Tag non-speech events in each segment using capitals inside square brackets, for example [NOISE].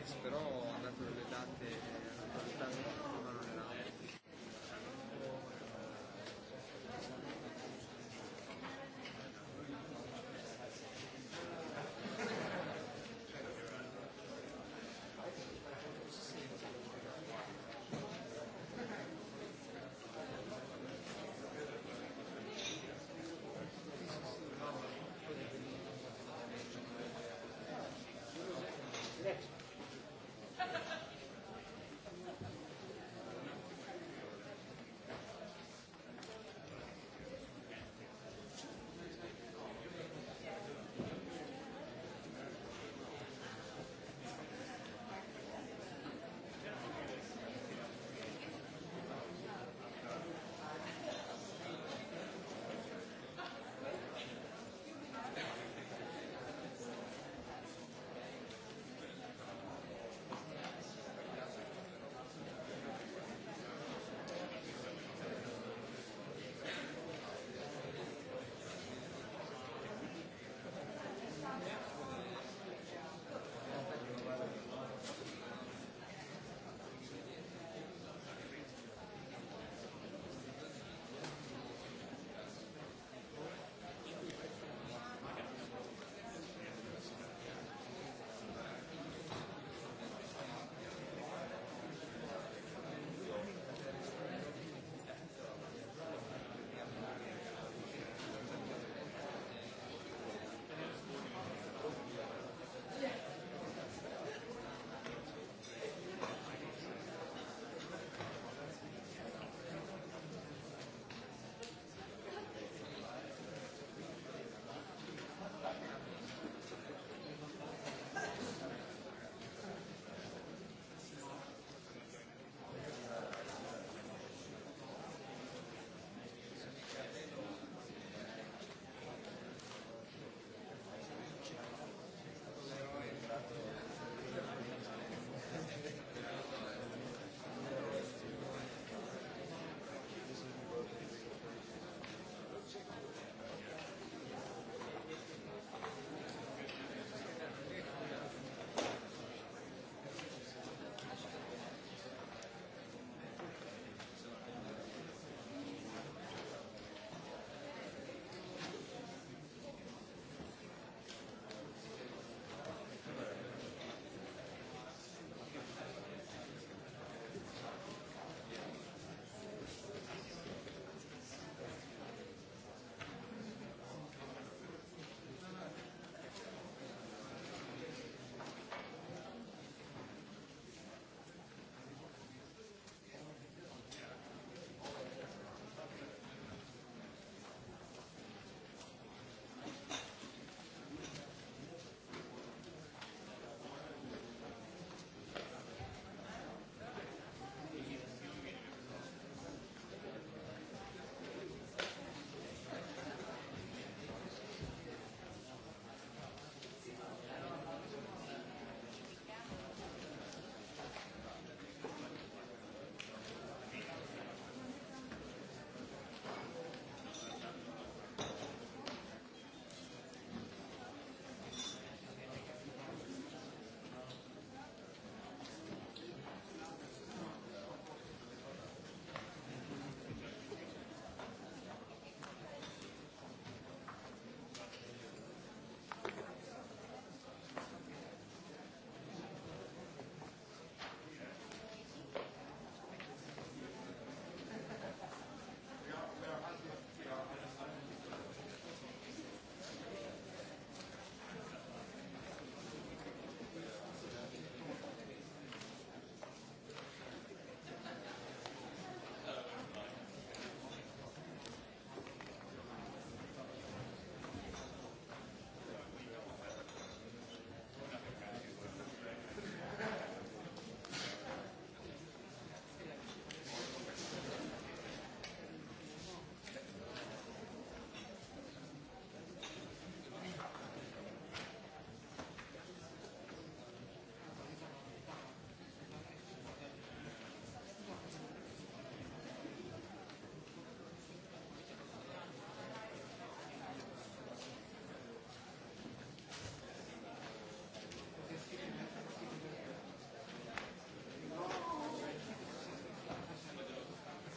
Frontex, però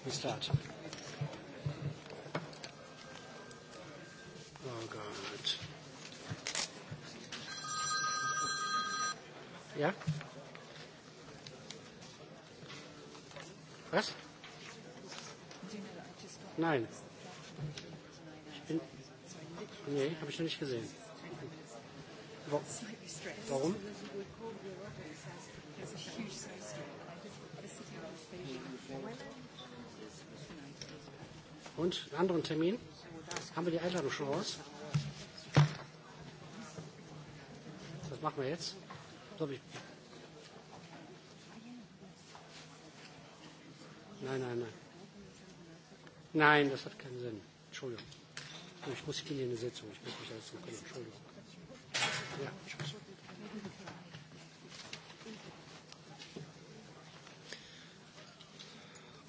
We start. Oh God. Ja? Was? Nein. Ich bin. Nee, habe ich noch nicht gesehen. Warum? Und einen anderen Termin? Haben wir die Einladung schon raus? Was machen wir jetzt. Nein, nein, nein. Nein, das hat keinen Sinn. Entschuldigung. Ich muss in die Sitzung. Ich muss mich alles tun Entschuldigung. Ja, tschüss.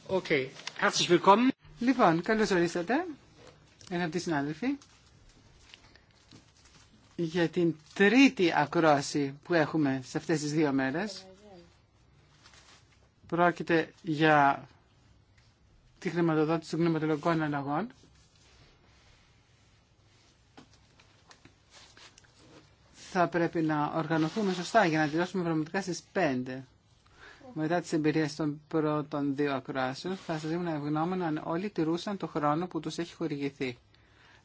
Okay, herzlich willkommen. Λοιπόν, καλώς ορίσατε, αγαπητοί συνάδελφοι, για την τρίτη ακρόαση που έχουμε σε αυτές τις δύο μέρες. Πρόκειται για τη χρηματοδότηση των πνευματολογικών αλλαγών. Θα πρέπει να οργανωθούμε σωστά για να τελειώσουμε πραγματικά στις 5 μετά τι εμπειρίες των πρώτων δύο ακροάσεων, θα σας να ευγνώμων αν όλοι τηρούσαν το χρόνο που τους έχει χορηγηθεί,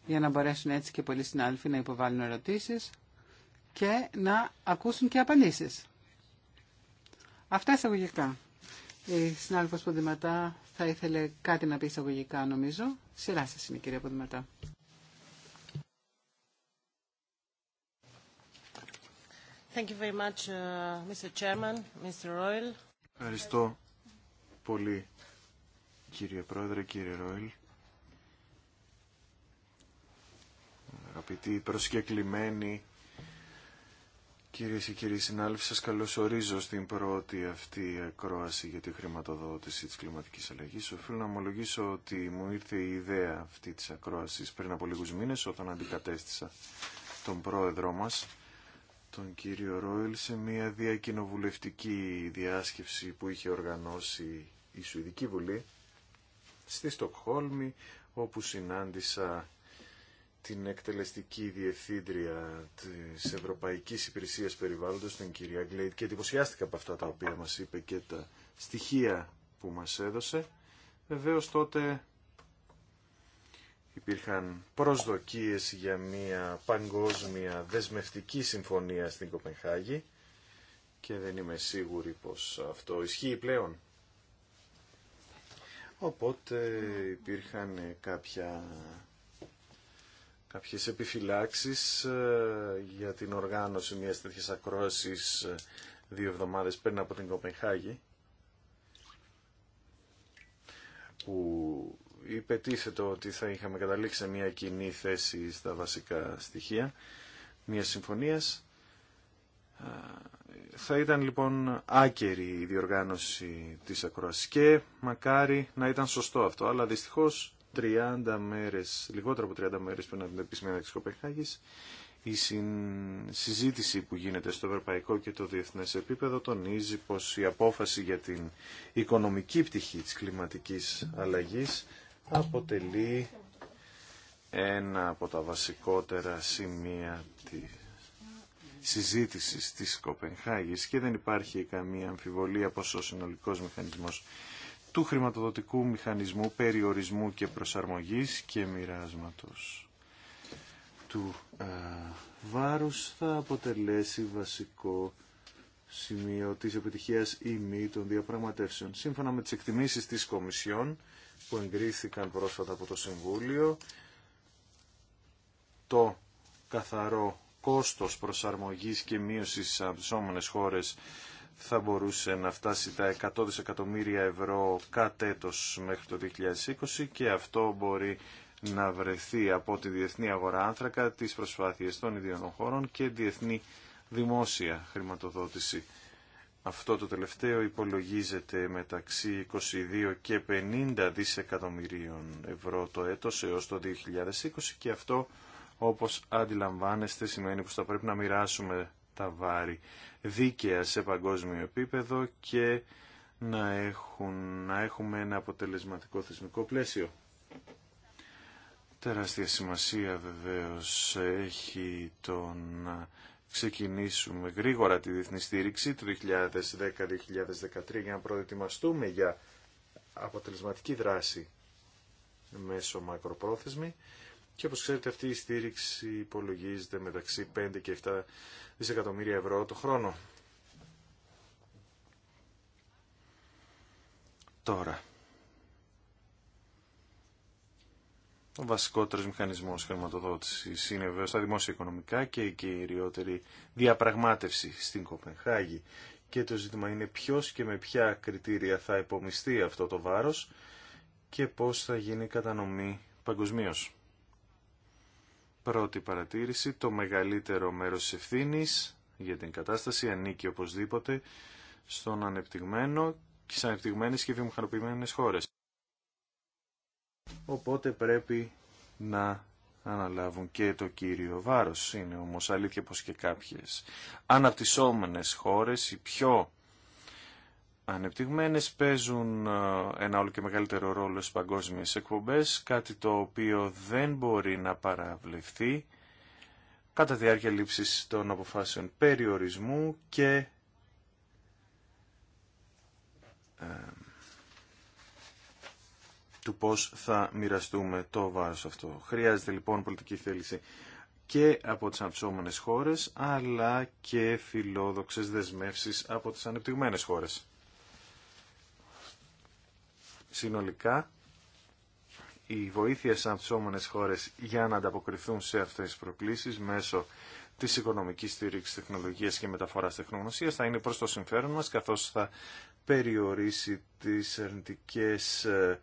για να μπορέσουν έτσι και πολλοί συνάδελφοι να υποβάλουν ερωτήσει και να ακούσουν και απαντήσει. Αυτά εισαγωγικά. Η συνάδελφο Ποδηματά θα ήθελε κάτι να πει εισαγωγικά, νομίζω. Σειρά σα είναι, κυρία Ποδηματά. Thank you very much, uh, Mr. Chairman, Mr. Ευχαριστώ πολύ κύριε Πρόεδρε, κύριε Ρόιλ. Αγαπητοί προσκεκλημένοι κύριε και κύριοι συνάδελφοι, σας καλωσορίζω στην πρώτη αυτή ακρόαση για τη χρηματοδότηση της κλιματικής αλλαγής. Οφείλω να ομολογήσω ότι μου ήρθε η ιδέα αυτή της ακρόασης πριν από λίγους μήνες όταν αντικατέστησα τον πρόεδρό μας τον κύριο Ρόιλ σε μια διακοινοβουλευτική διάσκεψη που είχε οργανώσει η Σουηδική Βουλή στη Στοκχόλμη όπου συνάντησα την εκτελεστική διευθύντρια της Ευρωπαϊκής Υπηρεσίας Περιβάλλοντος, την κυρία Γκλέιτ, και εντυπωσιάστηκα από αυτά τα οποία μας είπε και τα στοιχεία που μας έδωσε. Βεβαίως τότε υπήρχαν προσδοκίες για μια παγκόσμια δεσμευτική συμφωνία στην Κοπενχάγη και δεν είμαι σίγουρη πως αυτό ισχύει πλέον. Οπότε υπήρχαν κάποια, κάποιες επιφυλάξεις ε, για την οργάνωση μιας τέτοιας ακρόασης ε, δύο εβδομάδες πριν από την Κοπενχάγη που υπετίθετο ότι θα είχαμε καταλήξει σε μια κοινή θέση στα βασικά στοιχεία μια συμφωνίας. Θα ήταν λοιπόν άκερη η διοργάνωση της ακροασίας και μακάρι να ήταν σωστό αυτό, αλλά δυστυχώς 30 μέρες, λιγότερο από 30 μέρες πριν από την επίσημη ένταξη Κοπεχάγης, η συζήτηση που γίνεται στο ευρωπαϊκό και το διεθνές επίπεδο τονίζει πως η απόφαση για την οικονομική πτυχή της κλιματικής αλλαγής αποτελεί ένα από τα βασικότερα σημεία της συζήτησης της Κοπενχάγης και δεν υπάρχει καμία αμφιβολία πως ο συνολικός μηχανισμός του χρηματοδοτικού μηχανισμού περιορισμού και προσαρμογής και μοιράσματος του α, ε, βάρους θα αποτελέσει βασικό σημείο της επιτυχίας ή μη των διαπραγματεύσεων. Σύμφωνα με τις εκτιμήσεις της Κομισιόν, που εγκρίθηκαν πρόσφατα από το Συμβούλιο, το καθαρό κόστος προσαρμογής και μείωσης από τις χώρες θα μπορούσε να φτάσει τα 100 δισεκατομμύρια ευρώ κατ' μέχρι το 2020 και αυτό μπορεί να βρεθεί από τη διεθνή αγορά άνθρακα, τις προσπάθειες των ιδιωτικών χώρων και διεθνή δημόσια χρηματοδότηση. Αυτό το τελευταίο υπολογίζεται μεταξύ 22 και 50 δισεκατομμυρίων ευρώ το έτος έως το 2020 και αυτό όπως αντιλαμβάνεστε σημαίνει πως θα πρέπει να μοιράσουμε τα βάρη δίκαια σε παγκόσμιο επίπεδο και να, έχουν, να έχουμε ένα αποτελεσματικό θεσμικό πλαίσιο. Τεράστια σημασία βεβαίως έχει το να ξεκινήσουμε γρήγορα τη διεθνή στήριξη του 2010-2013 για να προετοιμαστούμε για αποτελεσματική δράση μέσω μακροπρόθεσμη και όπως ξέρετε αυτή η στήριξη υπολογίζεται μεταξύ 5 και 7 δισεκατομμύρια ευρώ το χρόνο. Τώρα, Ο βασικότερος μηχανισμός χρηματοδότησης είναι βέβαια στα δημόσια οικονομικά και η κυριότερη διαπραγμάτευση στην Κοπενχάγη. Και το ζήτημα είναι ποιος και με ποια κριτήρια θα υπομειστεί αυτό το βάρος και πώς θα γίνει η κατανομή παγκοσμίω. Πρώτη παρατήρηση, το μεγαλύτερο μέρος της ευθύνης για την κατάσταση ανήκει οπωσδήποτε στον ανεπτυγμένο και στις ανεπτυγμένες και βιομηχανοποιημένες χώρες οπότε πρέπει να αναλάβουν και το κύριο βάρος. Είναι όμως αλήθεια πως και κάποιες αναπτυσσόμενες χώρες, οι πιο ανεπτυγμένες, παίζουν ε, ένα όλο και μεγαλύτερο ρόλο στις παγκόσμιες εκπομπές, κάτι το οποίο δεν μπορεί να παραβλεφθεί κατά διάρκεια λήψης των αποφάσεων περιορισμού και ε, του πώς θα μοιραστούμε το βάρος αυτό. Χρειάζεται λοιπόν πολιτική θέληση και από τις αναψώμενες χώρες, αλλά και φιλόδοξες δεσμεύσεις από τις ανεπτυγμένες χώρες. Συνολικά, η βοήθεια στις αναψώμενες χώρες για να ανταποκριθούν σε αυτές τις προκλήσεις μέσω τη οικονομική στήριξη τεχνολογία και μεταφορά τεχνογνωσία θα είναι προ το συμφέρον μα, καθώ θα περιορίσει τι αρνητικέ ε,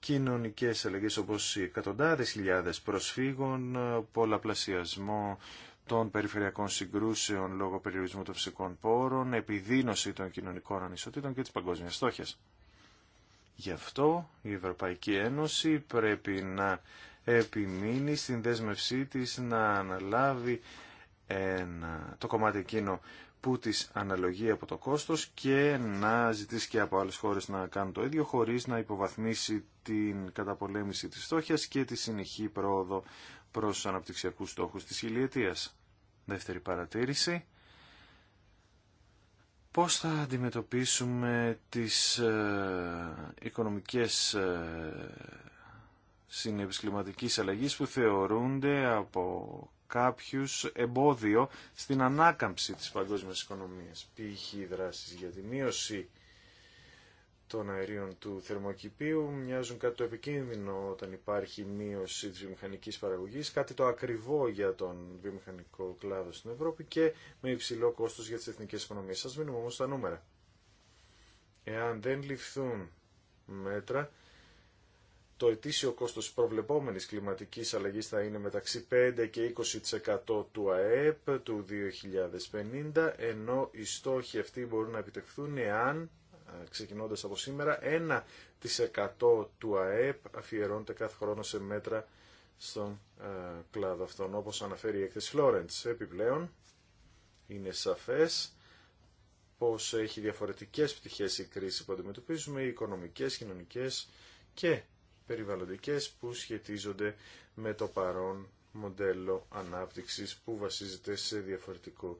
κοινωνικές αλλαγές όπως οι εκατοντάδες χιλιάδες προσφύγων, πολλαπλασιασμό των περιφερειακών συγκρούσεων λόγω περιορισμού των φυσικών πόρων, επιδείνωση των κοινωνικών ανισοτήτων και της παγκόσμιας στόχης. Γι' αυτό η Ευρωπαϊκή Ένωση πρέπει να επιμείνει στην δέσμευσή της να αναλάβει ένα, το κομμάτι εκείνο που της αναλογεί από το κόστος και να ζητήσει και από άλλες χώρες να κάνουν το ίδιο χωρίς να υποβαθμίσει την καταπολέμηση της στόχιας και τη συνεχή πρόοδο προς τους αναπτυξιακούς στόχους της χιλιετίας. Δεύτερη παρατήρηση. Πώς θα αντιμετωπίσουμε τις ε, οικονομικές ε, συνέπειες κλιματικής αλλαγής που θεωρούνται από κάποιους εμπόδιο στην ανάκαμψη της παγκόσμιας οικονομίας. Π.χ. δράσεις για τη μείωση των αερίων του θερμοκηπίου μοιάζουν κάτι το επικίνδυνο όταν υπάρχει μείωση της βιομηχανικής παραγωγής, κάτι το ακριβό για τον βιομηχανικό κλάδο στην Ευρώπη και με υψηλό κόστος για τις εθνικές οικονομίες. Σας μείνουμε όμως τα νούμερα. Εάν δεν ληφθούν μέτρα, το ετήσιο κόστος προβλεπόμενης κλιματικής αλλαγής θα είναι μεταξύ 5 και 20% του ΑΕΠ του 2050, ενώ οι στόχοι αυτοί μπορούν να επιτευχθούν εάν, ξεκινώντας από σήμερα, 1% του ΑΕΠ αφιερώνεται κάθε χρόνο σε μέτρα στον κλάδο αυτόν, όπως αναφέρει η έκθεση Florence. Επιπλέον, είναι σαφές πως έχει διαφορετικές πτυχές η κρίση που αντιμετωπίζουμε, οι οικονομικές, κοινωνικές και περιβαλλοντικές που σχετίζονται με το παρόν μοντέλο ανάπτυξης που βασίζεται σε, διαφορετικό,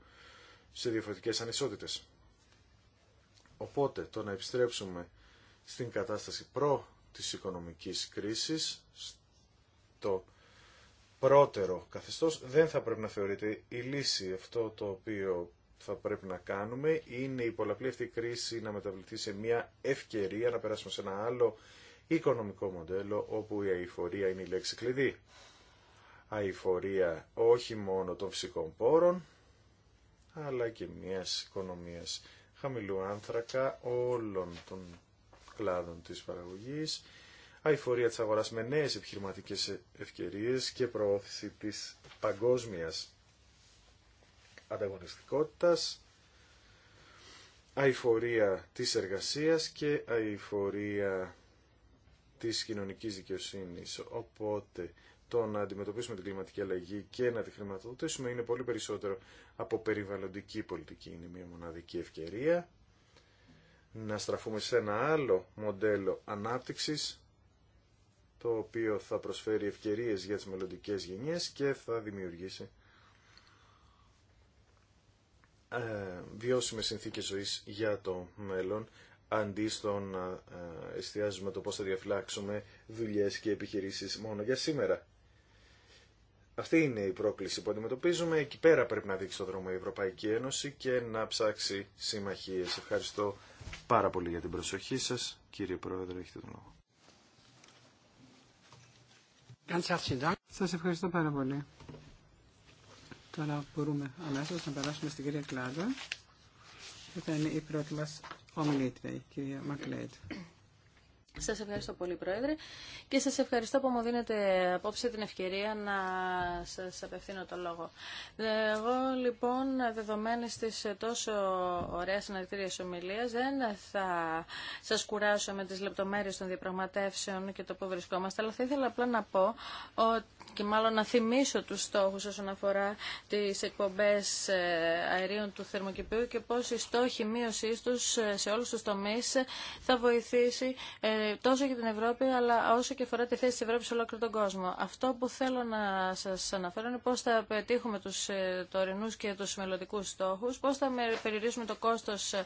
σε διαφορετικές ανισότητες. Οπότε το να επιστρέψουμε στην κατάσταση προ της οικονομικής κρίσης, το πρώτερο καθεστώς, δεν θα πρέπει να θεωρείται η λύση. Αυτό το οποίο θα πρέπει να κάνουμε είναι η πολλαπλή αυτή κρίση να μεταβληθεί σε μια ευκαιρία να περάσουμε σε ένα άλλο οικονομικό μοντέλο όπου η αηφορία είναι η λέξη κλειδί. Αηφορία όχι μόνο των φυσικών πόρων, αλλά και μιας οικονομίας χαμηλού άνθρακα όλων των κλάδων της παραγωγής, αηφορία της αγοράς με νέες επιχειρηματικές ευκαιρίες και προώθηση της παγκόσμιας ανταγωνιστικότητας, αηφορία της εργασίας και αηφορία της κοινωνικής δικαιοσύνης. Οπότε το να αντιμετωπίσουμε την κλιματική αλλαγή και να τη χρηματοδοτήσουμε είναι πολύ περισσότερο από περιβαλλοντική πολιτική. Είναι μια μοναδική ευκαιρία να στραφούμε σε ένα άλλο μοντέλο ανάπτυξης το οποίο θα προσφέρει ευκαιρίες για τις μελλοντικέ γενιές και θα δημιουργήσει ε, βιώσιμες συνθήκες ζωής για το μέλλον αντί στο να ε, εστιάζουμε το πώς θα διαφυλάξουμε δουλειές και επιχειρήσεις μόνο για σήμερα. Αυτή είναι η πρόκληση που αντιμετωπίζουμε. Εκεί πέρα πρέπει να δείξει το δρόμο η Ευρωπαϊκή Ένωση και να ψάξει συμμαχίες. Ευχαριστώ πάρα πολύ για την προσοχή σας. Κύριε Πρόεδρε, έχετε τον λόγο. Σας ευχαριστώ πάρα πολύ. Τώρα μπορούμε αμέσως να περάσουμε στην κυρία Κλάδα. είναι η πρώτη μας ομιλήτρια, η κυρία Μακλέτ. Σα ευχαριστώ πολύ Πρόεδρε και σα ευχαριστώ που μου δίνετε απόψε την ευκαιρία να σα απευθύνω το λόγο. Εγώ λοιπόν δεδομένη τη τόσο ωραία συναρτήρια ομιλία, δεν θα σα κουράσω με τι λεπτομέρειε των διαπραγματεύσεων και το που βρισκόμαστε αλλά θα ήθελα απλά να πω ότι και μάλλον να θυμίσω τους στόχους όσον αφορά τις εκπομπές ε, αερίων του θερμοκηπίου και πώς οι στόχοι μείωσής τους σε όλους τους τομείς θα βοηθήσει ε, τόσο για την Ευρώπη, αλλά όσο και αφορά τη θέση της Ευρώπης σε ολόκληρο τον κόσμο. Αυτό που θέλω να σας αναφέρω είναι πώς θα πετύχουμε τους ε, τωρινούς και τους μελλοντικούς στόχους, πώς θα περιορίσουμε το κόστος ε,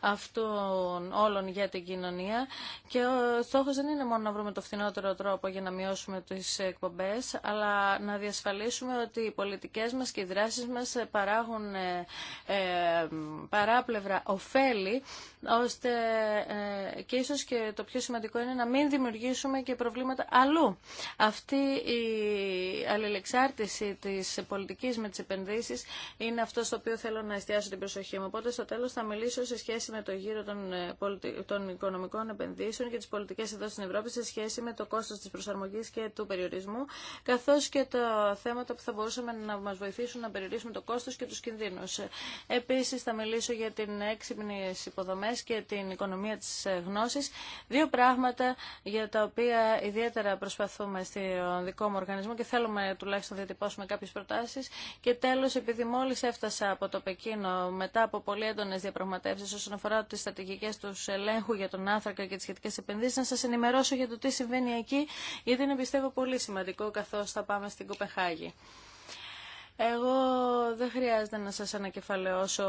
αυτών όλων για την κοινωνία και ο στόχος δεν είναι μόνο να βρούμε το φθηνότερο τρόπο για να μειώσουμε τις εκπομπές, αλλά να διασφαλίσουμε ότι οι πολιτικές μας και οι δράσεις μας παράγουν ε, παράπλευρα ωφέλη ώστε ε, και ίσως και το πιο σημαντικό είναι να μην δημιουργήσουμε και προβλήματα αλλού. Αυτή η αλληλεξάρτηση της πολιτικής με τις επενδύσεις είναι αυτό στο οποίο θέλω να εστιάσω την προσοχή μου. Οπότε στο τέλος θα μιλήσω σε σχέση με το γύρο ε, των, οικονομικών επενδύσεων και τις πολιτικές εδώ στην Ευρώπη σε σχέση με το κόστος της προσαρμογής και του περιορισμού, καθώς και τα θέματα που θα μπορούσαμε να μας βοηθήσουν να περιορίσουμε το κόστος και τους κινδύνους. Επίσης θα μιλήσω για την έξυπνη υποδομές και την οικονομία της ε, γνώσης. Δύο πράγματα για τα οποία ιδιαίτερα προσπαθούμε στο δικό μου οργανισμό και θέλουμε τουλάχιστον να διατυπώσουμε κάποιες προτάσεις. Και τέλος, επειδή μόλις έφτασα από το Πεκίνο μετά από πολύ έντονες διαπραγματεύσεις όσον αφορά τις στρατηγικές του ελέγχου για τον άνθρακα και τις σχετικές επενδύσεις, να σας ενημερώσω για το τι συμβαίνει εκεί, γιατί είναι πιστεύω πολύ σημαντικό καθώς θα πάμε στην Κοπεχάγη. Εγώ δεν χρειάζεται να σας ανακεφαλαιώσω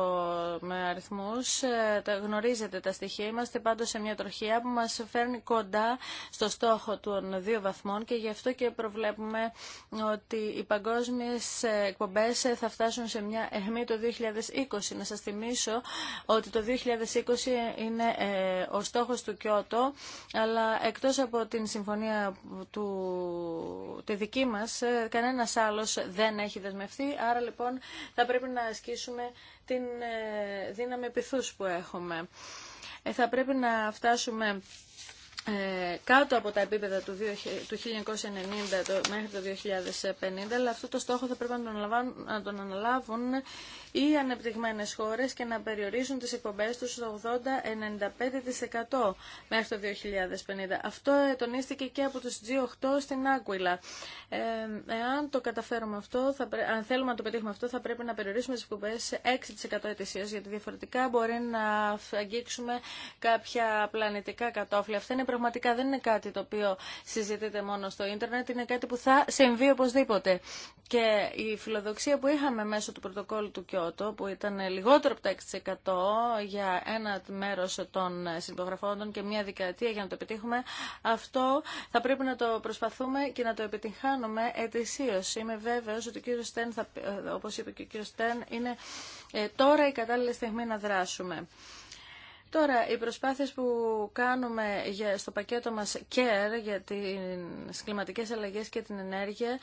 με αριθμούς. Ε, τα γνωρίζετε τα στοιχεία. Είμαστε πάντως σε μια τροχία που μας φέρνει κοντά στο στόχο των δύο βαθμών και γι' αυτό και προβλέπουμε ότι οι παγκόσμιες εκπομπές θα φτάσουν σε μια εχμή το 2020. Να σας θυμίσω ότι το 2020 είναι ε, ο στόχος του Κιώτο, αλλά εκτός από την συμφωνία του, τη δική μας, ε, κανένας άλλος δεν έχει δεσμευτεί αυτή, άρα λοιπόν θα πρέπει να ασκήσουμε την ε, δύναμη επιθούς που έχουμε. Ε, θα πρέπει να φτάσουμε ε, κάτω από τα επίπεδα του, του 1990 μέχρι το 2050, αλλά αυτό το στόχο θα πρέπει να τον, να τον αναλάβουν οι ανεπτυγμένες χώρες και να περιορίσουν τις εκπομπές τους στο 80-95% μέχρι το 2050. Αυτό ε, τονίστηκε και από τους G8 στην Άγκουιλα. Ε, εάν το καταφέρουμε αυτό, θα αν θέλουμε να το πετύχουμε αυτό, θα πρέπει να περιορίσουμε τις εκπομπές σε 6% ετησίως, γιατί διαφορετικά μπορεί να αγγίξουμε κάποια πλανητικά κατόφλια. Αυτά είναι πραγματικά δεν είναι κάτι το οποίο συζητείται μόνο στο ίντερνετ, είναι κάτι που θα συμβεί οπωσδήποτε. Και η φιλοδοξία που είχαμε μέσω του πρωτοκόλλου του Κιώτο, που ήταν λιγότερο από τα 6% για ένα μέρος των συμπογραφώντων και μια δικατία για να το επιτύχουμε, αυτό θα πρέπει να το προσπαθούμε και να το επιτυγχάνουμε ετησίως. Είμαι βέβαιος ότι ο κύριος Στέν, θα, όπως είπε και ο κύριος Στέν, είναι ε, τώρα η κατάλληλη στιγμή να δράσουμε. Τώρα, οι προσπάθειες που κάνουμε για, στο πακέτο μας CARE για τις κλιματικές αλλαγές και την ενέργεια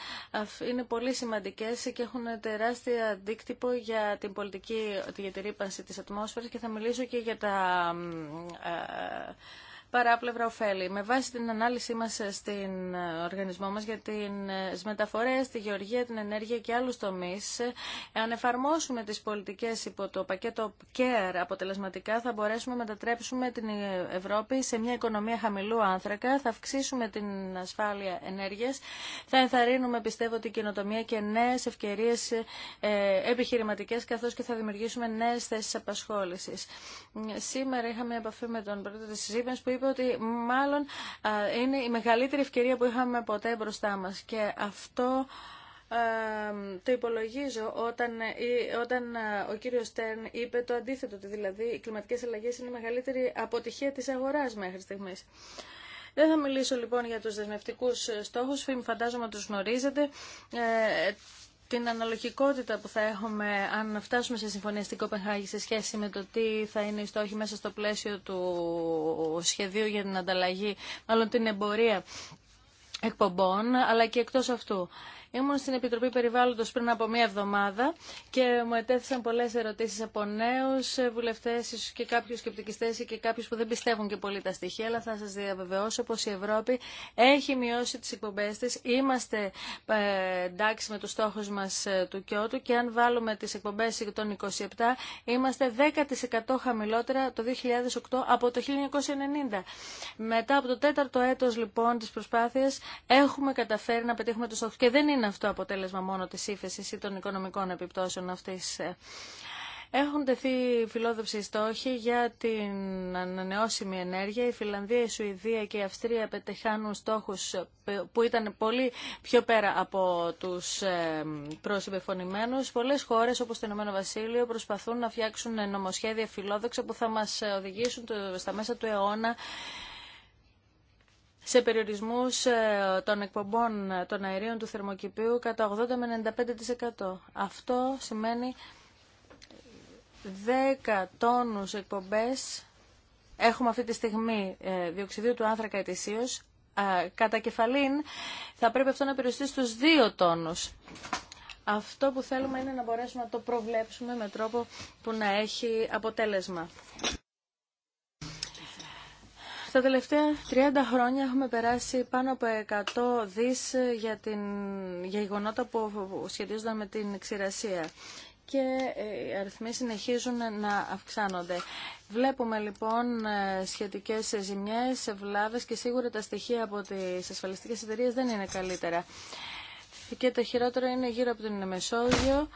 είναι πολύ σημαντικές και έχουν τεράστιο αντίκτυπο για την πολιτική για τη ρήπανση της ατμόσφαιρας και θα μιλήσω και για τα παράπλευρα ωφέλη. Με βάση την ανάλυση μας ε, στην ε, οργανισμό μας για ε, τις μεταφορές, τη γεωργία, την ενέργεια και άλλους τομείς, αν εφαρμόσουμε τις πολιτικές υπό το πακέτο CARE αποτελεσματικά, θα μπορέσουμε να μετατρέψουμε την Ευρώπη σε μια οικονομία χαμηλού άνθρακα, θα αυξήσουμε την ασφάλεια ενέργειας, θα ενθαρρύνουμε, πιστεύω, την καινοτομία και νέες ευκαιρίες επιχειρηματικές, καθώς και θα δημιουργήσουμε νέες θέσεις απασχόλησης. Σήμερα είχαμε επαφή με τον πρόεδρο της που είπε είπε ότι μάλλον είναι η μεγαλύτερη ευκαιρία που είχαμε ποτέ μπροστά μας και αυτό το υπολογίζω όταν, ε, όταν ο κύριος Στέρν είπε το αντίθετο, ότι δηλαδή οι κλιματικές αλλαγές είναι η μεγαλύτερη αποτυχία της αγοράς μέχρι στιγμής. Δεν θα μιλήσω λοιπόν για τους δεσμευτικούς στόχους, φαντάζομαι τους γνωρίζετε. Ε, την αναλογικότητα που θα έχουμε αν φτάσουμε σε συμφωνία στην Κοπενχάγη σε σχέση με το τι θα είναι οι στόχοι μέσα στο πλαίσιο του σχεδίου για την ανταλλαγή, μάλλον την εμπορία εκπομπών, αλλά και εκτός αυτού. Ήμουν στην Επιτροπή Περιβάλλοντος πριν από μία εβδομάδα και μου ετέθησαν πολλές ερωτήσεις από νέους βουλευτές και κάποιους σκεπτικιστές και κάποιους που δεν πιστεύουν και πολύ τα στοιχεία, αλλά θα σας διαβεβαιώσω πως η Ευρώπη έχει μειώσει τις εκπομπές της. Είμαστε ε, εντάξει με τους στόχους μας ε, του Κιώτου και αν βάλουμε τις εκπομπές των 27 είμαστε 10% χαμηλότερα το 2008 από το 1990. Μετά από το τέταρτο έτος λοιπόν της προσπάθειας έχουμε καταφέρει να πετύχουμε τους στόχους και δεν είναι αυτό αποτέλεσμα μόνο της ύφεσης ή των οικονομικών επιπτώσεων αυτής. Έχουν τεθεί φιλόδοξοι στόχοι για την ανανεώσιμη ενέργεια. Η Φιλανδία, η Σουηδία και η Αυστρία πετυχάνουν στόχους που ήταν πολύ πιο πέρα από τους ε, προσυμπεφωνημένους. Πολλές χώρες όπως το Ηνωμένο Βασίλειο προσπαθούν να φτιάξουν νομοσχέδια φιλόδοξα που θα μας οδηγήσουν στα μέσα του αιώνα σε περιορισμούς ε, των εκπομπών ε, των αερίων του θερμοκηπίου κατά 80 με 95%. Αυτό σημαίνει 10 τόνους εκπομπές έχουμε αυτή τη στιγμή ε, διοξιδίου του άνθρακα ετησίως. Κατά κεφαλήν θα πρέπει αυτό να περιοριστεί στους 2 τόνους. Αυτό που θέλουμε είναι να μπορέσουμε να το προβλέψουμε με τρόπο που να έχει αποτέλεσμα. Στα τελευταία 30 χρόνια έχουμε περάσει πάνω από 100 δις για, την, για γεγονότα που σχετίζονταν με την ξηρασία και ε, οι αριθμοί συνεχίζουν να αυξάνονται. Βλέπουμε λοιπόν ε, σχετικές ζημιές, βλάβες και σίγουρα τα στοιχεία από τις ασφαλιστικές εταιρείες δεν είναι καλύτερα. Και το χειρότερο είναι γύρω από την Μεσόγειο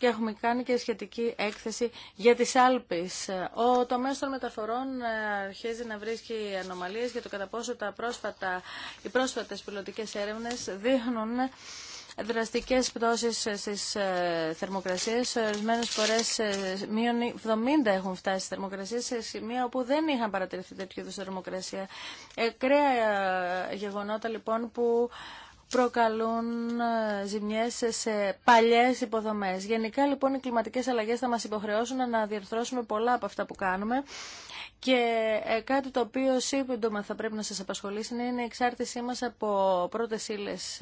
και έχουμε κάνει και σχετική έκθεση για τις Άλπεις. Ο τομέας των μεταφορών ε, αρχίζει να βρίσκει ανομαλίες για το κατά πόσο τα πρόσφατα, οι πρόσφατες πιλωτικές έρευνες δείχνουν δραστικές πτώσεις στις ε, θερμοκρασίες. Ορισμένε φορές ε, μείον 70 έχουν φτάσει στις θερμοκρασίες σε σημεία όπου δεν είχαν παρατηρηθεί τέτοιου είδους θερμοκρασία. Εκραία γεγονότα λοιπόν που προκαλούν ε, ζημιές σε παλιές υποδομές. Γενικά λοιπόν οι κλιματικές αλλαγές θα μας υποχρεώσουν να διαρθρώσουμε πολλά από αυτά που κάνουμε και ε, κάτι το οποίο σύμπτωμα θα πρέπει να σας απασχολήσει είναι η εξάρτησή μας από πρώτες ύλες.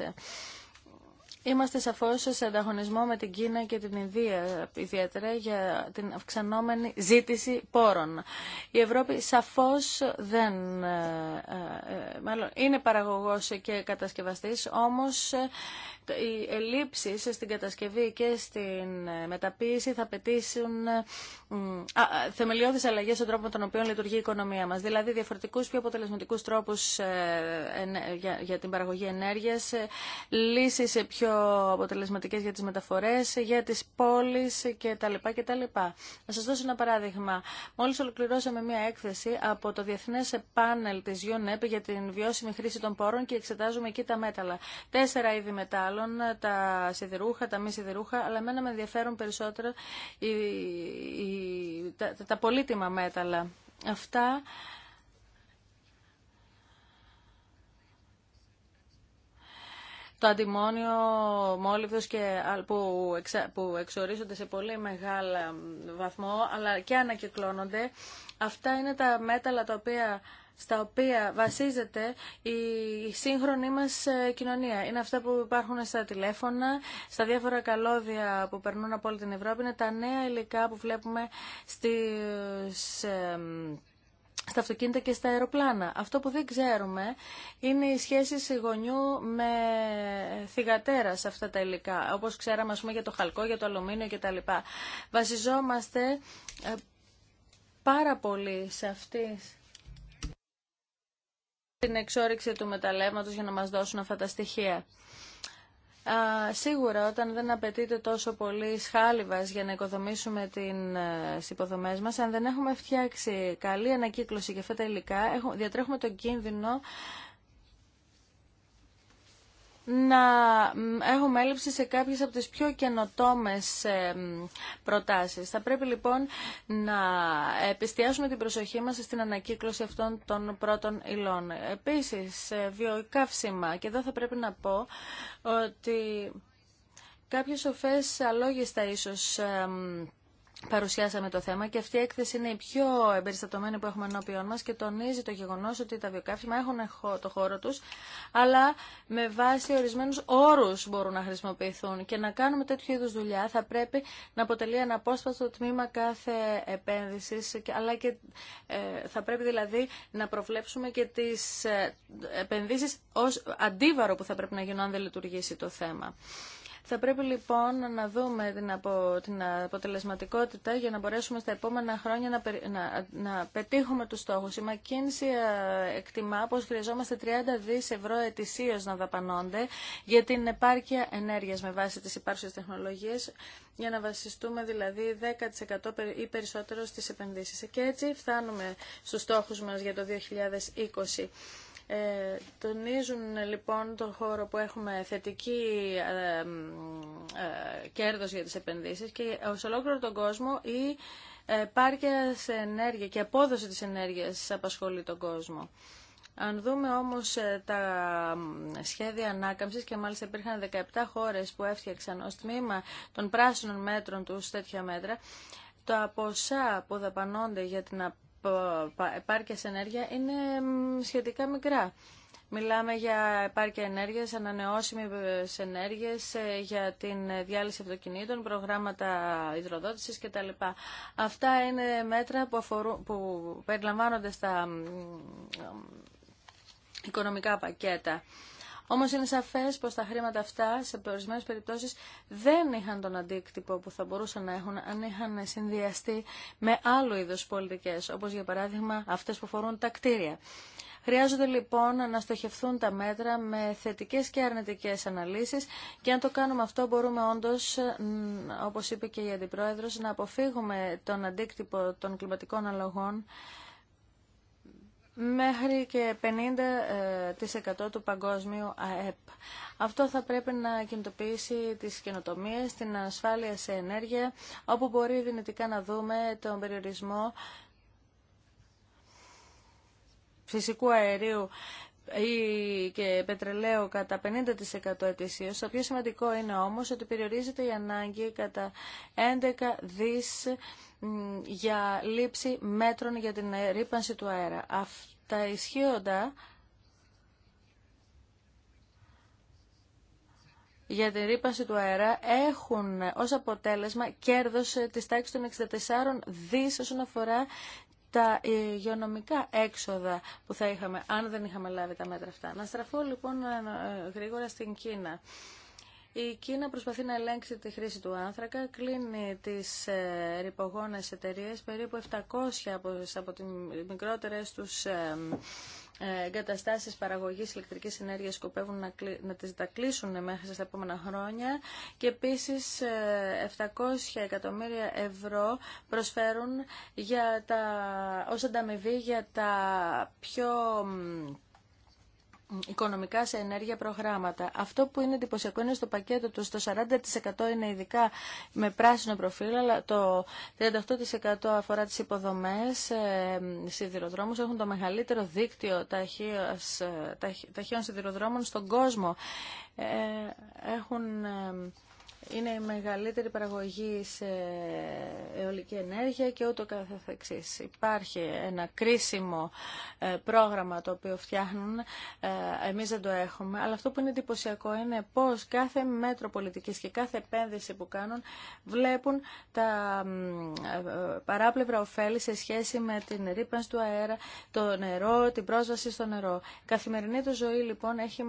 Είμαστε σαφώς σε ανταγωνισμό με την Κίνα και την Ινδία, ιδιαίτερα για την αυξανόμενη ζήτηση πόρων. Η Ευρώπη σαφώς δεν, ε, ε, μάλλον είναι παραγωγός και κατασκευαστής, όμως ε, οι ελλείψεις στην κατασκευή και στην μεταποίηση θα απαιτήσουν θεμελιώδεις αλλαγές στον τρόπο με τον οποίο λειτουργεί η οικονομία μας. Δηλαδή διαφορετικούς πιο αποτελεσματικούς τρόπους για την παραγωγή ενέργειας, λύσεις σε πιο πιο αποτελεσματικές για τις μεταφορές, για τις πόλεις κτλ. λοιπά. Να σας δώσω ένα παράδειγμα. Μόλις ολοκληρώσαμε μια έκθεση από το Διεθνές Πάνελ της UNEP για την βιώσιμη χρήση των πόρων και εξετάζουμε εκεί τα μέταλλα. Τέσσερα είδη μετάλλων, τα σιδηρούχα, τα μη σιδηρούχα, αλλά εμένα με ενδιαφέρουν περισσότερα τα, τα πολύτιμα μέταλλα. Αυτά το αντιμόνιο, μόλιβδος και, που, εξα, που εξορίζονται σε πολύ μεγάλο βαθμό αλλά και ανακυκλώνονται. Αυτά είναι τα μέταλλα τα οποία στα οποία βασίζεται η σύγχρονη μας ε, κοινωνία. Είναι αυτά που υπάρχουν στα τηλέφωνα, στα διάφορα καλώδια που περνούν από όλη την Ευρώπη. Είναι τα νέα υλικά που βλέπουμε στις ε, στα αυτοκίνητα και στα αεροπλάνα. Αυτό που δεν ξέρουμε είναι οι σχέσεις γονιού με θυγατέρα σε αυτά τα υλικά, όπως ξέραμε για το χαλκό, για το αλουμίνιο κτλ. Βασιζόμαστε ε, πάρα πολύ σε αυτή την εξόριξη του μεταλλεύματος για να μας δώσουν αυτά τα στοιχεία σίγουρα όταν δεν απαιτείται τόσο πολύ σχάλιβας για να οικοδομήσουμε ε, τις υποδομές μας, αν δεν έχουμε φτιάξει καλή ανακύκλωση για αυτά τα υλικά, διατρέχουμε τον κίνδυνο να έχουμε έλλειψη σε κάποιες από τις πιο καινοτόμες ε, προτάσεις. Θα πρέπει λοιπόν να επιστιάσουμε την προσοχή μας στην ανακύκλωση αυτών των πρώτων υλών. Επίσης, ε, βιοκαύσιμα. Και εδώ θα πρέπει να πω ότι κάποιες σοφές αλόγιστα ίσως ε, παρουσιάσαμε το θέμα και αυτή η έκθεση είναι η πιο εμπεριστατωμένη που έχουμε ενώπιον μας και τονίζει το γεγονός ότι τα βιοκαύσιμα έχουν το χώρο τους, αλλά με βάση ορισμένους όρους μπορούν να χρησιμοποιηθούν και να κάνουμε τέτοιου είδους δουλειά θα πρέπει να αποτελεί ένα απόσπαστο τμήμα κάθε επένδυση αλλά και ε, θα πρέπει δηλαδή να προβλέψουμε και τις ε, επενδύσεις ως αντίβαρο που θα πρέπει να γίνουν αν δεν λειτουργήσει το θέμα. Θα πρέπει λοιπόν να δούμε την, απο, την αποτελεσματικότητα για να μπορέσουμε στα επόμενα χρόνια να, να, να πετύχουμε τους στόχους. Η McKinsey ε, εκτιμά πως χρειαζόμαστε 30 δις ευρώ ετησίως να δαπανώνται για την επάρκεια ενέργειας με βάση τις υπάρχουσες τεχνολογίες για να βασιστούμε δηλαδή 10% ή περισσότερο στις επενδύσεις. Και έτσι φτάνουμε στους στόχους μας για το 2020. Ε, τονίζουν λοιπόν τον χώρο που έχουμε θετική ε, ε, κέρδος για τις επενδύσεις και σε ολόκληρο τον κόσμο η πάρκια σε ενέργεια και απόδοση της ενέργειας απασχολεί τον κόσμο. Αν δούμε όμως ε, τα σχέδια ανάκαμψης και μάλιστα υπήρχαν 17 χώρες που έφτιαξαν ως τμήμα των πράσινων μέτρων τους τέτοια μέτρα, τα ποσά που δαπανώνται για την επάρκειας ενέργεια είναι σχετικά μικρά. Μιλάμε για επάρκεια ενέργειας, ανανεώσιμες ενέργειες, ε, για την ε, διάλυση αυτοκινήτων, προγράμματα υδροδότησης κτλ. Αυτά είναι μέτρα που, αφορούν, που περιλαμβάνονται στα οικονομικά πακέτα. Όμως είναι σαφέ πω τα χρήματα αυτά σε ορισμένε περιπτώσεις δεν είχαν τον αντίκτυπο που θα μπορούσαν να έχουν αν είχαν συνδυαστεί με άλλου είδου πολιτικές, όπως για παράδειγμα αυτές που φορούν τα κτίρια. Χρειάζονται λοιπόν να στοχευθούν τα μέτρα με θετικές και αρνητικές αναλύσεις και αν το κάνουμε αυτό μπορούμε όντως, όπως είπε και η Αντιπρόεδρος, να αποφύγουμε τον αντίκτυπο των κλιματικών αλλαγών μέχρι και 50% ε, του παγκόσμιου ΑΕΠ. Αυτό θα πρέπει να κινητοποιήσει τις καινοτομίε, την ασφάλεια σε ενέργεια, όπου μπορεί δυνητικά να δούμε τον περιορισμό φυσικού αερίου ή και πετρελαίου κατά 50% ετησίως. Το πιο σημαντικό είναι όμως ότι περιορίζεται η ανάγκη κατά 11 δις για λήψη μέτρων για την ε, ρήπανση του αέρα. Αυτά ισχύοντα για την ρήπανση του αέρα έχουν ως αποτέλεσμα κέρδος ε, της τάξης των 64 δις όσον αφορά τα υγειονομικά έξοδα που θα είχαμε αν δεν είχαμε λάβει τα μέτρα αυτά. Να στραφώ λοιπόν ε, ε, γρήγορα στην Κίνα. Η Κίνα προσπαθεί να ελέγξει τη χρήση του άνθρακα, κλείνει τις ε, ρηπογόνες εταιρείες, περίπου 700 από, από τις μικρότερες τους εγκαταστάσεις παραγωγής ηλεκτρικής ενέργειας σκοπεύουν να, να τις τα κλείσουν μέχρι στα επόμενα χρόνια και επίσης 700 ε, εκατομμύρια ευρώ προσφέρουν για τα, ως ανταμοιβή για τα πιο οικονομικά σε ενέργεια προγράμματα. Αυτό που είναι εντυπωσιακό είναι στο πακέτο του, στο 40% είναι ειδικά με πράσινο προφίλ, αλλά το 38% αφορά τις υποδομές, ε, σιδηροδρόμους έχουν το μεγαλύτερο δίκτυο ε, ταχύων σιδηροδρόμων στον κόσμο. Ε, έχουν ε, είναι η μεγαλύτερη παραγωγή σε αιωλική ενέργεια και ούτω καθεξής. Υπάρχει ένα κρίσιμο ε, πρόγραμμα το οποίο φτιάχνουν, ε, εμείς δεν το έχουμε, αλλά αυτό που είναι εντυπωσιακό είναι πως κάθε μέτρο πολιτικής και κάθε επένδυση που κάνουν βλέπουν τα ε, παράπλευρα ωφέλη σε σχέση με την ρήπανση του αέρα, το νερό, την πρόσβαση στο νερό. καθημερινή του ζωή λοιπόν έχει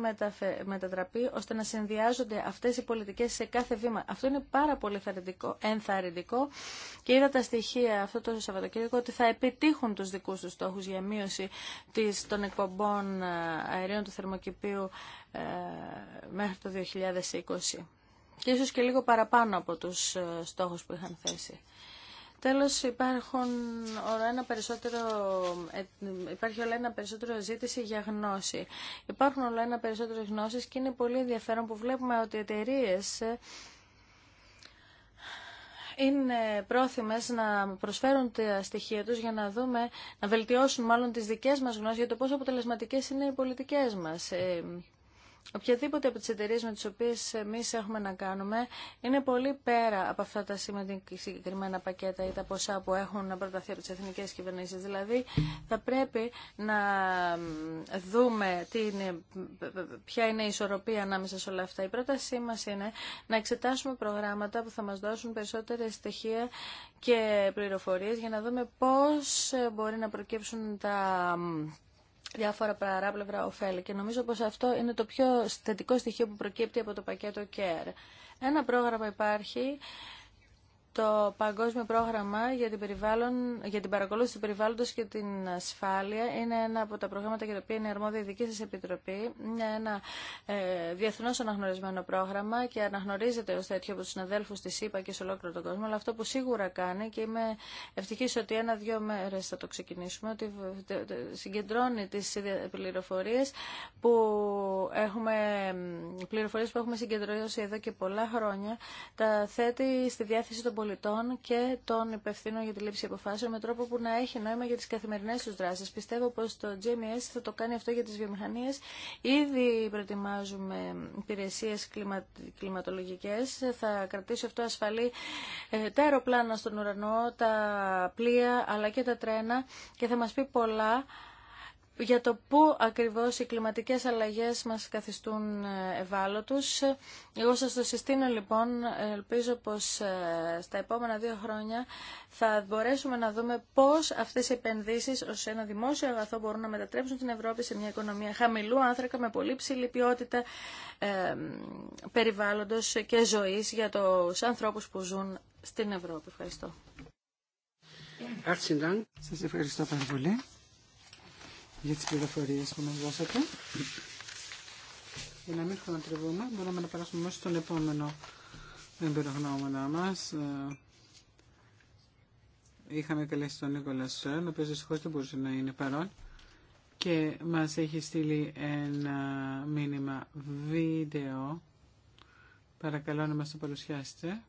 μετατραπεί ώστε να συνδυάζονται αυτές οι πολιτικές σε κάθε βήμα αυτό είναι πάρα πολύ ενθαρρυντικό και είδα τα στοιχεία αυτό το Σαββατοκύριακο ότι θα επιτύχουν τους δικούς τους στόχους για μείωση της, των εκπομπών ε, αερίων του θερμοκηπίου ε, μέχρι το 2020 και ίσως και λίγο παραπάνω από τους ε, στόχους που είχαν θέσει. Τέλος υπάρχουν ένα περισσότερο, υπάρχει όλο ένα περισσότερο ζήτηση για γνώση. Υπάρχουν όλο ένα περισσότερο γνώσεις και είναι πολύ ενδιαφέρον που βλέπουμε ότι οι εταιρείε είναι πρόθυμες να προσφέρουν τα στοιχεία τους για να δούμε, να βελτιώσουν μάλλον τις δικές μας γνώσεις για το πόσο αποτελεσματικές είναι οι πολιτικές μας. Ε, Οποιαδήποτε από τι εταιρείε με τι οποίε εμεί έχουμε να κάνουμε είναι πολύ πέρα από αυτά τα συγκεκριμένα πακέτα ή τα ποσά που έχουν να προταθεί από τι εθνικέ κυβερνήσει. Δηλαδή, θα πρέπει να δούμε τι είναι, ποια είναι η ισορροπία ανάμεσα σε όλα αυτά. Η πρότασή μα είναι να εξετάσουμε προγράμματα που θα μα δώσουν περισσότερε στοιχεία και πληροφορίε για να δούμε πώ μπορεί να προκύψουν τα διάφορα παράπλευρα ωφέλη και νομίζω πως αυτό είναι το πιο θετικό στοιχείο που προκύπτει από το πακέτο CARE. Ένα πρόγραμμα υπάρχει το Παγκόσμιο Πρόγραμμα για την, περιβάλλον, για την Παρακολούθηση του Περιβάλλοντος και την Ασφάλεια είναι ένα από τα προγράμματα για τα οποία είναι αρμόδια δική σας Επιτροπή. Είναι ένα ε, διεθνώς αναγνωρισμένο πρόγραμμα και αναγνωρίζεται ως τέτοιο από τους συναδέλφους της ΕΠΑ και σε ολόκληρο τον κόσμο. Αλλά αυτό που σίγουρα κάνει και είμαι ευτυχής ότι ένα-δυο μέρες θα το ξεκινήσουμε, ότι συγκεντρώνει τις πληροφορίες που έχουμε, πληροφορίες που έχουμε συγκεντρώσει εδώ και πολλά χρόνια, τα θέτει στη διάθεση των πολιτών και των υπευθύνων για τη λήψη αποφάσεων με τρόπο που να έχει νόημα για τις καθημερινές του δράσεις. Πιστεύω πως το GMS θα το κάνει αυτό για τις βιομηχανίες. Ήδη προετοιμάζουμε υπηρεσίες κλιμα... κλιματολογικές. Θα κρατήσει αυτό ασφαλή ε, τα αεροπλάνα στον ουρανό, τα πλοία αλλά και τα τρένα και θα μας πει πολλά για το πού ακριβώς οι κλιματικές αλλαγές μας καθιστούν ε, ευάλωτους. Εγώ σας το συστήνω λοιπόν, ελπίζω πως ε, στα επόμενα δύο χρόνια θα μπορέσουμε να δούμε πώς αυτές οι επενδύσεις ως ένα δημόσιο αγαθό μπορούν να μετατρέψουν την Ευρώπη σε μια οικονομία χαμηλού άνθρακα με πολύ ψηλή ποιότητα ε, περιβάλλοντος και ζωής για τους ανθρώπους που ζουν στην Ευρώπη. Ευχαριστώ. Σας ευχαριστώ πάρα πολύ για τις πληροφορίες που μας δώσατε. Για να μην χρονοτριβούμε, μπορούμε να περάσουμε μέσα στον επόμενο εμπειρογνώμονα μας. Ε, είχαμε καλέσει τον Νίκολα Σέρν, ο οποίος δυστυχώς δεν μπορούσε να είναι παρόν και μας έχει στείλει ένα μήνυμα βίντεο. Παρακαλώ να μας το παρουσιάσετε.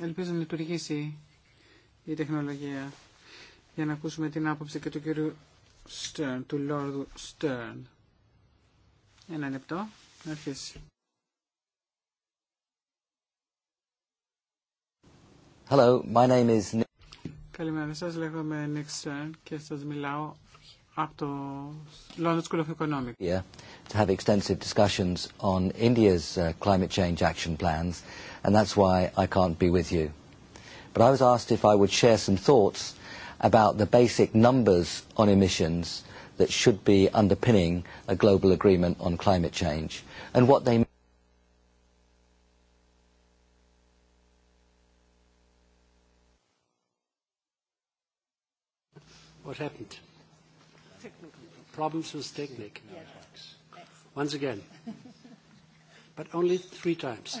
Ελπίζω να λειτουργήσει η τεχνολογία. Για να ακούσουμε την άποψη και του κύριου Stern, του Λόρδου Stern. Ένα λεπτό, να αρχίσει. Hello, my name is Nick. Καλημέρα σας, λέγομαι Nick Stern και σας μιλάω από το London School of Economics. Yeah, to have extensive discussions on India's climate change action plans, and that's why I can't be with you. But I was asked if I would share some thoughts about the basic numbers on emissions that should be underpinning a global agreement on climate change and what they What happened? Problems with technique. Once again. But only three times.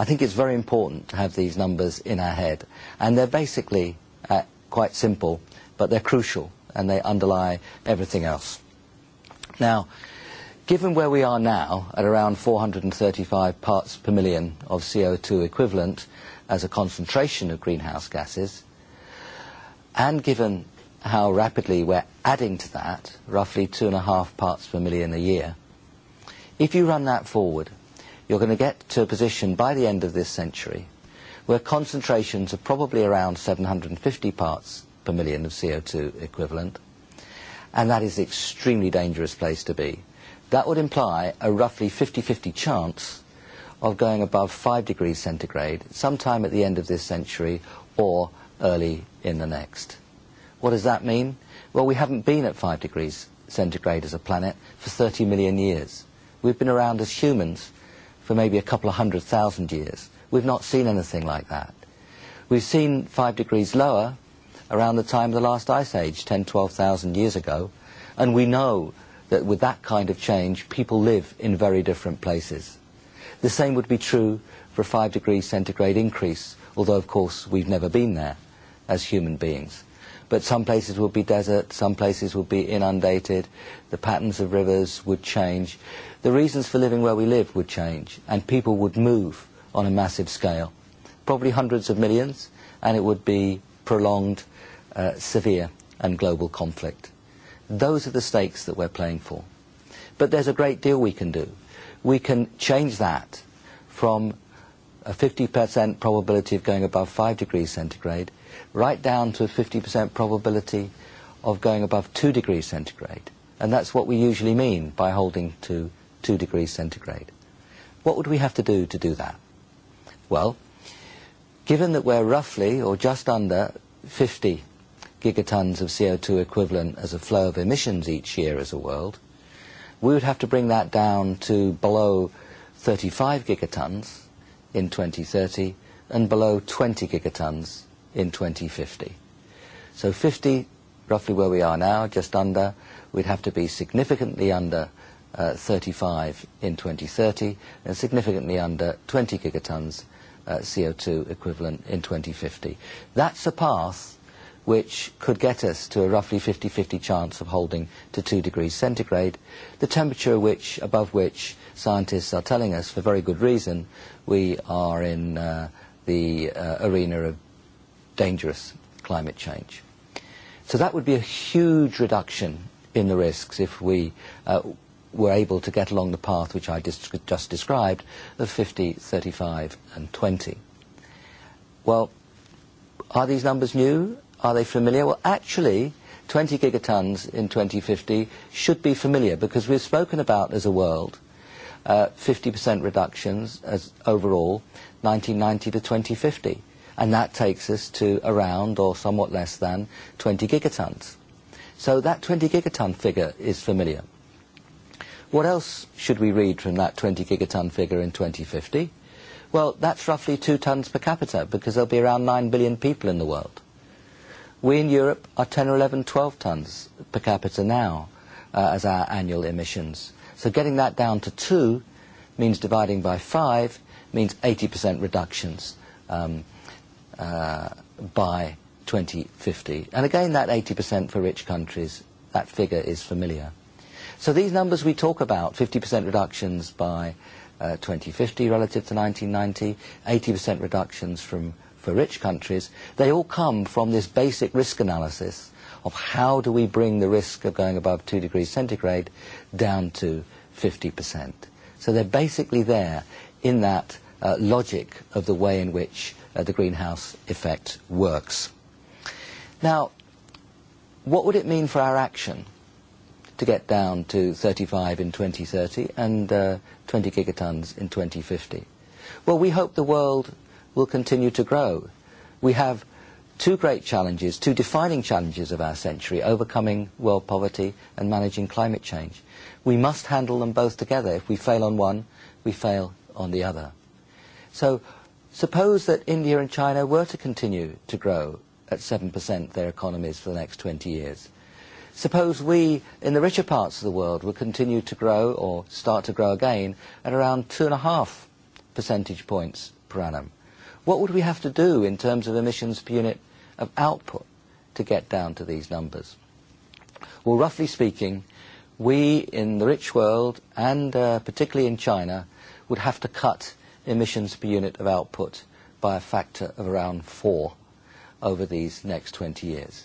I think it's very important to have these numbers in our head. And they're basically quite simple, but they're crucial and they underlie everything else. Now, given where we are now at around 435 parts per million of CO2 equivalent as a concentration of greenhouse gases, and given how rapidly we're adding to that, roughly two and a half parts per million a year, if you run that forward you're going to get to a position by the end of this century where concentrations are probably around 750 parts per million of CO2 equivalent, and that is an extremely dangerous place to be. That would imply a roughly 50-50 chance of going above 5 degrees centigrade sometime at the end of this century or early in the next. What does that mean? Well, we haven't been at 5 degrees centigrade as a planet for 30 million years. We've been around as humans for maybe a couple of hundred thousand years. We've not seen anything like that. We've seen five degrees lower around the time of the last ice age, 10, 12,000 years ago, and we know that with that kind of change, people live in very different places. The same would be true for a five degree centigrade increase, although of course we've never been there as human beings. But some places would be desert, some places would be inundated, the patterns of rivers would change the reasons for living where we live would change and people would move on a massive scale, probably hundreds of millions, and it would be prolonged, severe and global conflict. Those are the stakes that we're playing for. But there's a great deal we can do. We can change that from a 50% probability of going above 5 degrees centigrade right down to a 50% probability of going above 2 degrees centigrade. And that's what we usually mean by holding to 2 degrees centigrade. What would we have to do to do that? Well, given that we're roughly or just under 50 gigatons of CO2 equivalent as a flow of emissions each year as a world, we would have to bring that down to below 35 gigatons in 2030 and below 20 gigatons in 2050. So 50, roughly where we are now, just under, we'd have to be significantly under 35 in 2030 and significantly under 20 gigatons CO2 equivalent in 2050. That's a path which could get us to a roughly 50-50 chance of holding to 2 degrees centigrade, the temperature which, above which scientists are telling us, for very good reason, we are in the arena of dangerous climate change. So that would be a huge reduction in the risks if we were able to get along the path which I just described of 50, 35 and 20. Well, are these numbers new? Are they familiar? Well, actually, 20 gigatons in 2050 should be familiar because we've spoken about as a world 50% reductions as overall 1990 to 2050. And that takes us to around or somewhat less than 20 gigatons. So that 20 gigaton figure is familiar. What else should we read from that 20 gigaton figure in 2050? Well, that's roughly two tons per capita because there'll be around 9 billion people in the world. We in Europe are 10 or 11, 12 tons per capita now as our annual emissions. So getting that down to two means dividing by five means 80% reductions by 2050. And again, that 80% for rich countries, that figure is familiar. So these numbers we talk about, 50% reductions by 2050 relative to 1990, 80% reductions from for rich countries, they all come from this basic risk analysis of how do we bring the risk of going above 2 degrees centigrade down to 50%. So they're basically there in that logic of the way in which the greenhouse effect works. Now, what would it mean for our action? to get down to 35 in 2030 and 20 gigatons in 2050. Well, we hope the world will continue to grow. We have two great challenges, two defining challenges of our century, overcoming world poverty and managing climate change. We must handle them both together. If we fail on one, we fail on the other. So suppose that India and China were to continue to grow at 7% their economies for the next 20 years Suppose we, in the richer parts of the world, would continue to grow or start to grow again at around two and a half percentage points per annum. What would we have to do in terms of emissions per unit of output to get down to these numbers? Well, roughly speaking, we in the rich world, and particularly in China, would have to cut emissions per unit of output by a factor of around four over these next 20 years.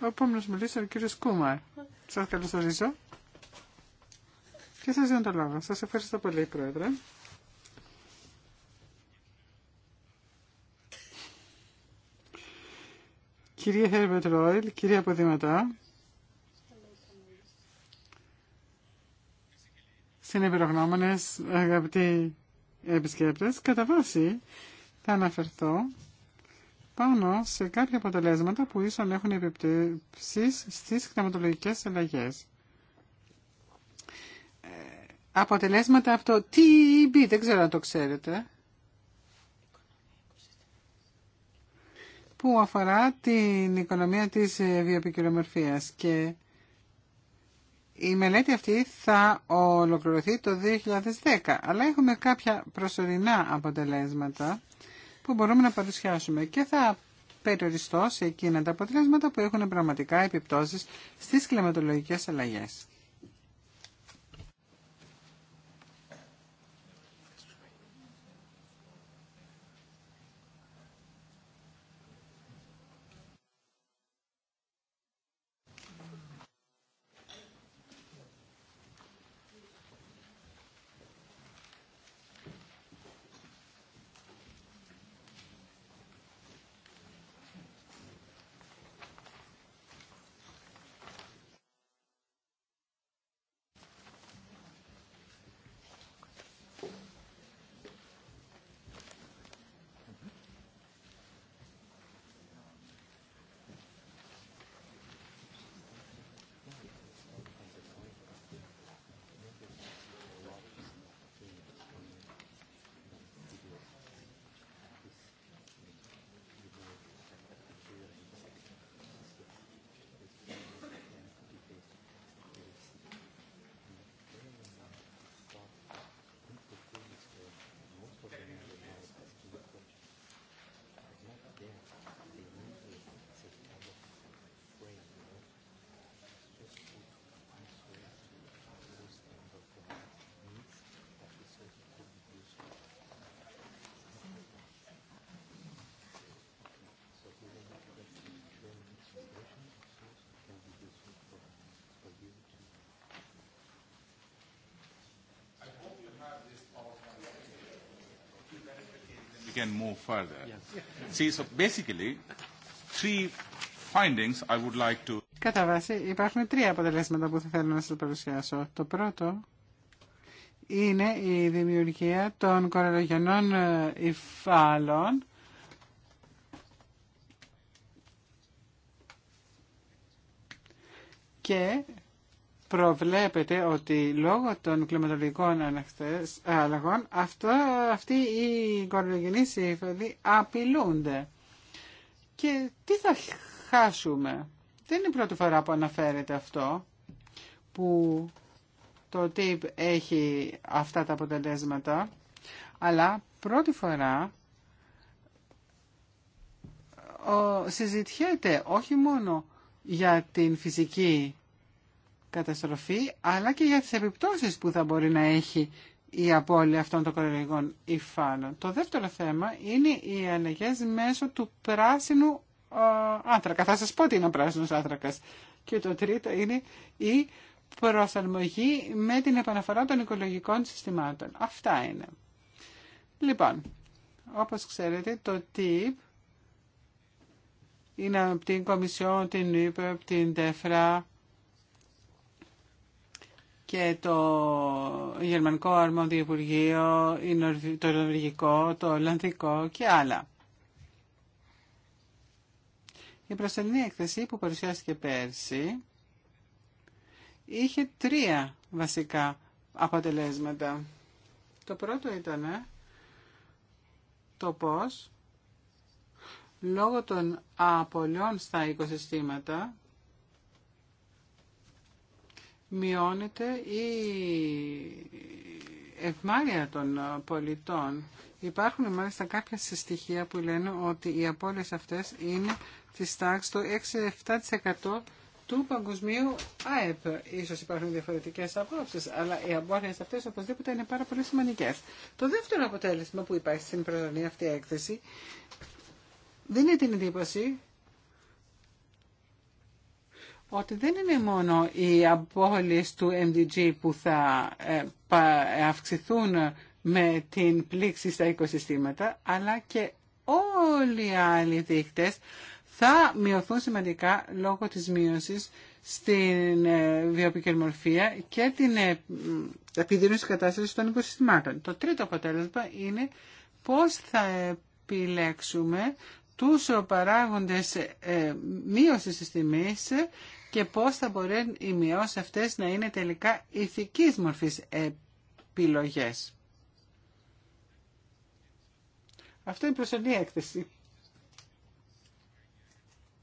Ο επόμενο μιλήσει ο κύριο Κούμαρ. Σα καλωσορίζω. Και σα δίνω το λόγο. Σα ευχαριστώ πολύ, Πρόεδρε. Κυρία Χέρμπερτ Ρόιλ, κυρία Ποδηματά, συνεπειρογνώμονες, αγαπητοί επισκέπτες, κατά βάση θα αναφερθώ πάνω σε κάποια αποτελέσματα που ίσως έχουν επιπτώσεις στις κτηματολογικές αλλαγές. Ε, αποτελέσματα αυτό. Τι μπει, δεν ξέρω αν το ξέρετε. Που αφορά την οικονομία της βιοπικυρομορφίας και η μελέτη αυτή θα ολοκληρωθεί το 2010, αλλά έχουμε κάποια προσωρινά αποτελέσματα που μπορούμε να παρουσιάσουμε και θα περιοριστώ σε εκείνα τα αποτελέσματα που έχουν πραγματικά επιπτώσεις στις κλιματολογικές αλλαγές. can move further. See, so basically, three findings I would like to... Κατά βάση υπάρχουν τρία αποτελέσματα που θα θέλω να σας παρουσιάσω. Το πρώτο είναι η δημιουργία των κορολογιανών ε, υφάλων και προβλέπεται ότι λόγω των κλιματολογικών αλλαγών αυτό, αυτοί οι κορονογενεί ύφεδοι απειλούνται. Και τι θα χάσουμε. Δεν είναι η πρώτη φορά που αναφέρεται αυτό που το TIP έχει αυτά τα αποτελέσματα αλλά πρώτη φορά συζητιέται όχι μόνο για την φυσική καταστροφή, αλλά και για τις επιπτώσεις που θα μπορεί να έχει η απώλεια αυτών των κοροϊδικών υφάλων. Το δεύτερο θέμα είναι οι αλλαγές μέσω του πράσινου άνθρακα. Θα σας πω τι είναι ο πράσινος άνθρακας. Και το τρίτο είναι η προσαρμογή με την επαναφορά των οικολογικών συστημάτων. Αυτά είναι. Λοιπόν, όπως ξέρετε, το TIP είναι από την Κομισιόν, την την ΤΕΦΡΑ, και το Γερμανικό Αρμόδιο Υπουργείο, το Νορβηγικό, το Ολλανδικό και άλλα. Η προσελνή έκθεση που παρουσιάστηκε πέρσι είχε τρία βασικά αποτελέσματα. Το πρώτο ήταν το πώς λόγω των απολειών στα οικοσυστήματα μειώνεται η ευμάρεια των πολιτών. Υπάρχουν μάλιστα κάποια στοιχεία που λένε ότι οι απώλειες αυτές είναι της τάξη του 6-7% του παγκοσμίου ΑΕΠ. Ίσως υπάρχουν διαφορετικές απόψεις, αλλά οι απώλειες αυτές οπωσδήποτε είναι πάρα πολύ σημαντικές. Το δεύτερο αποτέλεσμα που υπάρχει στην προσωρινή αυτή έκθεση δίνει την εντύπωση ότι δεν είναι μόνο οι απώλειες του MDG που θα ε, ε, αυξηθούν με την πλήξη στα οικοσυστήματα, αλλά και όλοι οι άλλοι δείκτες θα μειωθούν σημαντικά λόγω της μείωσης στην ε, βιοπικερμορφία και την επιδείνωση κατάσταση των οικοσυστημάτων. Το τρίτο αποτέλεσμα είναι πώς θα επιλέξουμε τους παράγοντες ε, μείωση της τιμής και πώς θα μπορεί οι μειώσεις αυτές να είναι τελικά ηθικής μορφής επιλογές. Αυτό είναι η προσωρινή έκθεση.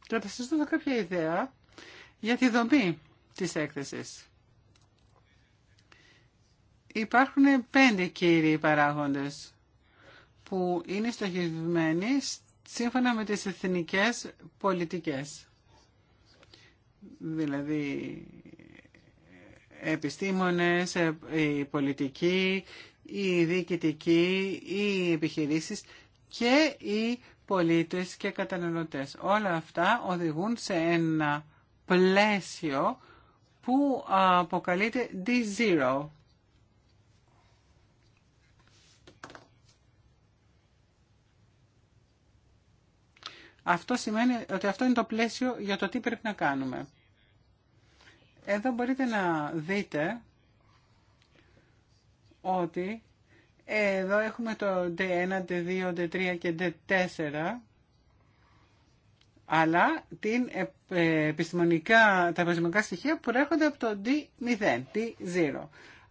Και θα σας δώσω κάποια ιδέα για τη δομή της έκθεσης. Υπάρχουν πέντε κύριοι παράγοντες που είναι στοχευμένοι σύμφωνα με τις εθνικές πολιτικές. Δηλαδή επιστήμονες, η ε, πολιτική, η διοικητική, οι επιχειρήσεις και οι πολίτες και καταναλωτές. Όλα αυτά οδηγούν σε ένα πλαίσιο που αποκαλείται D0 Αυτό σημαίνει ότι αυτό είναι το πλαίσιο για το τι πρέπει να κάνουμε. Εδώ μπορείτε να δείτε ότι εδώ έχουμε το D1, D2, D3 και D4 αλλά την επιστημονικά, τα επιστημονικά στοιχεία προέρχονται από το D0, D0.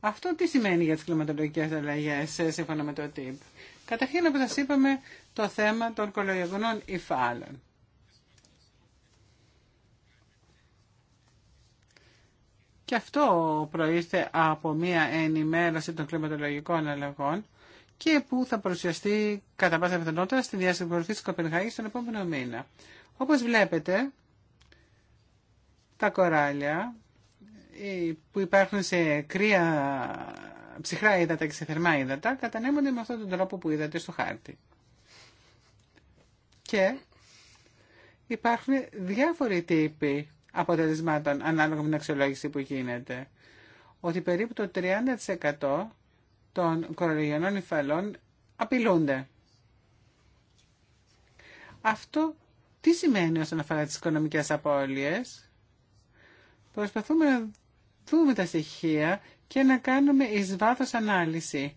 Αυτό τι σημαίνει για τις κλιματολογικές αλλαγές ε, σύμφωνα με το TIP. Καταρχήν, όπως σας είπαμε, το θέμα των κολογεγονών υφάλων. Και αυτό προήρθε από μια ενημέρωση των κλιματολογικών αλλαγών και που θα παρουσιαστεί κατά πάσα πιθανότητα στη διάσκεψη της Κοπενχάγης τον επόμενο μήνα. Όπως βλέπετε, τα κοράλια ε, που υπάρχουν σε κρύα ψυχρά ύδατα και σε θερμά ύδατα κατανέμονται με αυτόν τον τρόπο που είδατε στο χάρτη. Και υπάρχουν διάφοροι τύποι αποτελεσμάτων ανάλογα με την αξιολόγηση που γίνεται. Ότι περίπου το 30% των κορολογιανών υφαλών απειλούνται. Αυτό τι σημαίνει όσον αφορά τις οικονομικές απώλειες. Προσπαθούμε να δούμε τα στοιχεία και να κάνουμε εις βάθος ανάλυση.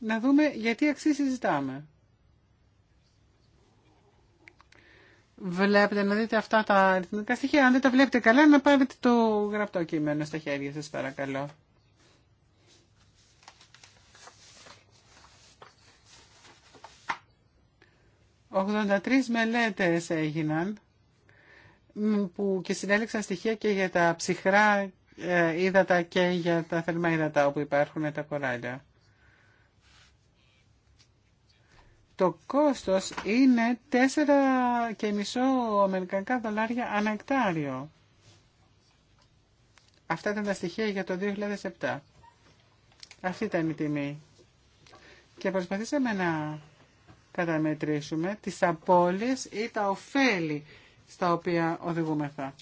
Να δούμε γιατί αξίες συζητάμε. Βλέπετε να δείτε αυτά τα αριθμητικά στοιχεία. Αν δεν τα βλέπετε καλά, να πάρετε το γραπτό κείμενο στα χέρια σας, παρακαλώ. «83 μελέτες έγιναν που και συνέλεξαν στοιχεία και για τα ψυχρά ε, ύδατα και για τα θερμά ύδατα όπου υπάρχουν τα κοράλια. Το κόστος είναι 4,5 αμερικανικά δολάρια ανά εκτάριο. Αυτά ήταν τα στοιχεία για το 2007. Αυτή ήταν η τιμή. Και προσπαθήσαμε να καταμετρήσουμε τις απώλειες ή τα ωφέλη στα οποία οδηγούμεθα.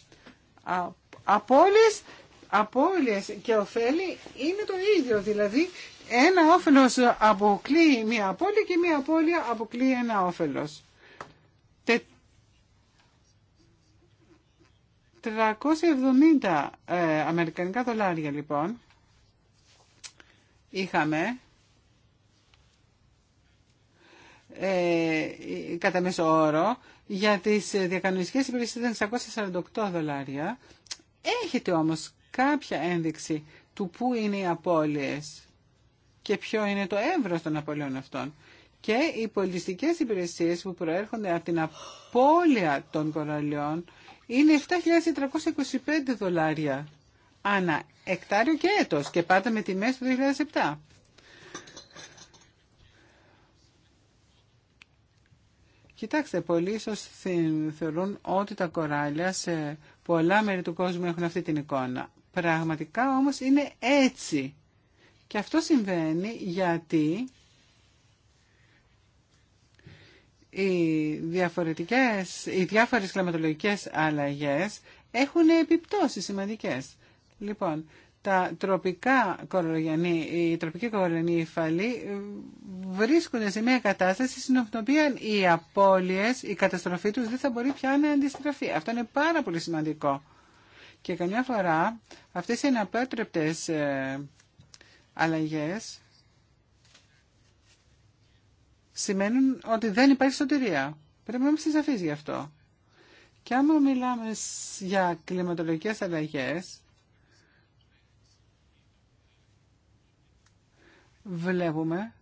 Απώλειες απώλειες και ωφέλη είναι το ίδιο. Δηλαδή ένα όφελος αποκλείει μία απώλεια και μία απώλεια αποκλείει ένα όφελος. 370 ε, αμερικανικά δολάρια λοιπόν είχαμε ε, κατά μέσο όρο για τις διακανονιστικές υπηρεσίες ήταν 648 δολάρια. Έχετε όμως κάποια ένδειξη του πού είναι οι απώλειες και ποιο είναι το έμβρος των απώλειων αυτών. Και οι πολιτιστικές υπηρεσίες που προέρχονται από την απώλεια των κοραλιών είναι 7.325 δολάρια ανά εκτάριο και έτος και πάντα με τιμές του 2007. Κοιτάξτε, πολλοί ίσως θεωρούν ότι τα κοράλια σε πολλά μέρη του κόσμου έχουν αυτή την εικόνα. Πραγματικά όμως είναι έτσι. Και αυτό συμβαίνει γιατί οι, διαφορετικές, οι διάφορες κλιματολογικές αλλαγές έχουν επιπτώσεις σημαντικές. Λοιπόν, τα τροπικά κορολογιανή, η τροπική κορολογιανοί υφαλοί βρίσκονται σε μια κατάσταση στην οποία οι απώλειες, η καταστροφή τους δεν θα μπορεί πια να αντιστραφεί. Αυτό είναι πάρα πολύ σημαντικό. Και καμιά φορά αυτές οι αναπέτρεπτες ε, αλλαγές σημαίνουν ότι δεν υπάρχει σωτηρία. Πρέπει να είμαστε σαφείς γι' αυτό. Και άμα μιλάμε για κλιματολογικές αλλαγές, βλέπουμε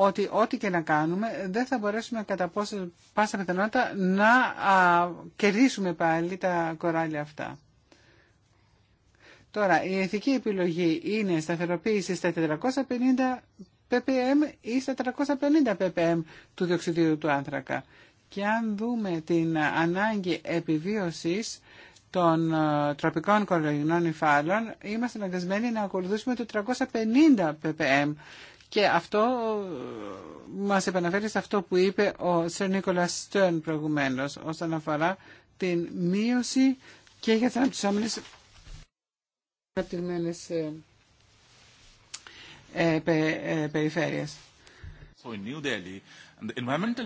ότι ό,τι και να κάνουμε δεν θα μπορέσουμε κατά πόσο, πάσα πιθανότητα να α, κερδίσουμε πάλι τα κοράλια αυτά. Τώρα, η ηθική επιλογή είναι σταθεροποίηση στα 450 ppm ή στα 350 ppm του διοξιδίου του άνθρακα. Και αν δούμε την ανάγκη επιβίωσης των ε, τροπικών κοροϊνών υφάλων, είμαστε αναγκασμένοι να ακολουθήσουμε το 350 ppm και αυτό ε, μας επαναφέρει σε αυτό που είπε ο Σερ Νίκολα Στέρν προηγουμένως όσον αφορά την μείωση και για τις αναπτυσσόμενες αναπτυγμένες ε, ε, ε, περιφέρειες. So in New Delhi, the environmental...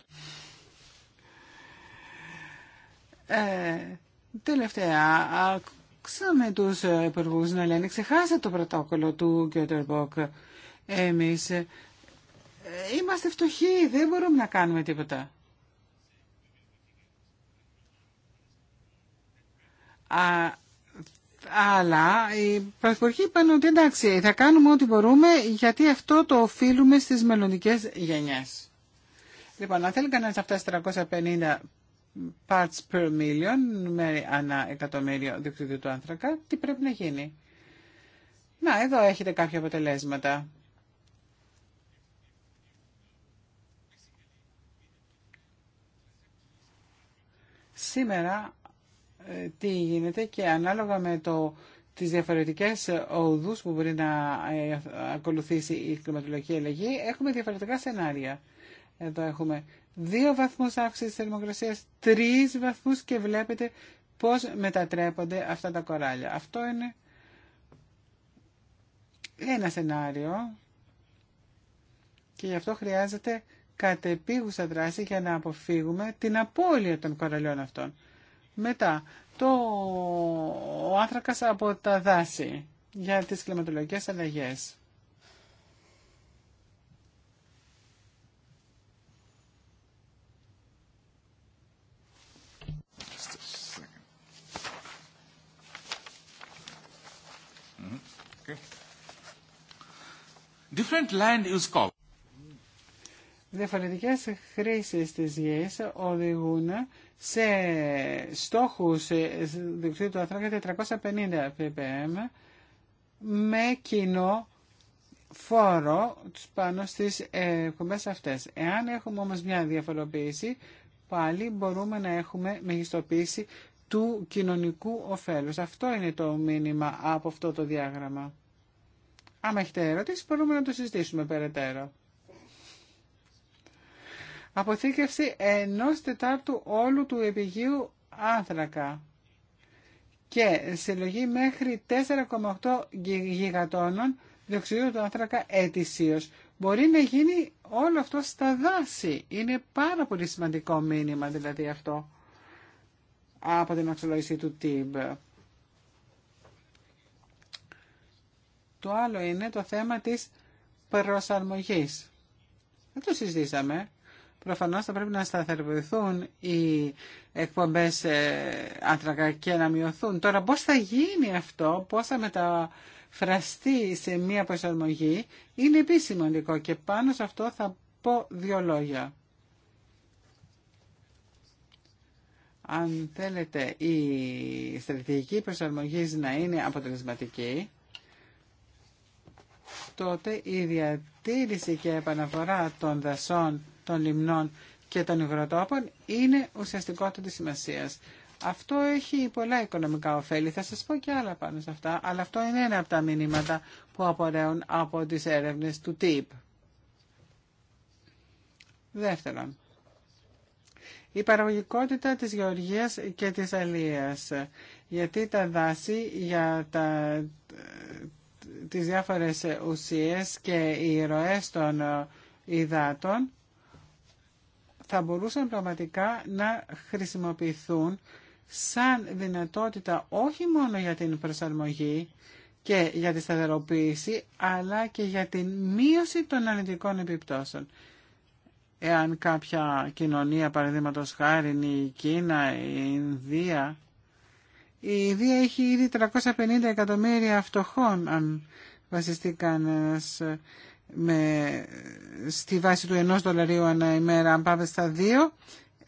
Ε, τελευταία, ακούσαμε τους ε, υπουργούς να λένε ξεχάσε το πρωτόκολλο του Μποκ». Εμείς ε, είμαστε φτωχοί, δεν μπορούμε να κάνουμε τίποτα. Α, αλλά οι πρωθυπουργοί είπαν ότι εντάξει θα κάνουμε ό,τι μπορούμε γιατί αυτό το οφείλουμε στις μελλοντικέ γενιές. Λοιπόν, αν θέλει κανένας αυτά 450 parts per million με ανά εκατομμύριο διοξείδιο του άνθρακα, τι πρέπει να γίνει. Να, εδώ έχετε κάποια αποτελέσματα. σήμερα ε, τι γίνεται και ανάλογα με το, τις διαφορετικές οδούς που μπορεί να ε, ακολουθήσει η κλιματολογική αλλαγή έχουμε διαφορετικά σενάρια. Εδώ έχουμε δύο βαθμούς αύξησης θερμοκρασίας, τρεις βαθμούς και βλέπετε πώς μετατρέπονται αυτά τα κοράλια. Αυτό είναι ένα σενάριο και γι' αυτό χρειάζεται κατεπίγουσα δράση για να αποφύγουμε την απώλεια των κοραλιών αυτών. Μετά, το ο άνθρακας από τα δάση για τις κλιματολογικές αλλαγές. Mm-hmm. Different land use Διαφορετικές χρήσεις της γης οδηγούν σε στόχους ε, διοξείδου του ανθρώπου 450 ppm με κοινό φόρο πάνω στις ε, κομπές αυτές. Εάν έχουμε όμως μια διαφοροποίηση, πάλι μπορούμε να έχουμε μεγιστοποίηση του κοινωνικού ωφέλους. Αυτό είναι το μήνυμα από αυτό το διάγραμμα. Άμα έχετε ερώτηση, μπορούμε να το συζητήσουμε περαιτέρω αποθήκευση ενός τετάρτου όλου του επιγείου άνθρακα και συλλογή μέχρι 4,8 γιγατόνων διοξιδίου του άνθρακα ετησίως. Μπορεί να γίνει όλο αυτό στα δάση. Είναι πάρα πολύ σημαντικό μήνυμα δηλαδή αυτό από την αξιολόγηση του ΤΥΜΠ. Το άλλο είναι το θέμα της προσαρμογής. Δεν το συζητήσαμε. Προφανώς θα πρέπει να σταθεροποιηθούν οι εκπομπές ε, άνθρακα και να μειωθούν. Τώρα πώς θα γίνει αυτό, πώς θα μεταφραστεί σε μία προσαρμογή, είναι επίσης σημαντικό και πάνω σε αυτό θα πω δύο λόγια. Αν θέλετε η στρατηγική προσαρμογή να είναι αποτελεσματική, τότε η διατήρηση και επαναφορά των δασών των λιμνών και των υγροτόπων είναι ουσιαστικότητα της σημασίας. Αυτό έχει πολλά οικονομικά ωφέλη, θα σας πω και άλλα πάνω σε αυτά, αλλά αυτό είναι ένα από τα μηνύματα που απορρέουν από τις έρευνες του ΤΥΠ. Δεύτερον, η παραγωγικότητα της γεωργίας και της αλίας, γιατί τα δάση για τα, τις διάφορες ουσίες και οι ροές των υδάτων θα μπορούσαν πραγματικά να χρησιμοποιηθούν σαν δυνατότητα όχι μόνο για την προσαρμογή και για τη σταθεροποίηση, αλλά και για την μείωση των αρνητικών επιπτώσεων. Εάν κάποια κοινωνία, παραδείγματος χάρη, η Κίνα, η Ινδία, η Ινδία έχει ήδη 350 εκατομμύρια φτωχών, αν βασιστεί κανένα με, στη βάση του ενός δολαρίου ανά ημέρα, αν πάμε στα δύο,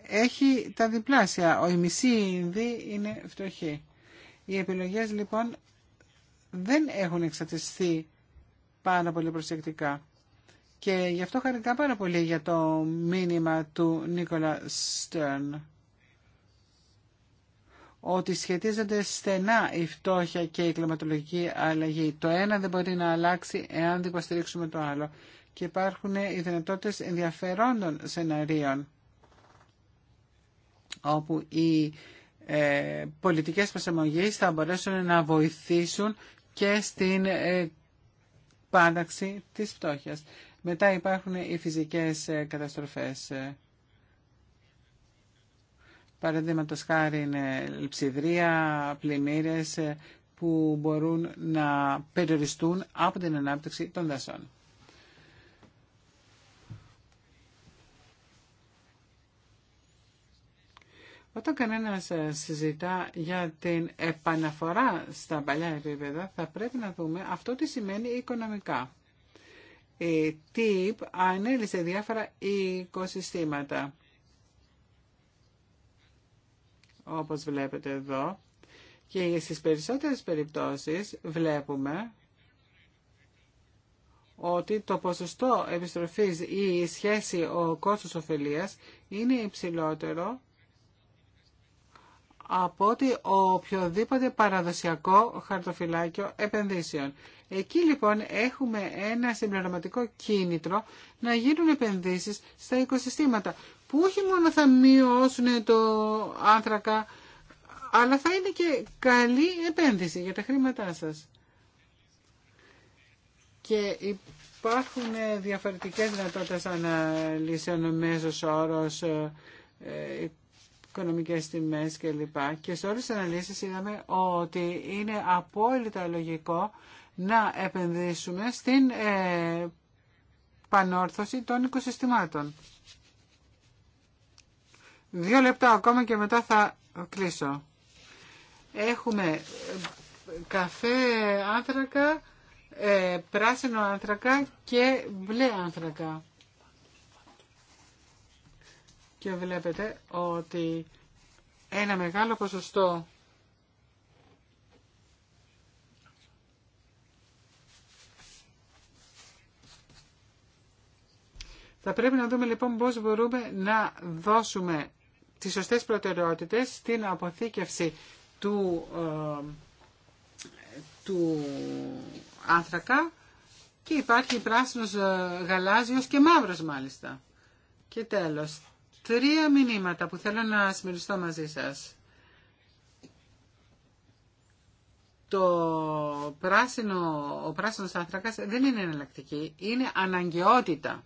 έχει τα διπλάσια. Ο ημισή είναι φτωχή. Οι επιλογές λοιπόν δεν έχουν εξατεστεί πάρα πολύ προσεκτικά. Και γι' αυτό χαρικά πάρα πολύ για το μήνυμα του Νίκολα Στέρν ότι σχετίζονται στενά η φτώχεια και η κλιματολογική αλλαγή. Το ένα δεν μπορεί να αλλάξει εάν δεν υποστηρίξουμε το άλλο. Και υπάρχουν οι δυνατότητε ενδιαφερόντων σεναρίων, όπου οι ε, πολιτικές προσαρμογές θα μπορέσουν να βοηθήσουν και στην ε, πάνταξη της φτώχειας. Μετά υπάρχουν οι φυσικές ε, καταστροφές. Ε, Παραδείγματο χάρη είναι λειψιδρία, πλημμύρες ε, που μπορούν να περιοριστούν από την ανάπτυξη των δασών. Όταν κανένας ε, συζητά για την επαναφορά στα παλιά επίπεδα, θα πρέπει να δούμε αυτό τι σημαίνει οικονομικά. Η ΤΥΠ ανέλησε διάφορα οικοσυστήματα όπως βλέπετε εδώ. Και στις περισσότερες περιπτώσεις βλέπουμε ότι το ποσοστό επιστροφής ή η σχέση ο κόστος ωφελίας είναι υψηλότερο από ότι οποιοδήποτε παραδοσιακό χαρτοφυλάκιο επενδύσεων. Εκεί λοιπόν έχουμε ένα συμπληρωματικό κίνητρο να γίνουν επενδύσεις στα οικοσυστήματα που όχι μόνο θα μειώσουν το άνθρακα, αλλά θα είναι και καλή επένδυση για τα χρήματά σας. Και υπάρχουν διαφορετικές δυνατότητες αναλύσεων μέσος όρος, ε, οικονομικές τιμές κλπ. Και σε όλες τις αναλύσεις είδαμε ότι είναι απόλυτα λογικό να επενδύσουμε στην ε, πανόρθωση των οικοσυστημάτων. Δύο λεπτά ακόμα και μετά θα κλείσω. Έχουμε ε, καφέ άνθρακα, ε, πράσινο άνθρακα και μπλε άνθρακα. Και βλέπετε ότι ένα μεγάλο ποσοστό Θα πρέπει να δούμε λοιπόν πώς μπορούμε να δώσουμε τις σωστές προτεραιότητες στην αποθήκευση του, ε, του άνθρακα και υπάρχει πράσινος ε, γαλάζιος και μαύρος μάλιστα. Και τέλος, τρία μηνύματα που θέλω να συμμεριστώ μαζί σας. Το πράσινο, ο πράσινος άνθρακας δεν είναι εναλλακτική, είναι αναγκαιότητα.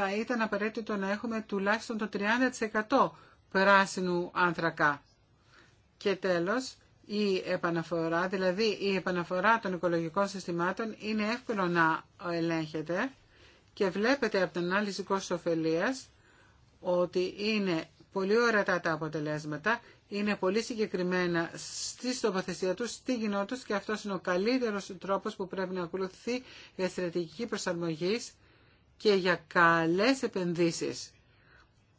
θα ήταν απαραίτητο να έχουμε τουλάχιστον το 30% πράσινου άνθρακα. Και τέλος, η επαναφορά, δηλαδή η επαναφορά των οικολογικών συστημάτων είναι εύκολο να ελέγχεται και βλέπετε από την ανάλυση κόστος ωφελίας ότι είναι πολύ ωραία τα αποτελέσματα, είναι πολύ συγκεκριμένα στη στοποθεσία τους, στη γινό και αυτό είναι ο καλύτερος τρόπος που πρέπει να ακολουθεί η στρατηγική προσαρμογής και για καλές επενδύσεις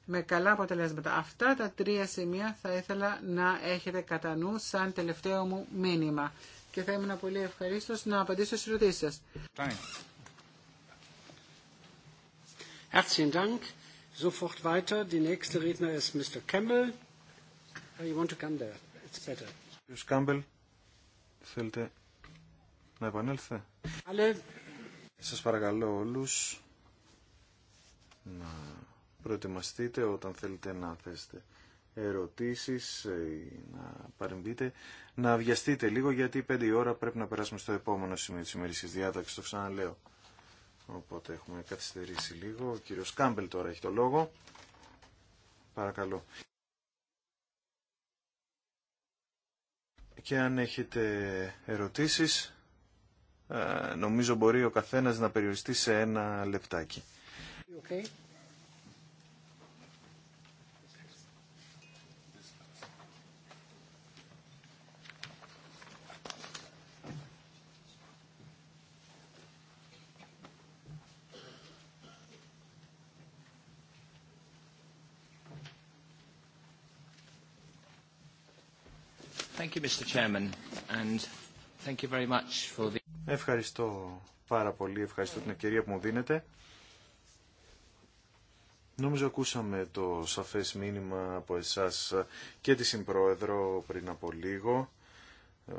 με καλά αποτελέσματα. Αυτά τα τρία σημεία θα ήθελα να έχετε κατά νου σαν τελευταίο μου μήνυμα. Και θα ήμουν πολύ ευχαρίστω να απαντήσω στις ερωτήσεις σας. Herzlichen Dank. Sofort weiter. Die nächste Redner ist Mr. Campbell. Uh, you want to come there. It's better. Mr. Campbell, θέλετε να επανέλθετε. Alle. Σας παρακαλώ όλους να προετοιμαστείτε όταν θέλετε να θέσετε ερωτήσεις ή να παρεμβείτε. Να βιαστείτε λίγο γιατί 5 η ώρα πρέπει να περάσουμε στο επόμενο σημείο της ημερήσιας διάταξης, το ξαναλέω. Οπότε έχουμε καθυστερήσει λίγο. Ο κύριος Κάμπελ τώρα έχει το λόγο. Παρακαλώ. Και αν έχετε ερωτήσεις, ε, νομίζω μπορεί ο καθένας να περιοριστεί σε ένα λεπτάκι. Ευχαριστώ πάρα πολύ, ευχαριστώ την ευκαιρία που μου δίνετε. Νομίζω ακούσαμε το σαφές μήνυμα από εσάς και τη Συμπρόεδρο πριν από λίγο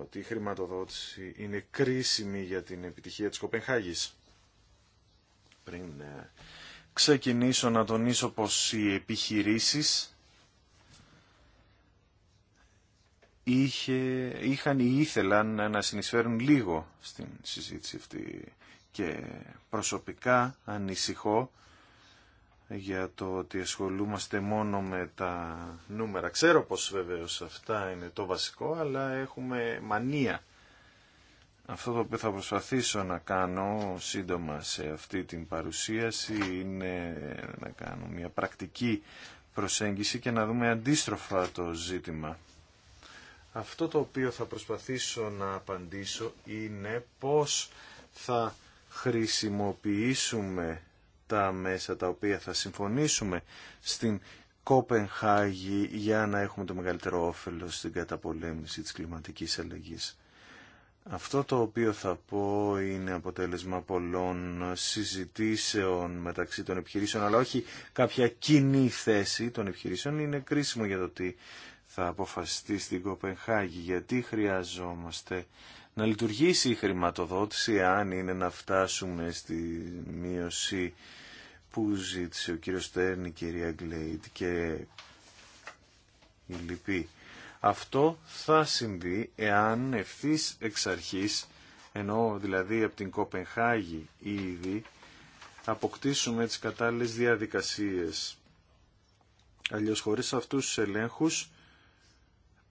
ότι η χρηματοδότηση είναι κρίσιμη για την επιτυχία της Κοπενχάγης. Πριν ε, ξεκινήσω να τονίσω πως οι επιχειρήσεις είχε, είχαν ή ήθελαν να συνεισφέρουν λίγο στην συζήτηση αυτή και προσωπικά ανησυχώ για το ότι ασχολούμαστε μόνο με τα νούμερα. Ξέρω πως βεβαίως αυτά είναι το βασικό, αλλά έχουμε μανία. Αυτό το οποίο θα προσπαθήσω να κάνω σύντομα σε αυτή την παρουσίαση είναι να κάνω μια πρακτική προσέγγιση και να δούμε αντίστροφα το ζήτημα. Αυτό το οποίο θα προσπαθήσω να απαντήσω είναι πώς θα χρησιμοποιήσουμε τα μέσα τα οποία θα συμφωνήσουμε στην Κόπενχάγη για να έχουμε το μεγαλύτερο όφελο στην καταπολέμηση της κλιματικής αλλαγής. Αυτό το οποίο θα πω είναι αποτέλεσμα πολλών συζητήσεων μεταξύ των επιχειρήσεων, αλλά όχι κάποια κοινή θέση των επιχειρήσεων. Είναι κρίσιμο για το τι θα αποφασιστεί στην Κοπενχάγη, γιατί χρειαζόμαστε να λειτουργήσει η χρηματοδότηση, αν είναι να φτάσουμε στη μείωση που ζήτησε ο κύριος Στέρν, η κυρία Γκλέιτ και η Λυπή. Αυτό θα συμβεί εάν ευθύ εξ αρχής, ενώ δηλαδή από την Κοπενχάγη ήδη, αποκτήσουμε τις κατάλληλες διαδικασίες. Αλλιώς χωρίς αυτούς τους ελέγχους,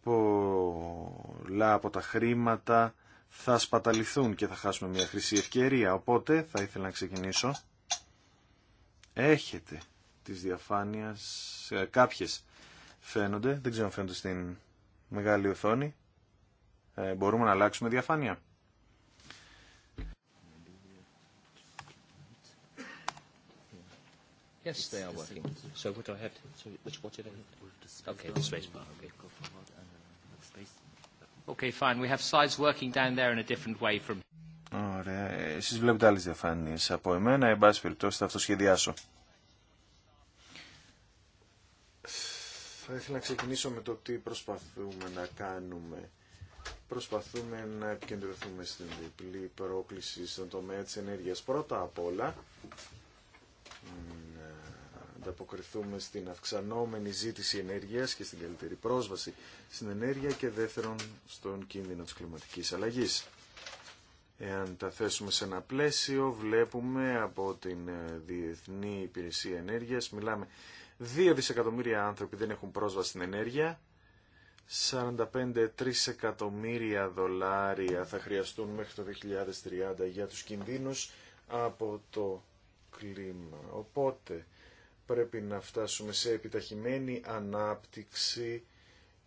πολλά από τα χρήματα θα σπαταληθούν και θα χάσουμε μια χρυσή ευκαιρία. Οπότε θα ήθελα να ξεκινήσω έχετε τις διαφάνειας, κάποιες φαίνονται, δεν ξέρω αν φαίνονται στην μεγάλη οθόνη. Ε, μπορούμε να αλλάξουμε διαφάνεια. Yes, they are working. So what do I have? To, so which what did I? Okay, the space bar. Okay. Okay, fine. We have sides working down there in a different way from. Ωραία εσεί βλέπετε άλλε διαφάνειες από εμένα, εν πάση περιπτώσει θα αυτοσχεδιάσω. Θα ήθελα να ξεκινήσω με το τι προσπαθούμε να κάνουμε. Προσπαθούμε να επικεντρωθούμε στην διπλή πρόκληση στον τομέα της ενέργειας. Πρώτα απ' όλα, να ανταποκριθούμε στην αυξανόμενη ζήτηση ενέργειας και στην καλύτερη πρόσβαση στην ενέργεια και δεύτερον στον κίνδυνο της κλιματικής αλλαγής. Εάν τα θέσουμε σε ένα πλαίσιο, βλέπουμε από την ε, Διεθνή Υπηρεσία Ενέργειας, μιλάμε 2 δισεκατομμύρια άνθρωποι δεν έχουν πρόσβαση στην ενέργεια, 45-3 εκατομμύρια δολάρια θα χρειαστούν μέχρι το 2030 για τους κινδύνους από το κλίμα. Οπότε πρέπει να φτάσουμε σε επιταχυμένη ανάπτυξη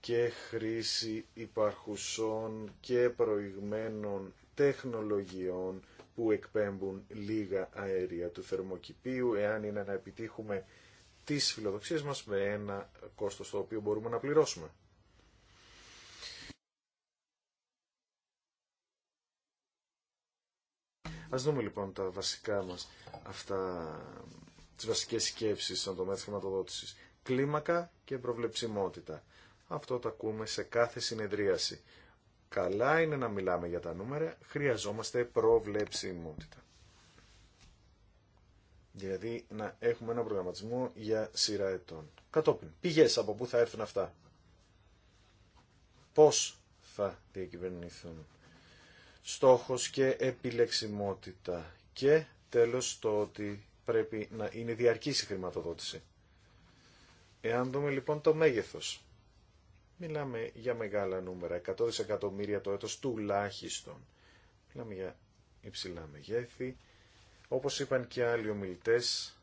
και χρήση υπαρχουσών και προηγμένων τεχνολογιών που εκπέμπουν λίγα αέρια του θερμοκηπίου, εάν είναι να επιτύχουμε τις φιλοδοξίες μας με ένα κόστος το οποίο μπορούμε να πληρώσουμε. Ας δούμε λοιπόν τα βασικά μας αυτά, τις βασικές σκέψεις στον τομέα της χρηματοδότησης. Κλίμακα και προβλεψιμότητα. Αυτό το ακούμε σε κάθε συνεδρίαση. Καλά είναι να μιλάμε για τα νούμερα, χρειαζόμαστε προβλέψιμότητα. Δηλαδή να έχουμε ένα προγραμματισμό για σειρά ετών. Κατόπιν, πηγές από πού θα έρθουν αυτά. Πώς θα διακυβερνηθούν. Στόχος και επιλεξιμότητα. Και τέλος το ότι πρέπει να είναι διαρκής η χρηματοδότηση. Εάν δούμε λοιπόν το μέγεθος Μιλάμε για μεγάλα νούμερα, 100 δισεκατομμύρια το έτος τουλάχιστον. Μιλάμε για υψηλά μεγέθη. Όπως είπαν και άλλοι ομιλητές,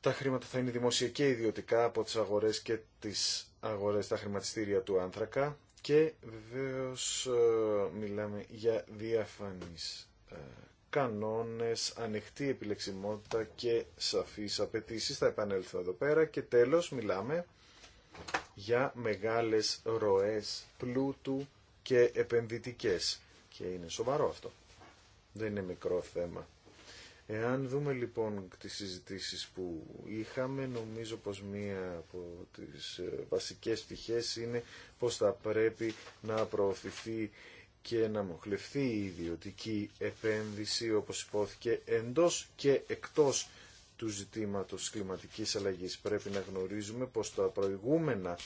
τα χρήματα θα είναι δημόσια και ιδιωτικά από τις αγορές και τις αγορές, τα χρηματιστήρια του άνθρακα και βεβαίως ε, μιλάμε για διαφανείς ε, κανόνες, ανοιχτή επιλεξιμότητα και σαφείς απαιτήσει. Θα επανέλθω εδώ πέρα και τέλος μιλάμε για μεγάλες ροές πλούτου και επενδυτικές. Και είναι σοβαρό αυτό. Δεν είναι μικρό θέμα. Εάν δούμε λοιπόν τις συζητήσεις που είχαμε, νομίζω πως μία από τις ε, βασικές πτυχές είναι πως θα πρέπει να προωθηθεί και να μοχλευτεί η ιδιωτική επένδυση όπως υπόθηκε εντός και εκτός του ζητήματος κλιματικής αλλαγής. Πρέπει να γνωρίζουμε πως τα προηγούμενα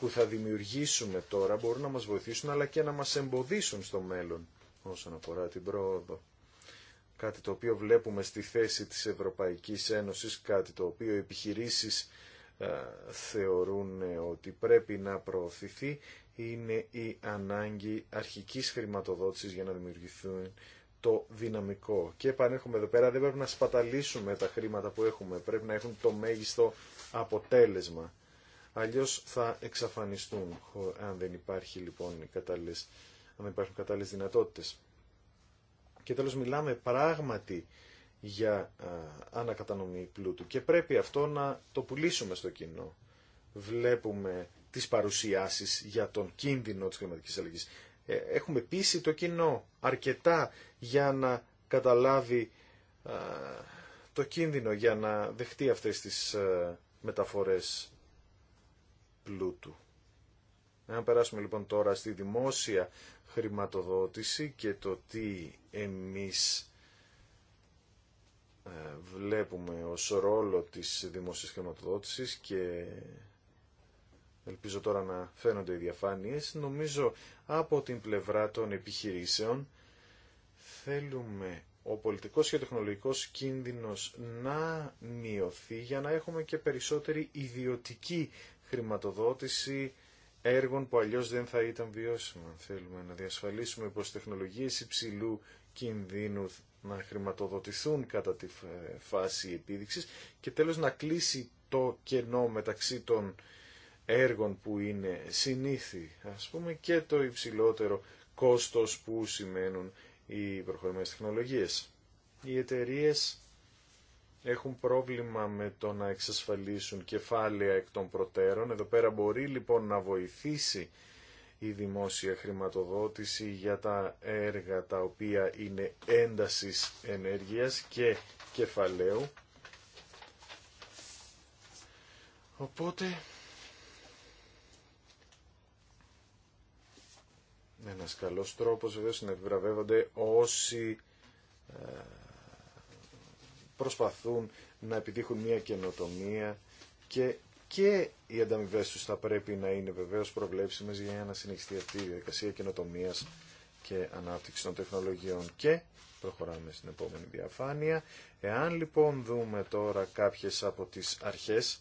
που θα δημιουργήσουμε τώρα μπορούν να μας βοηθήσουν αλλά και να μας εμποδίσουν στο μέλλον όσον αφορά την πρόοδο. Κάτι το οποίο βλέπουμε στη θέση της Ευρωπαϊκής Ένωσης, κάτι το οποίο οι επιχειρήσεις ε, θεωρούν ότι πρέπει να προωθηθεί, είναι η ανάγκη αρχικής χρηματοδότησης για να δημιουργηθούν το δυναμικό. Και επανέρχομαι εδώ πέρα, δεν πρέπει να σπαταλήσουμε τα χρήματα που έχουμε, πρέπει να έχουν το μέγιστο αποτέλεσμα. Αλλιώς θα εξαφανιστούν, αν δεν, υπάρχει, λοιπόν, κατάλληλες, αν δεν υπάρχουν κατάλληλες δυνατότητες. Και τέλος μιλάμε πράγματι για α, ανακατανομή πλούτου και πρέπει αυτό να το πουλήσουμε στο κοινό. Βλέπουμε τις παρουσιάσεις για τον κίνδυνο της κλιματικής αλλαγής. Ε, έχουμε πείσει το κοινό αρκετά για να καταλάβει το κίνδυνο για να δεχτεί αυτές τις μεταφορές πλούτου. Να περάσουμε λοιπόν τώρα στη δημόσια χρηματοδότηση και το τι εμείς ε, βλέπουμε ως ρόλο της δημόσιας χρηματοδότησης και ελπίζω τώρα να φαίνονται οι διαφάνειες, νομίζω από την πλευρά των επιχειρήσεων θέλουμε ο πολιτικός και τεχνολογικός κίνδυνος να μειωθεί για να έχουμε και περισσότερη ιδιωτική χρηματοδότηση έργων που αλλιώς δεν θα ήταν βιώσιμα. Θέλουμε να διασφαλίσουμε πως τεχνολογίες υψηλού κινδύνου να χρηματοδοτηθούν κατά τη φάση επίδειξης και τέλος να κλείσει το κενό μεταξύ των έργων που είναι συνήθι, ας πούμε, και το υψηλότερο κόστος που σημαίνουν οι προχωρημένες τεχνολογίες. Οι εταιρείε έχουν πρόβλημα με το να εξασφαλίσουν κεφάλαια εκ των προτέρων. Εδώ πέρα μπορεί λοιπόν να βοηθήσει η δημόσια χρηματοδότηση για τα έργα τα οποία είναι έντασης ενέργειας και κεφαλαίου. Οπότε Ένα καλό τρόπο βεβαίως να επιβραβεύονται όσοι ε, προσπαθούν να επιτύχουν μια καινοτομία και, και οι ανταμοιβέ του θα πρέπει να είναι βεβαίω προβλέψιμε για να συνεχιστεί αυτή η διαδικασία καινοτομία και ανάπτυξη των τεχνολογιών και προχωράμε στην επόμενη διαφάνεια. Εάν λοιπόν δούμε τώρα κάποιες από τι αρχές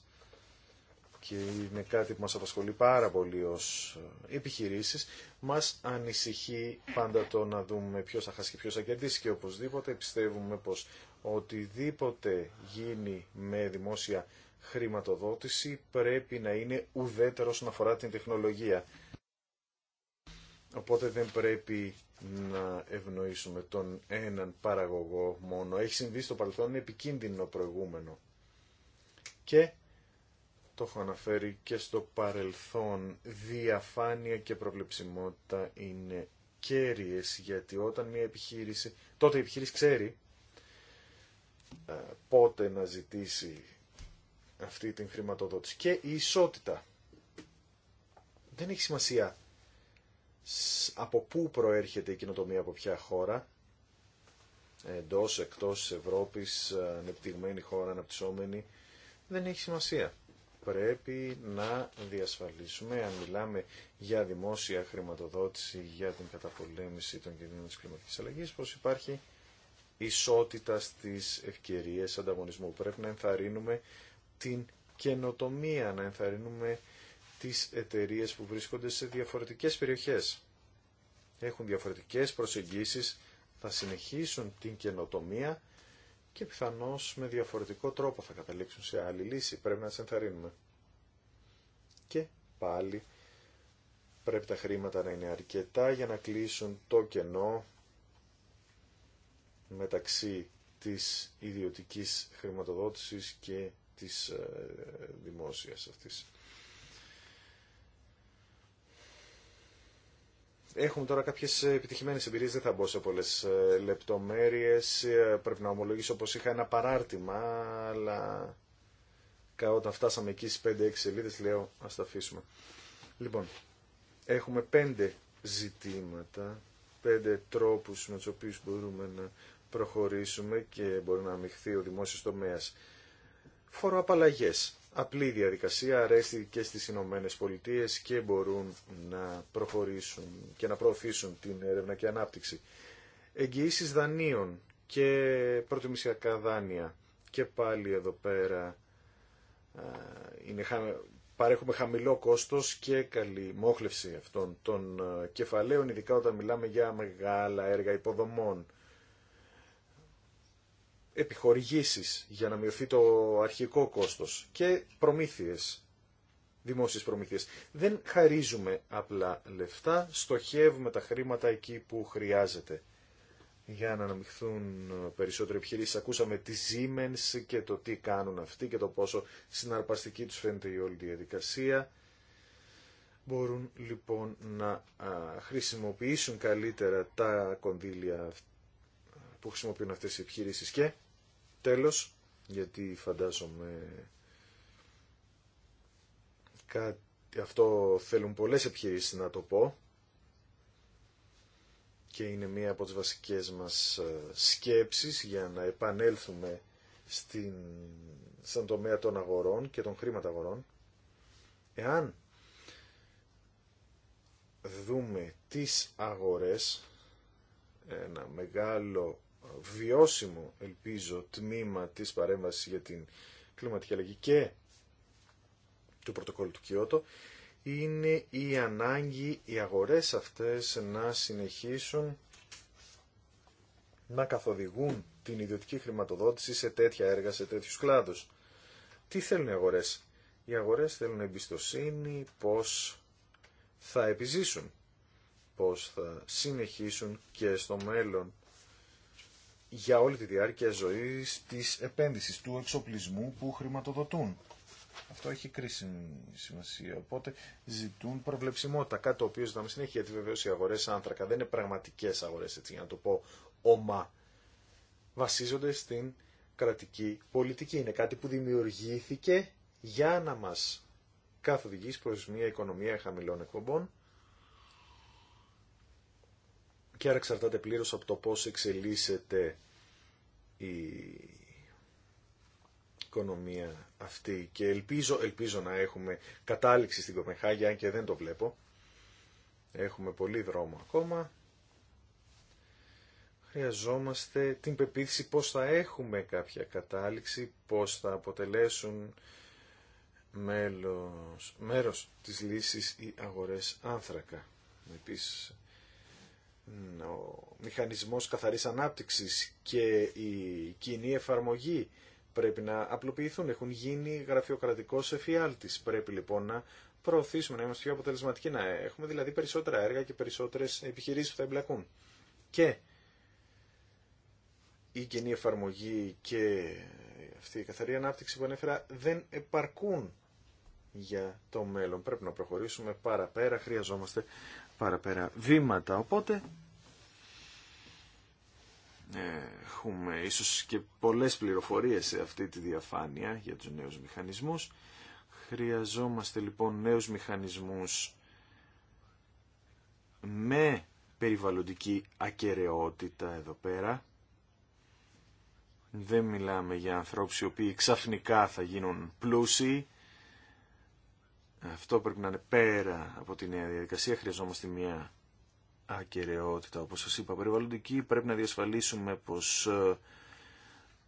και είναι κάτι που μας απασχολεί πάρα πολύ ως επιχειρήσεις, μας ανησυχεί πάντα το να δούμε ποιος θα χάσει και ποιος θα κερδίσει και οπωσδήποτε πιστεύουμε πως οτιδήποτε γίνει με δημόσια χρηματοδότηση πρέπει να είναι ουδέτερο όσον αφορά την τεχνολογία. Οπότε δεν πρέπει να ευνοήσουμε τον έναν παραγωγό μόνο. Έχει συμβεί στο παρελθόν, επικίνδυνο προηγούμενο. Και το έχω αναφέρει και στο παρελθόν, διαφάνεια και προβλεψιμότητα είναι κέρυες, γιατί όταν μια επιχείρηση, τότε η επιχείρηση ξέρει ε, πότε να ζητήσει αυτή την χρηματοδότηση. Και η ισότητα. Δεν έχει σημασία από πού προέρχεται η κοινοτομία, από ποια χώρα, εντός, εκτός Ευρώπης, ανεπτυγμένη χώρα, αναπτυσσόμενη, δεν έχει σημασία πρέπει να διασφαλίσουμε, αν μιλάμε για δημόσια χρηματοδότηση για την καταπολέμηση των κινδύνων της κλιματικής αλλαγής, πως υπάρχει ισότητα στις ευκαιρίες ανταγωνισμού. Πρέπει να ενθαρρύνουμε την καινοτομία, να ενθαρρύνουμε τις εταιρείες που βρίσκονται σε διαφορετικές περιοχές. Έχουν διαφορετικές προσεγγίσεις, θα συνεχίσουν την καινοτομία και πιθανώς με διαφορετικό τρόπο θα καταλήξουν σε άλλη λύση. Πρέπει να τις ενθαρρύνουμε. Και πάλι πρέπει τα χρήματα να είναι αρκετά για να κλείσουν το κενό μεταξύ της ιδιωτικής χρηματοδότησης και της ε, δημόσιας αυτής. Έχουμε τώρα κάποιες επιτυχημένε εμπειρίες, δεν θα μπω σε πολλέ ε, λεπτομέρειες. Ε, πρέπει να ομολογήσω πως είχα ένα παράρτημα, αλλά όταν φτάσαμε εκεί στι 5-6 σελίδε, λέω ας τα αφήσουμε. Λοιπόν, έχουμε πέντε ζητήματα, πέντε τρόπους με του οποίους μπορούμε να προχωρήσουμε και μπορεί να αμυχθεί ο δημόσιο τομέα. Φοροαπαλλαγέ απλή διαδικασία, αρέσει και στις Ηνωμένε Πολιτείε και μπορούν να προχωρήσουν και να προωθήσουν την έρευνα και ανάπτυξη. Εγγυήσεις δανείων και πρωτομισιακά δάνεια και πάλι εδώ πέρα είναι, παρέχουμε χαμηλό κόστος και καλή μόχλευση αυτών των κεφαλαίων, ειδικά όταν μιλάμε για μεγάλα έργα υποδομών επιχορηγήσεις για να μειωθεί το αρχικό κόστος και προμήθειες, δημόσιες προμήθειες. Δεν χαρίζουμε απλά λεφτά, στοχεύουμε τα χρήματα εκεί που χρειάζεται για να αναμειχθούν περισσότερο επιχειρήσει. Ακούσαμε τη Siemens και το τι κάνουν αυτοί και το πόσο συναρπαστική τους φαίνεται η όλη διαδικασία. Μπορούν λοιπόν να χρησιμοποιήσουν καλύτερα τα κονδύλια που χρησιμοποιούν αυτές οι επιχειρήσεις και τέλος, γιατί φαντάζομαι κάτι, αυτό θέλουν πολλές επιχειρήσεις να το πω και είναι μία από τις βασικές μας ε, σκέψεις για να επανέλθουμε στην, στον τομέα των αγορών και των χρήματα αγορών. Εάν δούμε τις αγορές, ένα μεγάλο βιώσιμο, ελπίζω, τμήμα της παρέμβασης για την κλιματική αλλαγή και του πρωτοκόλλου του Κιώτο, είναι η ανάγκη οι αγορές αυτές να συνεχίσουν να καθοδηγούν την ιδιωτική χρηματοδότηση σε τέτοια έργα, σε τέτοιους κλάδους. Τι θέλουν οι αγορές. Οι αγορές θέλουν εμπιστοσύνη πως θα επιζήσουν, πως θα συνεχίσουν και στο μέλλον για όλη τη διάρκεια ζωής της επένδυσης, του εξοπλισμού που χρηματοδοτούν. Αυτό έχει κρίσιμη σημασία. Οπότε ζητούν προβλεψιμότητα. Κάτι το οποίο ζητάμε συνέχεια, γιατί βεβαίω οι αγορέ άνθρακα δεν είναι πραγματικέ αγορέ, έτσι για να το πω ομά. Βασίζονται στην κρατική πολιτική. Είναι κάτι που δημιουργήθηκε για να μα καθοδηγήσει προ μια οικονομία χαμηλών εκπομπών και άρα εξαρτάται πλήρως από το πώς εξελίσσεται η οικονομία αυτή και ελπίζω, ελπίζω να έχουμε κατάληξη στην Κοπενχάγη αν και δεν το βλέπω έχουμε πολύ δρόμο ακόμα χρειαζόμαστε την πεποίθηση πως θα έχουμε κάποια κατάληξη πως θα αποτελέσουν μέλος, μέρος της λύσης οι αγορές άνθρακα επίσης ο μηχανισμός καθαρής ανάπτυξης και η κοινή εφαρμογή πρέπει να απλοποιηθούν. Έχουν γίνει γραφειοκρατικός εφιάλτης. Πρέπει λοιπόν να προωθήσουμε, να είμαστε πιο αποτελεσματικοί, να έχουμε δηλαδή περισσότερα έργα και περισσότερες επιχειρήσεις που θα εμπλακούν. Και η κοινή εφαρμογή και αυτή η καθαρή ανάπτυξη που ανέφερα δεν επαρκούν για το μέλλον. Πρέπει να προχωρήσουμε παραπέρα, χρειαζόμαστε παραπέρα βήματα. Οπότε έχουμε ίσως και πολλές πληροφορίες σε αυτή τη διαφάνεια για τους νέους μηχανισμούς. Χρειαζόμαστε λοιπόν νέους μηχανισμούς με περιβαλλοντική ακαιρεότητα εδώ πέρα. Δεν μιλάμε για ανθρώπους οι οποίοι ξαφνικά θα γίνουν πλούσιοι αυτό πρέπει να είναι πέρα από τη νέα διαδικασία. Χρειαζόμαστε μια ακαιρεότητα. Όπως σας είπα, περιβαλλοντική πρέπει να διασφαλίσουμε πως ε,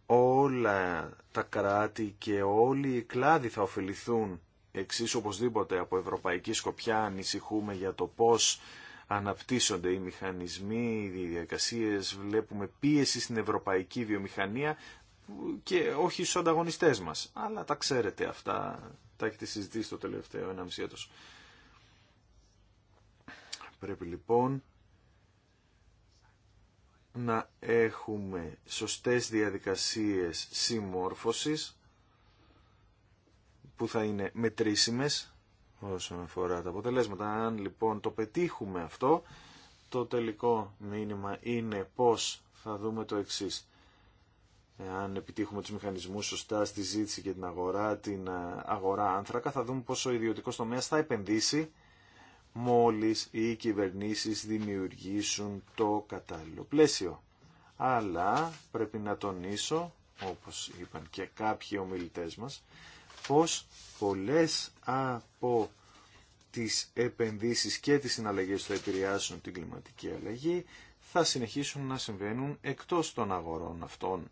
όλα τα κράτη και όλοι οι κλάδοι θα ωφεληθούν εξίσου οπωσδήποτε από ευρωπαϊκή σκοπιά ανησυχούμε για το πώς αναπτύσσονται οι μηχανισμοί, οι διαδικασίες, βλέπουμε πίεση στην ευρωπαϊκή βιομηχανία και όχι στους ανταγωνιστές μας. Αλλά τα ξέρετε αυτά τα έχετε συζητήσει το τελευταίο μισή έτος. Πρέπει λοιπόν να έχουμε σωστές διαδικασίες συμμόρφωσης που θα είναι μετρήσιμες όσον αφορά τα αποτελέσματα. Αν λοιπόν το πετύχουμε αυτό, το τελικό μήνυμα είναι πως θα δούμε το εξής αν επιτύχουμε τους μηχανισμούς σωστά στη ζήτηση και την αγορά, την ε, αγορά άνθρακα, θα δούμε πόσο ο ιδιωτικός τομέας θα επενδύσει μόλις οι κυβερνήσεις δημιουργήσουν το κατάλληλο πλαίσιο. Αλλά πρέπει να τονίσω, όπως είπαν και κάποιοι ομιλητές μας, πως πολλές από τις επενδύσεις και τις συναλλαγές που θα επηρεάσουν την κλιματική αλλαγή θα συνεχίσουν να συμβαίνουν εκτός των αγορών αυτών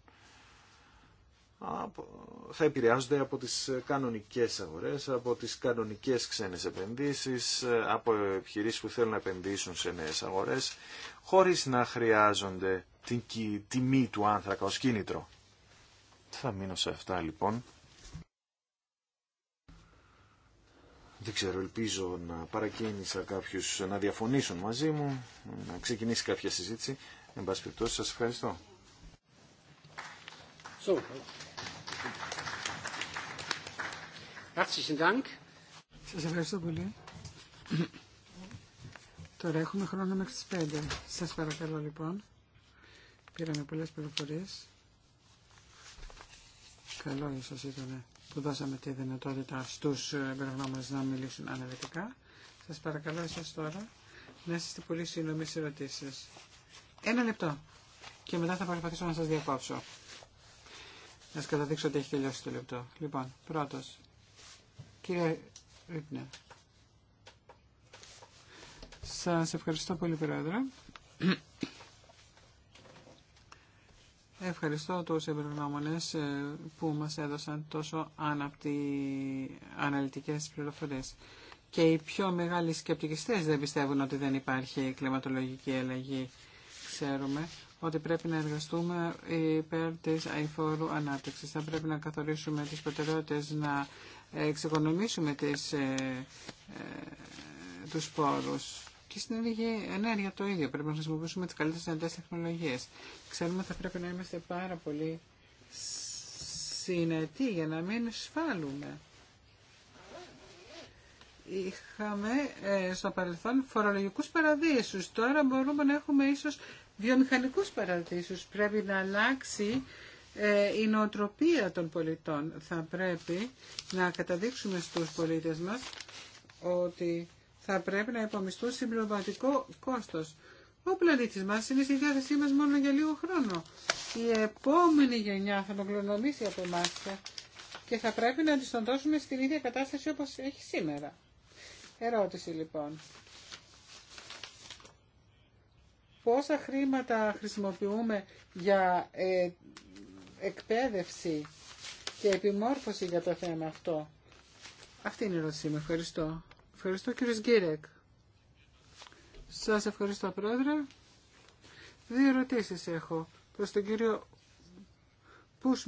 θα επηρεάζονται από τις κανονικές αγορές, από τις κανονικές ξένες επενδύσεις, από επιχειρήσεις που θέλουν να επενδύσουν σε νέες αγορές, χωρίς να χρειάζονται την τιμή του άνθρακα ως κίνητρο. Θα μείνω σε αυτά λοιπόν. Δεν ξέρω, ελπίζω να παρακίνησα κάποιους να διαφωνήσουν μαζί μου, να ξεκινήσει κάποια συζήτηση. Εν πάση περιπτώσει, σας ευχαριστώ. Σας ευχαριστώ πολύ. Τώρα έχουμε χρόνο μέχρι τις 5. Σας παρακαλώ λοιπόν. Πήραμε πολλές πληροφορίες. Καλό σας ήταν που δώσαμε τη δυνατότητα στους εμπειρογνώμονες να μιλήσουν αναλυτικά. Σας παρακαλώ εσάς τώρα να είστε πολύ σύντομοι σε ερωτήσεις. Ένα λεπτό και μετά θα προσπαθήσω να σας διακόψω. Να σας καταδείξω ότι έχει τελειώσει το λεπτό. Λοιπόν, πρώτος, Κύριε Ρίπνερ. Σας ευχαριστώ πολύ, Πρόεδρε. Ευχαριστώ τους εμπειρογνώμονες ε, που μας έδωσαν τόσο άναπτη αναλυτικές πληροφορίες. Και οι πιο μεγάλοι σκεπτικιστές δεν πιστεύουν ότι δεν υπάρχει κλιματολογική αλλαγή. Ξέρουμε ότι πρέπει να εργαστούμε υπέρ της αηφόρου ανάπτυξης. Θα πρέπει να καθορίσουμε τις προτεραιότητες, να ε, εξοικονομήσουμε τις, ε, ε, τους πόρους. Και στην ενέργεια το ίδιο. Πρέπει να χρησιμοποιήσουμε τις καλύτερες δυνατές τεχνολογίες. Ξέρουμε ότι θα πρέπει να είμαστε πάρα πολύ συνετοί για να μην σφάλουμε. Είχαμε ε, στο παρελθόν φορολογικούς παραδείσους. Τώρα μπορούμε να έχουμε ίσως βιομηχανικούς παραδείσους. Πρέπει να αλλάξει ε, η νοοτροπία των πολιτών. Θα πρέπει να καταδείξουμε στους πολίτες μας ότι θα πρέπει να υπομιστούν συμπληρωματικό κόστος. Ο πλανήτης μας είναι στη διάθεσή μας μόνο για λίγο χρόνο. Η επόμενη γενιά θα τον κληρονομήσει από εμάς και θα πρέπει να τη τον δώσουμε στην ίδια κατάσταση όπως έχει σήμερα. Ερώτηση λοιπόν. Πόσα χρήματα χρησιμοποιούμε για ε, εκπαίδευση και επιμόρφωση για το θέμα αυτό. Αυτή είναι η ερώτησή μου. Ευχαριστώ. Ευχαριστώ κύριος Γκίρεκ. Σας ευχαριστώ πρόεδρε. Δύο ερωτήσεις έχω προς τον κύριο Πούς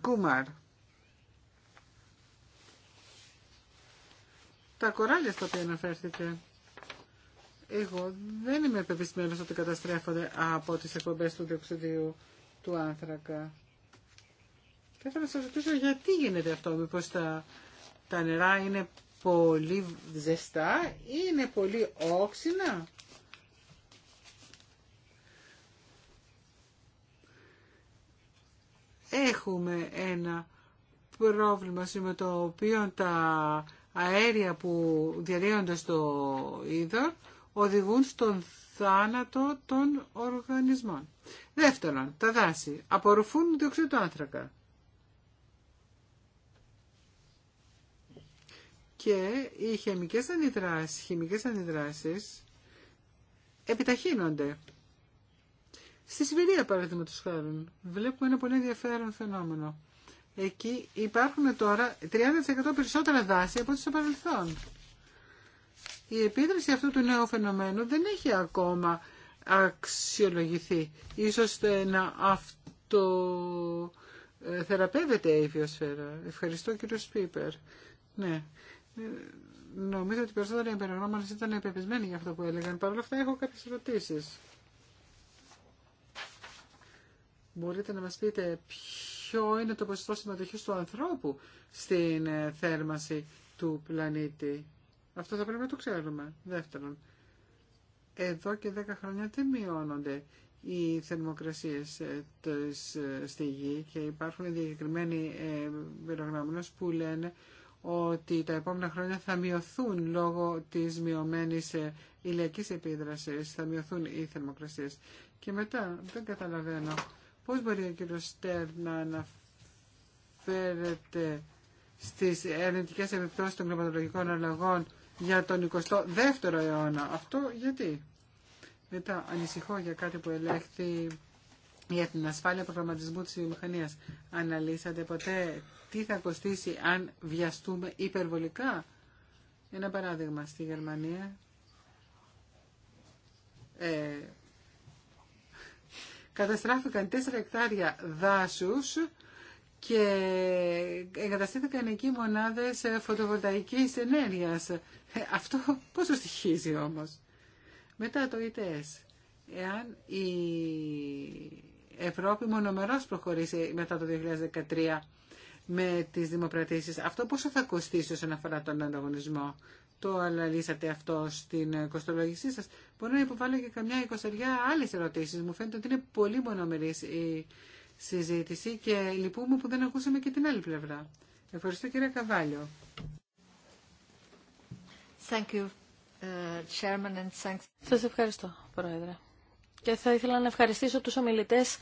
Κούμαρ. Τα κοράλια στα οποία αναφέρθηκε. Εγώ δεν είμαι πεπισμένος ότι καταστρέφονται από τις εκπομπές του διοξιδίου του άνθρακα. Θα ήθελα να σας ρωτήσω γιατί γίνεται αυτό, μήπως τα, τα νερά είναι πολύ ζεστά ή είναι πολύ όξινα. Έχουμε ένα πρόβλημα με το οποίο τα αέρια που διαλύονται στο είδο, οδηγούν στον θάνατο των οργανισμών. Δεύτερον, τα δάση απορροφούν διοξείδιο άνθρακα. και οι χημικές αντιδράσεις, χημικές αντιδράσεις επιταχύνονται. Στη Σιβηρία, παραδείγματο χάρη, βλέπουμε ένα πολύ ενδιαφέρον φαινόμενο. Εκεί υπάρχουν τώρα 30% περισσότερα δάση από ό,τι στο παρελθόν. Η επίδραση αυτού του νέου φαινομένου δεν έχει ακόμα αξιολογηθεί. Ίσως να αυτοθεραπεύεται ε, η βιοσφαίρα. Ευχαριστώ κύριο Σπίπερ. Ναι. Νομίζω ότι περισσότεροι εμπειρογνώμονε ήταν επεπισμένοι για αυτό που έλεγαν. Παρ' όλα αυτά, έχω κάποιε ερωτήσει. Μπορείτε να μα πείτε ποιο είναι το ποσοστό συμμετοχής του ανθρώπου στην ε, θέρμανση του πλανήτη. Αυτό θα πρέπει να το ξέρουμε. Δεύτερον, εδώ και 10 χρόνια δεν μειώνονται οι θερμοκρασίες ε, ε, στη γη και υπάρχουν διακεκριμένοι πυρογνώμονες που λένε ότι τα επόμενα χρόνια θα μειωθούν λόγω της μειωμένης ε, ηλιακής επίδρασης, θα μειωθούν οι θερμοκρασίες. Και μετά δεν καταλαβαίνω πώς μπορεί ο κύριος Στερ να αναφέρεται στις ερευνητικές επιπτώσεις των κλιματολογικών αλλαγών για τον 22ο αιώνα. Αυτό γιατί. Μετά ανησυχώ για κάτι που ελέγχθη για την ασφάλεια προγραμματισμού της βιομηχανίας. Αναλύσατε ποτέ τι θα κοστίσει αν βιαστούμε υπερβολικά. Ένα παράδειγμα στη Γερμανία. Ε, καταστράφηκαν 4 εκτάρια δάσους και εγκαταστήθηκαν εκεί μονάδες φωτοβολταϊκής ενέργειας. Ε, αυτό πόσο στοιχίζει όμως. Μετά το ΙΤΕΣ. Εάν η Ευρώπη μονομερός προχωρήσει μετά το 2013 με τις δημοπρατήσεις. Αυτό πόσο θα κοστίσει όσον αφορά τον ανταγωνισμό. Το αναλύσατε αυτό στην κοστολογησή σας. Μπορώ να υποβάλω και καμιά εικοσαριά άλλες ερωτήσεις. Μου φαίνεται ότι είναι πολύ μονομερής η συζήτηση και λυπούμε που δεν ακούσαμε και την άλλη πλευρά. Ευχαριστώ κύριε Καβάλιο. Thank you, uh, and Σας ευχαριστώ, Πρόεδρε. Και θα ήθελα να ευχαριστήσω τους ομιλητές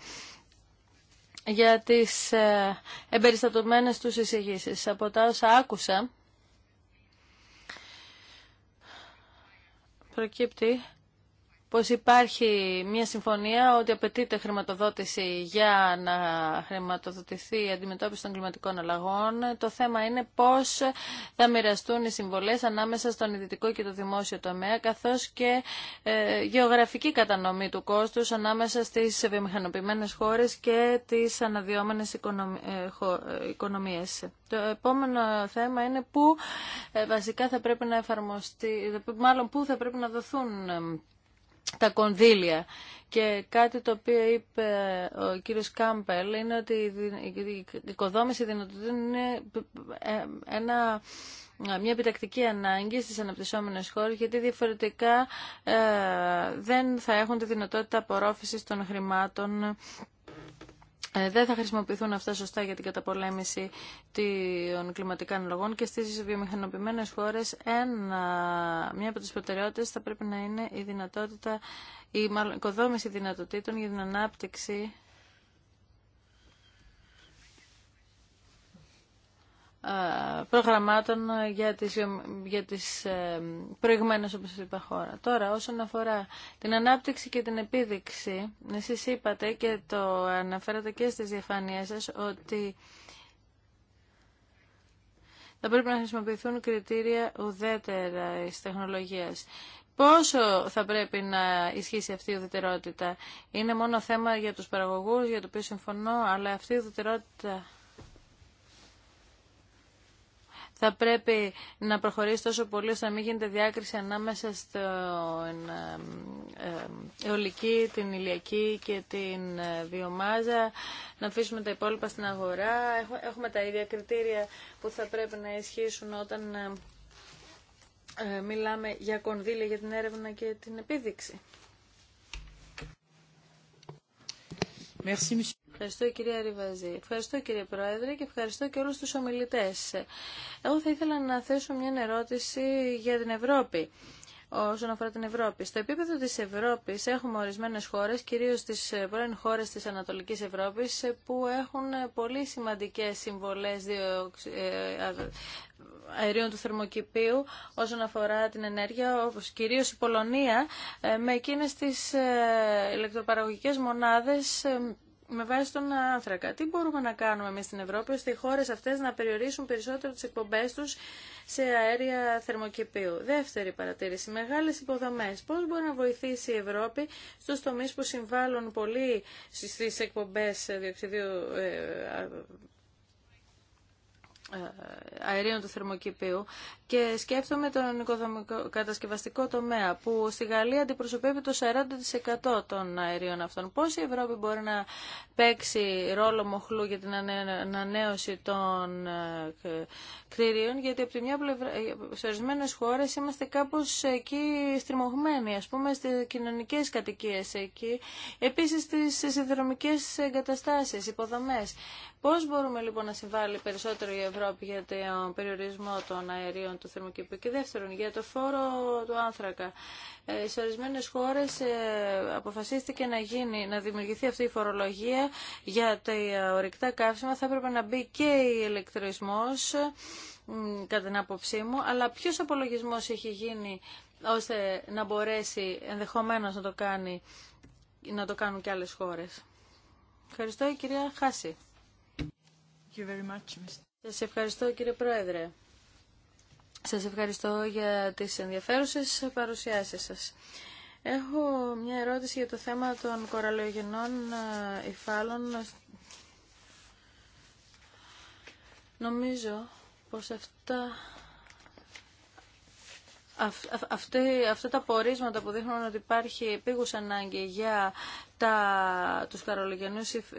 για τις ε, εμπεριστατωμένες τους εισηγήσεις. Από τα όσα άκουσα, προκύπτει πως υπάρχει μια συμφωνία ότι απαιτείται χρηματοδότηση για να χρηματοδοτηθεί η αντιμετώπιση των κλιματικών αλλαγών. Το θέμα είναι πώς θα μοιραστούν οι συμβολές ανάμεσα στον ιδιωτικό και το δημόσιο τομέα, καθώς και ε, γεωγραφική κατανομή του κόστους ανάμεσα στις βιομηχανοποιημένες χώρες και τις αναδυόμενες ε, ε, οικονομίες. Το επόμενο θέμα είναι πού βασικά θα πρέπει να εφαρμοστεί, μάλλον πού θα πρέπει να δοθούν τα κονδύλια. Και κάτι το οποίο είπε ο κύριος Κάμπελ είναι ότι η οικοδόμηση δυνατοτήτων είναι ε, μια επιτακτική ανάγκη στις αναπτυσσόμενες χώρες γιατί διαφορετικά ε, δεν θα έχουν τη δυνατότητα απορρόφησης των χρημάτων ε, δεν θα χρησιμοποιηθούν αυτά σωστά για την καταπολέμηση των κλιματικών λογών και στις βιομηχανοποιημένες χώρες ένα, μια από τις προτεραιότητες θα πρέπει να είναι η δυνατότητα, η οικοδόμηση δυνατοτήτων για την ανάπτυξη Ε, προγραμμάτων για τις, για τις ε, προηγμένες όπως είπα χώρα. Τώρα όσον αφορά την ανάπτυξη και την επίδειξη, εσείς είπατε και το αναφέρατε και στις διαφάνειές σας ότι θα πρέπει να χρησιμοποιηθούν κριτήρια ουδέτερα της τεχνολογίας. Πόσο θα πρέπει να ισχύσει αυτή η ουδετερότητα. Είναι μόνο θέμα για τους παραγωγούς, για το οποίο συμφωνώ, αλλά αυτή η ουδετερότητα θα πρέπει να προχωρήσει τόσο πολύ ώστε να μην γίνεται διάκριση ανάμεσα στην αιωλική, την ηλιακή και την ε, βιομάζα, να αφήσουμε τα υπόλοιπα στην αγορά. Έχουμε τα ίδια κριτήρια που θα πρέπει να ισχύσουν όταν ε, ε, μιλάμε για κονδύλια για την έρευνα και την επίδειξη. Merci, Ευχαριστώ κυρία Ριβαζή. Ευχαριστώ κύριε Πρόεδρε και ευχαριστώ και όλους τους ομιλητές. Εγώ θα ήθελα να θέσω μια ερώτηση για την Ευρώπη όσον αφορά την Ευρώπη. Στο επίπεδο της Ευρώπης έχουμε ορισμένες χώρες, κυρίως τις ε, πρώην χώρες της Ανατολικής Ευρώπης, ε, που έχουν ε, πολύ σημαντικές συμβολές αερίων του θερμοκηπίου όσον αφορά την ενέργεια, όπως κυρίως η Πολωνία, με εκείνες τις ηλεκτροπαραγωγικές μονάδες με βάση τον άνθρακα. Τι μπορούμε να κάνουμε εμείς στην Ευρώπη ώστε οι χώρες αυτές να περιορίσουν περισσότερο τις εκπομπές τους σε αέρια θερμοκηπίου. Δεύτερη παρατήρηση, μεγάλες υποδομές. Πώς μπορεί να βοηθήσει η Ευρώπη στους τομείς που συμβάλλουν πολύ στις εκπομπές διοξιδίου ε, αερίων του θερμοκηπίου και σκέφτομαι τον οικοδομικό κατασκευαστικό τομέα που στη Γαλλία αντιπροσωπεύει το 40% των αερίων αυτών. Πώς η Ευρώπη μπορεί να παίξει ρόλο μοχλού για την ανανέωση των ε, κτηρίων γιατί από ε, σε ορισμένε χώρε είμαστε κάπω εκεί στριμωγμένοι, α πούμε, στι κοινωνικέ κατοικίε εκεί, επίση στι συνδρομικέ εγκαταστάσει, υποδομέ. Πώ μπορούμε λοιπόν να συμβάλλει περισσότερο η Ευρώπη για τον περιορισμό των αερίων το θερμοκήπιο. Και δεύτερον, για το φόρο του άνθρακα. Ε, σε ορισμένε χώρε ε, αποφασίστηκε να, γίνει, να δημιουργηθεί αυτή η φορολογία για τα ορυκτά καύσιμα. Θα έπρεπε να μπει και η ηλεκτρισμό, κατά την άποψή μου. Αλλά ποιο απολογισμός έχει γίνει ώστε να μπορέσει ενδεχομένως να το, κάνει, να το κάνουν και άλλες χώρες. Ευχαριστώ η κυρία Χάση. Σας ευχαριστώ κύριε Πρόεδρε. Σας ευχαριστώ για τις ενδιαφέρουσες παρουσιάσεις σας. Έχω μια ερώτηση για το θέμα των κοραλιογενών ε, υφάλων. Νομίζω πως αυτά αυτά τα πορίσματα που δείχνουν ότι υπάρχει επίγουσα ανάγκη για τα, τους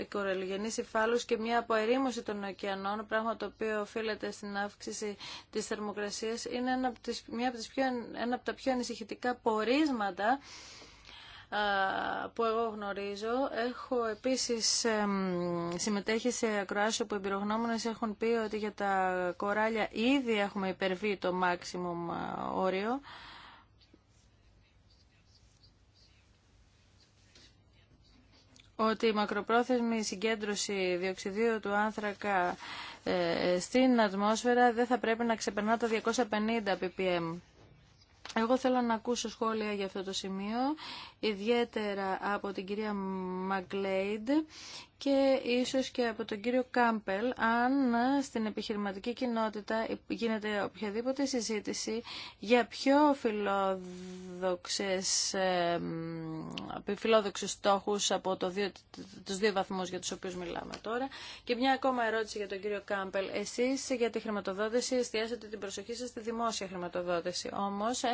καρολογενείς υφάλους και μια αποερήμωση των ωκεανών, πράγμα το οποίο οφείλεται στην αύξηση της θερμοκρασίας, είναι ένα από, τις, μια από τις πιο, ένα από τα πιο ανησυχητικά πορίσματα που εγώ γνωρίζω. Έχω επίσης συμμετέχει σε ακροάσιο που οι εμπειρογνώμονες έχουν πει ότι για τα κοράλια ήδη έχουμε υπερβεί το maximum όριο. ότι η μακροπρόθεσμη συγκέντρωση διοξιδίου του άνθρακα ε, στην ατμόσφαιρα δεν θα πρέπει να ξεπερνά τα 250 ppm. Εγώ θέλω να ακούσω σχόλια για αυτό το σημείο, ιδιαίτερα από την κυρία Μαγκλέιντ και ίσως και από τον κύριο Κάμπελ αν ε, στην επιχειρηματική κοινότητα γίνεται οποιαδήποτε συζήτηση για πιο φιλόδοξες, φιλόδοξους στόχους από το δύο, τους δύο βαθμούς για τους οποίους μιλάμε τώρα. Και μια ακόμα ερώτηση για τον κύριο Κάμπελ. Εσείς για τη χρηματοδότηση εστιάσατε την προσοχή σας στη δημόσια χρηματοδότηση. Όμως ε,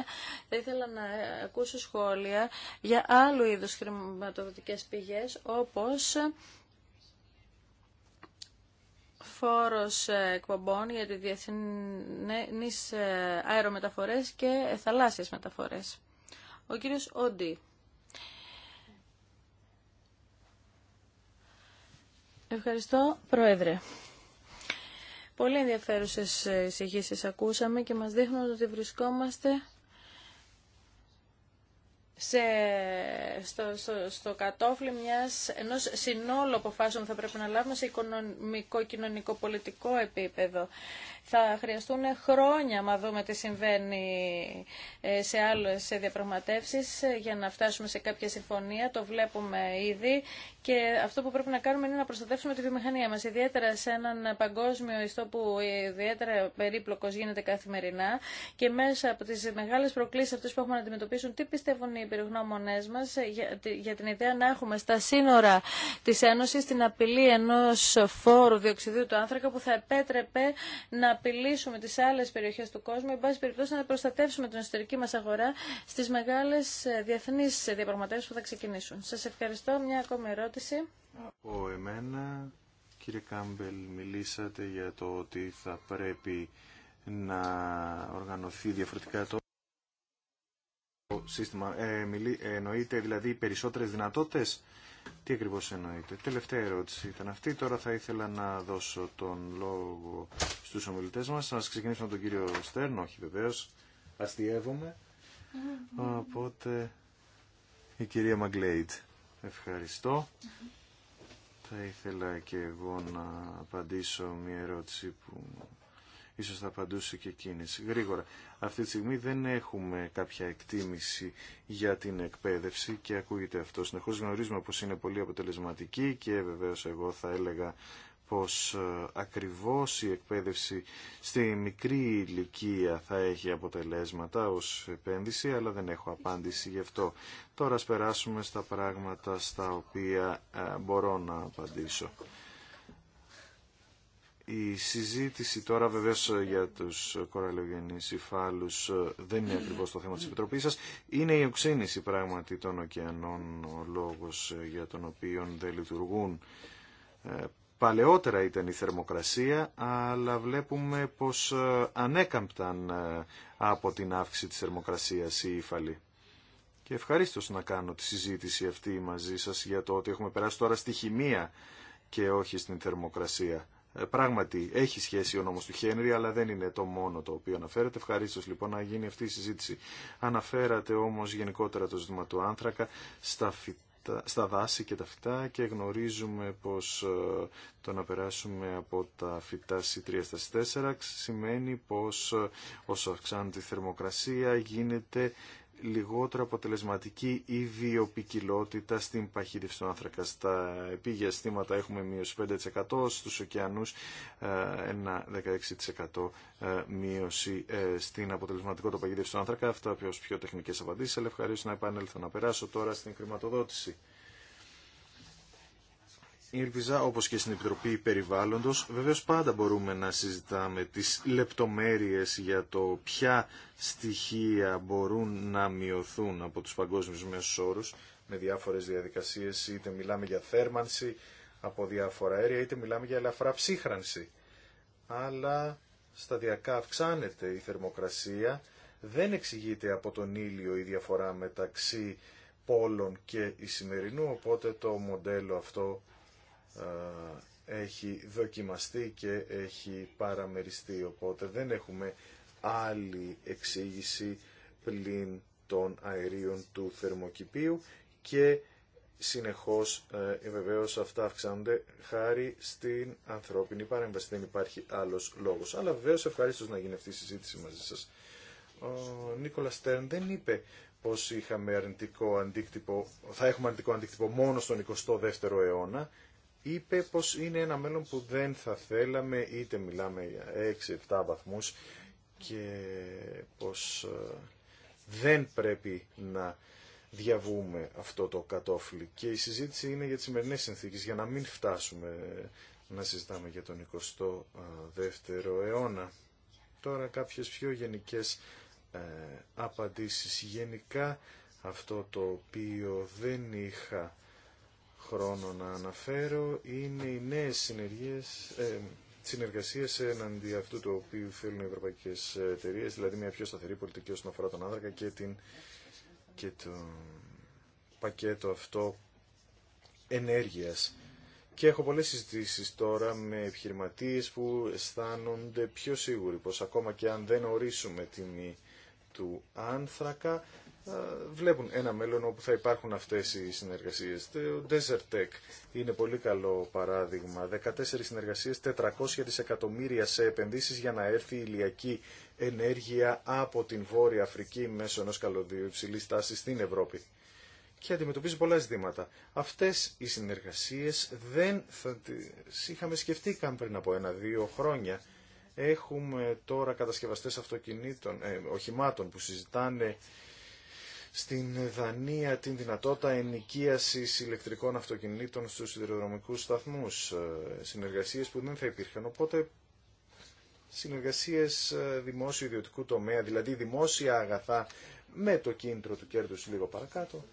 θα ήθελα να ε, ακούσω σχόλια για άλλου είδους χρηματοδοτικές πηγές όπως φόρος ε, εκπομπών για τις διεθνείς ε, αερομεταφορές και θαλάσσιες μεταφορές. Ο κύριος Όντι. Ευχαριστώ, Πρόεδρε. Πολύ ενδιαφέρουσες ε, εισηγήσεις ακούσαμε και μας δείχνουν ότι βρισκόμαστε σε, στο, στο, κατόφλι μιας, ενός συνόλου αποφάσεων που θα πρέπει να λάβουμε σε οικονομικό, κοινωνικό, πολιτικό επίπεδο. Θα χρειαστούν χρόνια, μα δούμε τι συμβαίνει ε, σε άλλες διαπραγματεύσεις ε, για να φτάσουμε σε κάποια συμφωνία. Το βλέπουμε ήδη και αυτό που πρέπει να κάνουμε είναι να προστατεύσουμε τη βιομηχανία μας, ιδιαίτερα σε έναν παγκόσμιο ιστό που ιδιαίτερα περίπλοκος γίνεται καθημερινά και μέσα από τις μεγάλες προκλήσεις αυτές που έχουμε να αντιμετωπίσουν, τι πιστεύουν οι υπηρεγνώμονές μας ε, για την ιδέα να έχουμε στα σύνορα της Ένωσης την απειλή ενός φόρου διοξιδίου του άνθρακα που θα επέτρεπε να απειλήσουμε τις άλλες περιοχές του κόσμου, εν πάση περιπτώσει να προστατεύσουμε την εσωτερική μας αγορά στις μεγάλες ε, διεθνείς διαπραγματεύσεις που θα ξεκινήσουν. Σας ευχαριστώ. Μια ακόμη ερώτηση. Από εμένα, κύριε Κάμπελ, μιλήσατε για το ότι θα πρέπει να οργανωθεί διαφορετικά το σύστημα. Ε, εννοείται δηλαδή περισσότερες δυνατότητες τι ακριβώς εννοείται. Τελευταία ερώτηση ήταν αυτή. Τώρα θα ήθελα να δώσω τον λόγο στους ομιλητές μας. Να ξεκινήσουμε τον κύριο Στέρν. Όχι βεβαίως. Αστειεύομαι. Οπότε η κυρία Μαγκλέιτ. Ευχαριστώ. Θα ήθελα και εγώ να απαντήσω μια ερώτηση που ίσως θα απαντούσε και κίνηση γρήγορα. Αυτή τη στιγμή δεν έχουμε κάποια εκτίμηση για την εκπαίδευση και ακούγεται αυτό. Συνεχώ γνωρίζουμε πως είναι πολύ αποτελεσματική και βεβαίως εγώ θα έλεγα πως ε, ακριβώς η εκπαίδευση στη μικρή ηλικία θα έχει αποτελέσματα ως επένδυση, αλλά δεν έχω απάντηση γι' αυτό. Τώρα ας περάσουμε στα πράγματα στα οποία ε, μπορώ να απαντήσω. Η συζήτηση τώρα βεβαίω για τους κοραλιογενεί υφάλους ε, δεν είναι ακριβώ το θέμα της επιτροπή σα, Είναι η οξύνηση πράγματι των ωκεανών ο λόγος ε, για τον οποίο δεν λειτουργούν. Ε, παλαιότερα ήταν η θερμοκρασία, αλλά βλέπουμε πως ανέκαμπταν από την αύξηση της θερμοκρασίας οι ύφαλοι. Και ευχαριστώ να κάνω τη συζήτηση αυτή μαζί σας για το ότι έχουμε περάσει τώρα στη χημεία και όχι στην θερμοκρασία. Ε, πράγματι έχει σχέση ο νόμος του Χένρι, αλλά δεν είναι το μόνο το οποίο αναφέρεται. Ευχαρίστω λοιπόν να γίνει αυτή η συζήτηση. Αναφέρατε όμως γενικότερα το ζήτημα του άνθρακα στα δάση και τα φυτά και γνωρίζουμε πως ε, το να περάσουμε από τα φυτά C3 στα C4 σημαίνει πως ε, όσο αυξάνεται η θερμοκρασία γίνεται λιγότερο αποτελεσματική η βιοπικιλότητα στην παχύτευση του άνθρακα. Στα επίγεια στήματα έχουμε μείωση 5%, στους ωκεανούς ε, ένα 16% ε, μείωση ε, στην αποτελεσματικότητα παχύτευση του άνθρακα. Αυτά πιο, πιο τεχνικές απαντήσεις, αλλά ευχαρίστω να επανέλθω να περάσω τώρα στην χρηματοδότηση ήλπιζα, όπως και στην Επιτροπή Περιβάλλοντος, βεβαίως πάντα μπορούμε να συζητάμε τις λεπτομέρειες για το ποια στοιχεία μπορούν να μειωθούν από τους παγκόσμιους μέσους όρους με διάφορες διαδικασίες, είτε μιλάμε για θέρμανση από διάφορα αέρια, είτε μιλάμε για ελαφρά ψύχρανση. Αλλά σταδιακά αυξάνεται η θερμοκρασία, δεν εξηγείται από τον ήλιο η διαφορά μεταξύ πόλων και η σημερινού, οπότε το μοντέλο αυτό ε, έχει δοκιμαστεί και έχει παραμεριστεί. Οπότε δεν έχουμε άλλη εξήγηση πλην των αερίων του θερμοκηπίου και συνεχώς ε, ε βεβαίως αυτά αυξάνονται χάρη στην ανθρώπινη παρέμβαση. Δεν υπάρχει άλλος λόγος. Αλλά βεβαίως ευχαριστώ να γίνει αυτή η συζήτηση μαζί σας. Ο Νίκολα Στέρν δεν είπε πως είχαμε αρνητικό αντίκτυπο, θα έχουμε αρνητικό αντίκτυπο μόνο στον 22ο αιώνα είπε πως είναι ένα μέλλον που δεν θα θέλαμε είτε μιλάμε για 6-7 βαθμούς και πως ε, δεν πρέπει να διαβούμε αυτό το κατόφλι. Και η συζήτηση είναι για τις σημερινές συνθήκες, για να μην φτάσουμε να συζητάμε για τον 22ο ε, αιώνα. Τώρα κάποιες πιο γενικές ε, απαντήσεις. Γενικά αυτό το οποίο δεν είχα χρόνο να αναφέρω είναι οι νέε συνεργίες, ε, συνεργασίες εναντί αυτού του οποίου θέλουν οι ευρωπαϊκέ εταιρείε, δηλαδή μια πιο σταθερή πολιτική όσον αφορά τον άνθρακα και, και το πακέτο αυτό ενέργεια. Και έχω πολλέ συζητήσεις τώρα με επιχειρηματίε που αισθάνονται πιο σίγουροι πώ, ακόμα και αν δεν ορίσουμε τιμή του άνθρακα ε, βλέπουν ένα μέλλον όπου θα υπάρχουν αυτές οι συνεργασίες. Το Desert Tech είναι πολύ καλό παράδειγμα. 14 συνεργασίες, 400 δισεκατομμύρια σε επενδύσεις για να έρθει η ηλιακή ενέργεια από την Βόρεια Αφρική μέσω ενός καλωδίου υψηλή τάσης στην Ευρώπη. Και αντιμετωπίζει πολλά ζητήματα. Αυτές οι συνεργασίες δεν θα τις είχαμε σκεφτεί καν πριν από ένα-δύο χρόνια. Έχουμε τώρα κατασκευαστές αυτοκινήτων, ε, οχημάτων που συζητάνε στην Δανία την δυνατότητα ενοικίασης ηλεκτρικών αυτοκινήτων στους σιδηροδρομικούς σταθμούς, ε, συνεργασίες που δεν θα υπήρχαν. Οπότε συνεργασίες ε, δημόσιο ιδιωτικού τομέα, δηλαδή δημόσια αγαθά με το κίνητρο του κέρδους λίγο παρακάτω.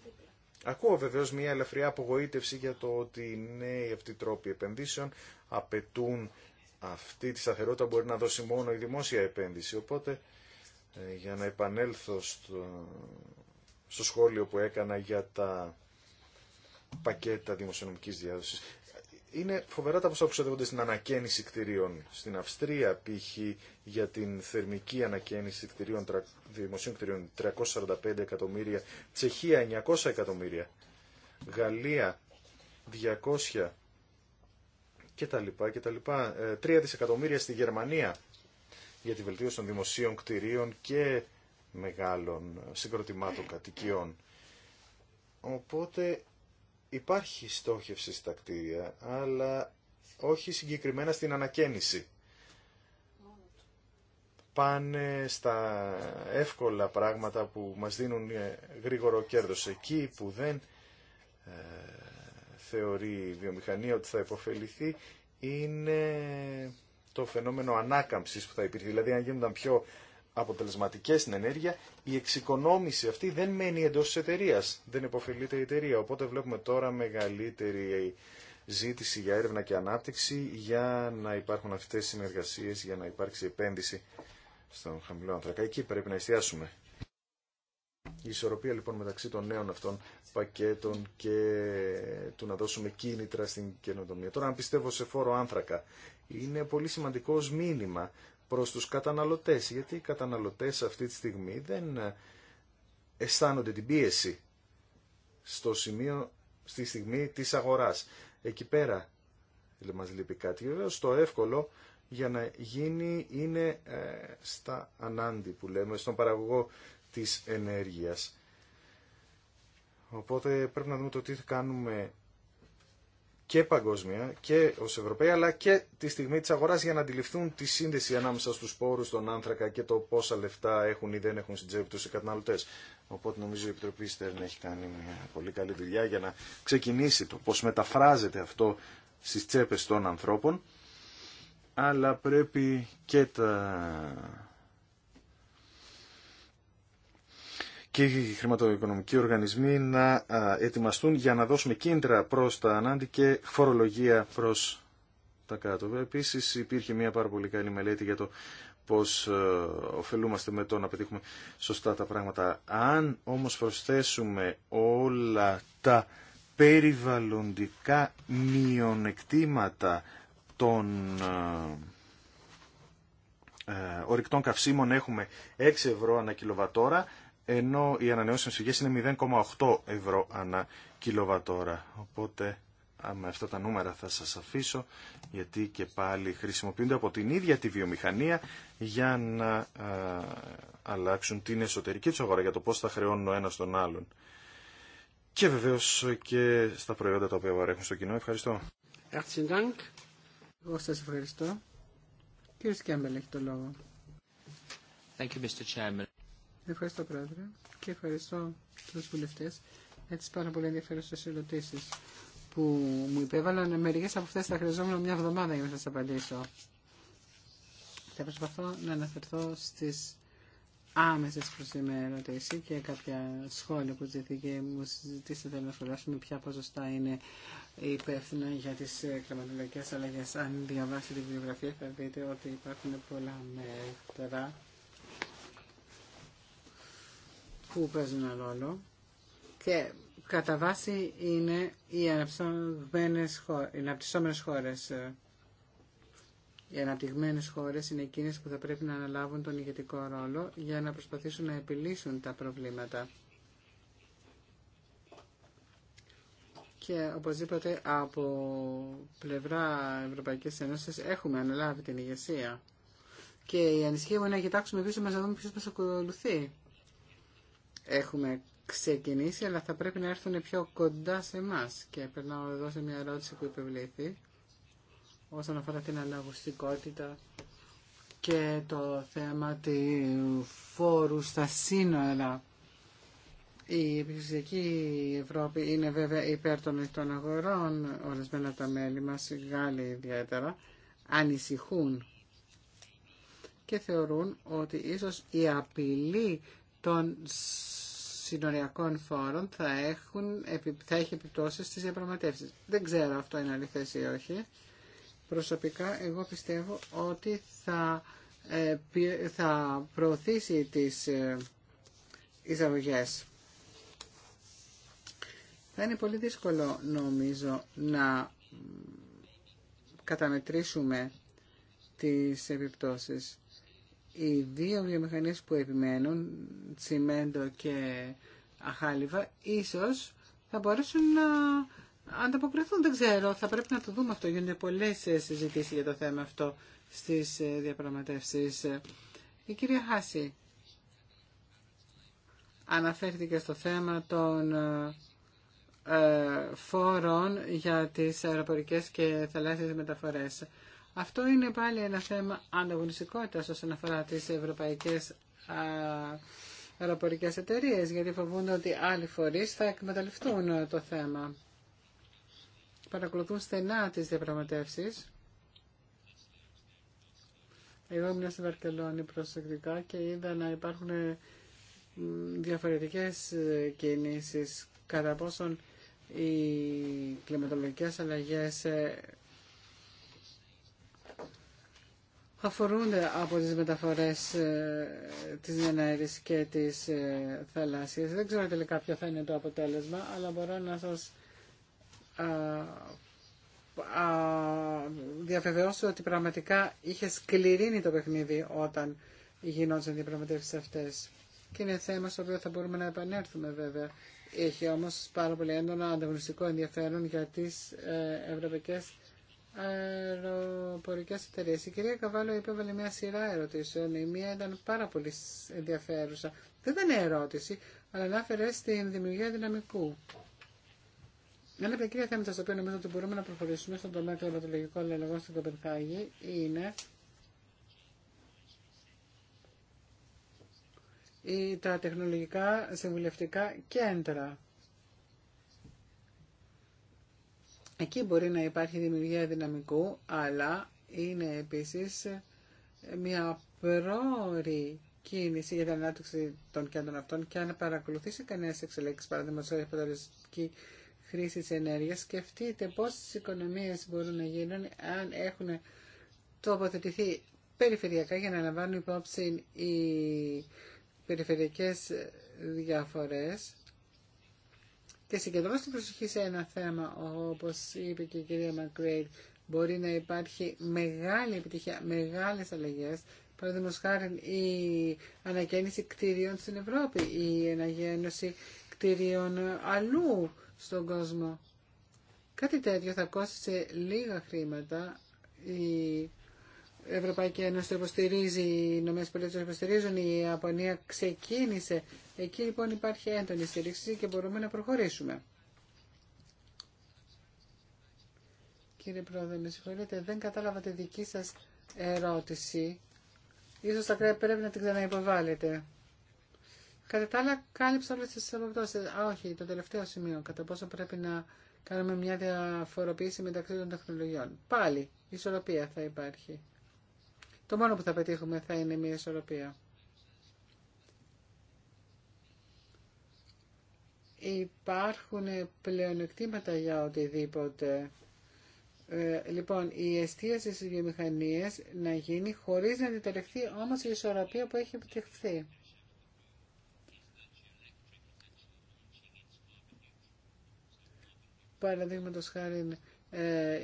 Ακούω βεβαίως μια ελευθερία απογοήτευση για το ότι οι νέοι αυτοί τρόποι επενδύσεων απαιτούν αυτή τη σταθερότητα μπορεί να δώσει μόνο η δημόσια επένδυση. Οπότε, ε, για να επανέλθω στο στο σχόλιο που έκανα για τα πακέτα δημοσιονομικής διάδοσης. Είναι φοβερά τα ποσά που ξοδεύονται στην ανακαίνιση κτηρίων. Στην Αυστρία, π.χ. για την θερμική ανακαίνιση κτηρίων, δημοσίων κτηρίων, 345 εκατομμύρια. Τσεχία, 900 εκατομμύρια. Γαλλία, 200 και τα λοιπά και τα λοιπά. 3 ε, δισεκατομμύρια στη Γερμανία για τη βελτίωση των δημοσίων κτηρίων και μεγάλων συγκροτημάτων κατοικιών. Οπότε υπάρχει στόχευση στα κτίρια, αλλά όχι συγκεκριμένα στην ανακαίνιση. Πάνε στα εύκολα πράγματα που μας δίνουν ε, γρήγορο κέρδος. Εκεί που δεν ε, θεωρεί η βιομηχανία ότι θα υποφεληθεί είναι το φαινόμενο ανάκαμψης που θα υπήρχε. Δηλαδή αν γίνονταν πιο Αποτελεσματικέ στην ενέργεια, η εξοικονόμηση αυτή δεν μένει εντό τη εταιρεία. δεν υποφελείται η εταιρεία. Οπότε βλέπουμε τώρα μεγαλύτερη ζήτηση για έρευνα και ανάπτυξη για να υπάρχουν αυτέ οι συνεργασίε, για να υπάρξει επένδυση στον χαμηλό ανθρακά. Εκεί πρέπει να εστιάσουμε. Η ισορροπία λοιπόν μεταξύ των νέων αυτών πακέτων και του να δώσουμε κίνητρα στην καινοτομία. Τώρα, αν πιστεύω σε φόρο άνθρακα, είναι πολύ σημαντικό μήνυμα προς τους καταναλωτές, γιατί οι καταναλωτές αυτή τη στιγμή δεν αισθάνονται την πίεση στο σημείο, στη στιγμή της αγοράς. Εκεί πέρα μας λείπει κάτι. Βεβαίω το εύκολο για να γίνει είναι ε, στα ανάντι που λέμε, στον παραγωγό της ενέργειας. Οπότε πρέπει να δούμε το τι κάνουμε και παγκόσμια και ως Ευρωπαίοι αλλά και τη στιγμή τη αγορά για να αντιληφθούν τη σύνδεση ανάμεσα στου πόρου τον άνθρακα και το πόσα λεφτά έχουν ή δεν έχουν στην τσέπη του οι καταναλωτές. Οπότε νομίζω η Επιτροπή Στέρν έχει κάνει μια πολύ καλή δουλειά για να ξεκινήσει το πώς μεταφράζεται αυτό στι τσέπε των ανθρώπων αλλά πρέπει και τα και οι χρηματοοικονομικοί οργανισμοί να ετοιμαστούν για να δώσουμε κίνητρα προς τα ανάντη και φορολογία προς τα κάτω. Επίσης υπήρχε μια πάρα πολύ καλή μελέτη για το πώς ωφελούμαστε με το να πετύχουμε σωστά τα πράγματα. Αν όμως προσθέσουμε όλα τα περιβαλλοντικά μειονεκτήματα των ε, ορικτών καυσίμων έχουμε 6 ευρώ ανά κιλοβατόρα ενώ οι ανανεώσιμες πηγές είναι 0,8 ευρώ ανά κιλοβατόρα. Οπότε με αυτά τα νούμερα θα σας αφήσω, γιατί και πάλι χρησιμοποιούνται από την ίδια τη βιομηχανία για να αλλάξουν την εσωτερική του αγορά, για το πώς θα χρεώνουν ο ένας τον άλλον. Και βεβαίως και στα προϊόντα τα οποία παρέχουν στο κοινό. Ευχαριστώ. Εγώ ευχαριστώ. Κύριε Σκέμπελ έχει το λόγο. Thank you, Mr. Chairman. Ευχαριστώ Πρόεδρε και ευχαριστώ τους βουλευτές για τις πάρα πολύ ενδιαφέρουσες ερωτήσει που μου υπέβαλαν. Μερικέ από αυτές θα χρειαζόμουν μια εβδομάδα για να σας απαντήσω. Θα προσπαθώ να αναφερθώ στις άμεσες προς την και κάποια σχόλια που ζητήθηκε μου συζητήσατε να σχολιάσουμε ποια ποσοστά είναι υπεύθυνα για τις κλιματολογικέ αλλαγές. Αν διαβάσετε τη βιβλιογραφία θα δείτε ότι υπάρχουν πολλά μέτρα που παίζουν ένα ρόλο και κατά βάση είναι οι αναπτυσσόμενες χώρες, οι αναπτυσσόμενες χώρες. είναι εκείνες που θα πρέπει να αναλάβουν τον ηγετικό ρόλο για να προσπαθήσουν να επιλύσουν τα προβλήματα. Και οπωσδήποτε από πλευρά Ευρωπαϊκή Ένωση έχουμε αναλάβει την ηγεσία. Και η ανησυχία μου είναι να κοιτάξουμε πίσω μα να δούμε ποιο μα ακολουθεί έχουμε ξεκινήσει, αλλά θα πρέπει να έρθουν πιο κοντά σε εμά. Και περνάω εδώ σε μια ερώτηση που υπευλήθη όσον αφορά την αναγουστικότητα και το θέμα του φόρου στα σύνορα. Η επιχειρησιακή Ευρώπη είναι βέβαια υπέρ των ανοιχτών αγορών, ορισμένα τα μέλη μας, οι Γάλλοι ιδιαίτερα, ανησυχούν και θεωρούν ότι ίσως η απειλή των συνοριακών φόρων θα, έχουν, θα έχει επιπτώσεις στις διαπραγματεύσεις. Δεν ξέρω αυτό είναι αληθές ή όχι. Προσωπικά εγώ πιστεύω ότι θα, ε, θα προωθήσει τις ε, εισαγωγές. Θα είναι πολύ δύσκολο νομίζω να καταμετρήσουμε τις επιπτώσεις οι δύο βιομηχανίες που επιμένουν, τσιμέντο και αχάλιβα, ίσως θα μπορέσουν να ανταποκριθούν, δεν ξέρω, θα πρέπει να το δούμε αυτό. Γίνονται πολλές συζητήσεις για το θέμα αυτό στις ε, διαπραγματεύσεις. Η κυρία Χάση αναφέρθηκε στο θέμα των ε, ε, φόρων για τις αεροπορικές και θαλάσσιες μεταφορές. Αυτό είναι πάλι ένα θέμα ανταγωνιστικότητας όσον αφορά τις ευρωπαϊκές αεροπορικές εταιρείες, γιατί φοβούνται ότι άλλοι φορείς θα εκμεταλλευτούν το θέμα. Παρακολουθούν στενά τις διαπραγματεύσεις. Εγώ ήμουν στην Βαρκελόνη προσεκτικά και είδα να υπάρχουν διαφορετικές ε, κινήσεις κατά πόσον οι κλιματολογικές αλλαγές ε, αφορούνται από τις μεταφορές ε, της Νενέρης και της ε, θαλάσσιας. Δεν ξέρω τελικά ποιο θα είναι το αποτέλεσμα, αλλά μπορώ να σας α, διαβεβαιώσω ότι πραγματικά είχε σκληρύνει το παιχνίδι όταν γινόντουσαν οι διαπραγματεύσει αυτέ. Και είναι θέμα στο οποίο θα μπορούμε να επανέλθουμε βέβαια. Έχει όμω πάρα πολύ έντονο ανταγωνιστικό ενδιαφέρον για τι ε, ευρωπαϊκέ αεροπορικέ εταιρείε. Η κυρία Καβάλο υπέβαλε μια σειρά ερωτήσεων. Η μία ήταν πάρα πολύ ενδιαφέρουσα. Δεν ήταν ερώτηση, αλλά ανάφερε στην δημιουργία δυναμικού. Ένα από τα κύρια θέματα στο οποίο νομίζω ότι μπορούμε να προχωρήσουμε στον τομέα κλιματολογικών αλλαγών στην Κοπενχάγη είναι τα τεχνολογικά συμβουλευτικά κέντρα. Εκεί μπορεί να υπάρχει δημιουργία δυναμικού, αλλά είναι επίσης μια πρόορη κίνηση για την ανάπτυξη των κέντρων αυτών και αν παρακολουθήσει κανένα εξελίξει, παραδείγματο χάρη χρήση τη ενέργεια, σκεφτείτε πόσε οικονομίε μπορούν να γίνουν αν έχουν τοποθετηθεί περιφερειακά για να λαμβάνουν υπόψη οι περιφερειακές διαφορές και συγκεντρώστε την προσοχή σε ένα θέμα, όπως είπε και η κυρία Μακρέιτ, μπορεί να υπάρχει μεγάλη επιτυχία, μεγάλες αλλαγές, παραδείγματος χάρη η ανακαίνιση κτίριων στην Ευρώπη, η αναγέννηση κτίριων αλλού στον κόσμο. Κάτι τέτοιο θα κόστησε λίγα χρήματα, Ευρωπαϊκή Ένωση το υποστηρίζει, οι Ηνωμένε Πολιτείε το υποστηρίζουν, η Ιαπωνία ξεκίνησε. Εκεί λοιπόν υπάρχει έντονη στήριξη και μπορούμε να προχωρήσουμε. Κύριε Πρόεδρε, με συγχωρείτε, δεν κατάλαβα τη δική σας ερώτηση. Ίσως θα πρέπει να την ξαναυποβάλλετε. Κατά τα άλλα, κάλυψα όλε τι αποπτώσει. Α, όχι, το τελευταίο σημείο, κατά πόσο πρέπει να κάνουμε μια διαφοροποίηση μεταξύ των τεχνολογιών. Πάλι, ισορροπία θα υπάρχει. Το μόνο που θα πετύχουμε θα είναι μια ισορροπία. Υπάρχουν πλεονεκτήματα για οτιδήποτε. Ε, λοιπόν, η εστίαση στις βιομηχανίες να γίνει χωρίς να αντιτελεχθεί όμως η ισορροπία που έχει επιτευχθεί. Παραδείγματος χάρη ε,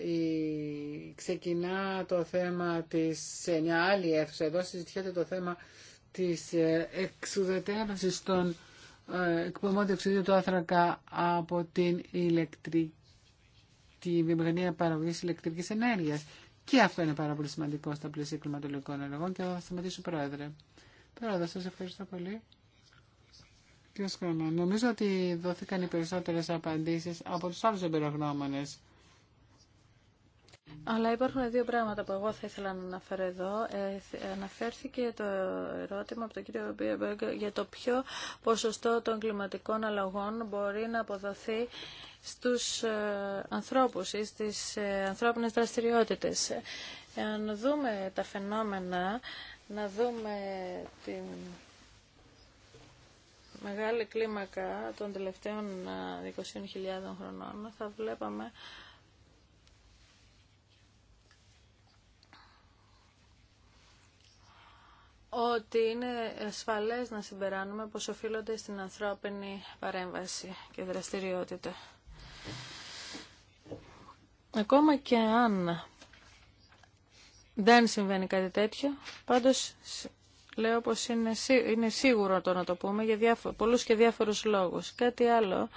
ξεκινά το θέμα της, σε μια άλλη αίθουσα, εδώ συζητιέται το θέμα της ε, εξουδετέρωσης των ε, εκπομπών διοξιδίου του άνθρακα από την ηλεκτρική τη βιομηχανία παραγωγή ηλεκτρική ενέργεια. Και αυτό είναι πάρα πολύ σημαντικό στα πλαίσια κλιματολογικών ενεργών και θα σταματήσω, Πρόεδρε. Πρόεδρε, σα ευχαριστώ πολύ. Κύριε Σκόμα, νομίζω ότι δόθηκαν οι περισσότερε απαντήσει από του άλλου εμπειρογνώμονε. Αλλά υπάρχουν δύο πράγματα που εγώ θα ήθελα να αναφέρω εδώ. Ε, αναφέρθηκε το ερώτημα από τον κύριο Μπίρμπεργκ για το ποιο ποσοστό των κλιματικών αλλαγών μπορεί να αποδοθεί στους ε, ανθρώπους ή στις ε, ανθρώπινες δραστηριότητες. Αν δούμε τα φαινόμενα, να δούμε την μεγάλη κλίμακα των τελευταίων 20.000 χρονών, θα βλέπαμε ότι είναι ασφαλές να συμπεράνουμε πως οφείλονται στην ανθρώπινη παρέμβαση και δραστηριότητα. Ακόμα και αν δεν συμβαίνει κάτι τέτοιο, πάντως λέω πως είναι, είναι σίγουρο το να το πούμε για διάφο, πολλούς και διάφορους λόγους. Κάτι άλλο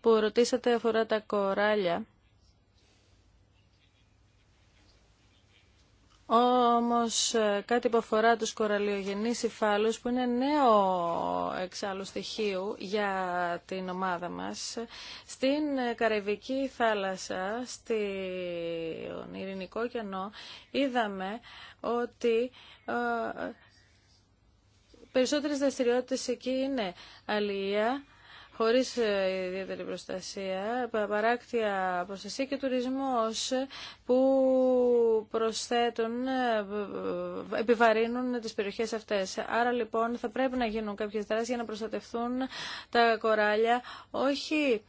που ρωτήσατε αφορά τα κοράλια Όμως ε, κάτι που αφορά τους κοραλιογενείς υφάλους που είναι νέο εξάλλου στοιχείο για την ομάδα μας στην Καραϊβική θάλασσα, στην Ειρηνικό κενό είδαμε ότι ε, ε, περισσότερες δραστηριότητες εκεί είναι αλληλεία χωρίς ε, ιδιαίτερη προστασία, παράκτια προστασία και τουρισμός που προσθέτουν, ε, επιβαρύνουν τις περιοχές αυτές. Άρα λοιπόν θα πρέπει να γίνουν κάποιες δράσεις για να προστατευτούν τα κοράλια, όχι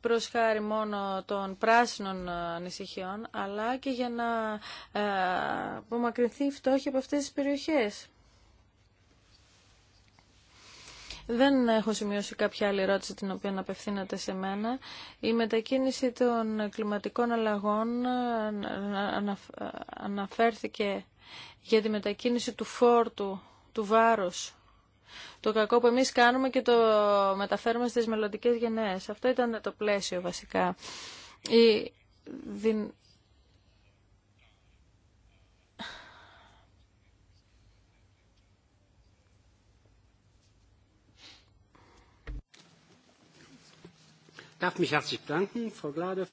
προς χάρη μόνο των πράσινων ε, ανησυχιών, αλλά και για να απομακρυνθεί η φτώχεια από αυτές τις περιοχές. Δεν έχω σημειώσει κάποια άλλη ερώτηση την οποία απευθύνεται σε μένα. Η μετακίνηση των κλιματικών αλλαγών ε, ε, ε, αναφέρθηκε για τη μετακίνηση του φόρτου, του βάρους το κακό που εμείς κάνουμε και το μεταφέρουμε στις μελλοντικέ γενναίες. Αυτό ήταν το πλαίσιο βασικά. Η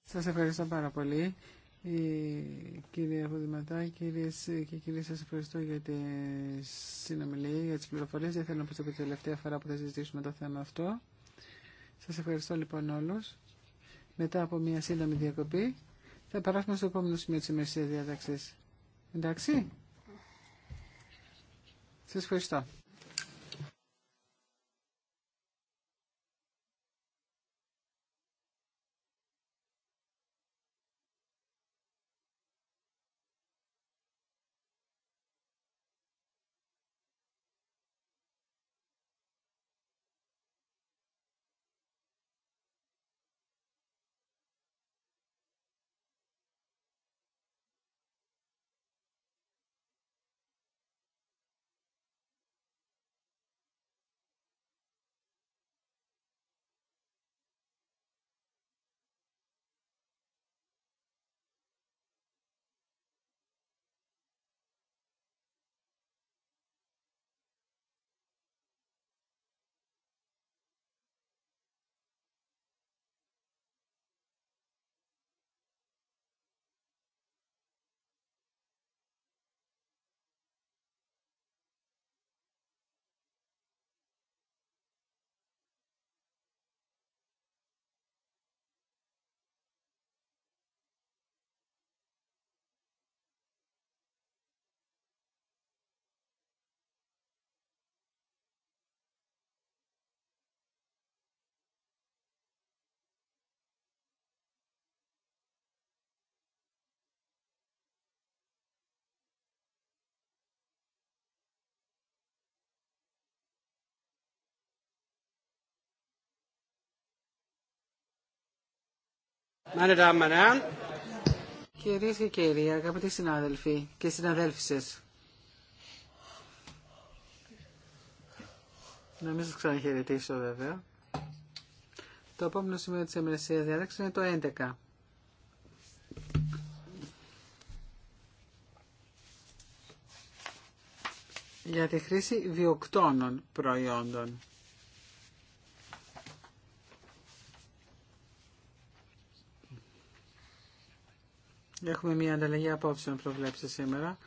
Σας ευχαριστώ πάρα πολύ. Κύριε Βουδηματά, κυρίες και κύριοι, σας ευχαριστώ για τη συνομιλία, για τις πληροφορίες. Δεν θέλω να πω την τελευταία φορά που θα συζητήσουμε το θέμα αυτό. Σας ευχαριστώ λοιπόν όλους. Μετά από μια σύντομη διακοπή θα περάσουμε στο επόμενο σημείο της ημερησίας διάταξης. Εντάξει. Ναι. Σας ευχαριστώ. Κυρίε και κύριοι, αγαπητοί συνάδελφοι και συναδέλφισε. να μην σας ξαναχαιρετήσω βέβαια. Το επόμενο σημείο τη εμερησίας διάταξη είναι το 11. για τη χρήση βιοκτώνων προϊόντων. Έχουμε μια ανταλλαγή απόψεων προβλέψει σήμερα.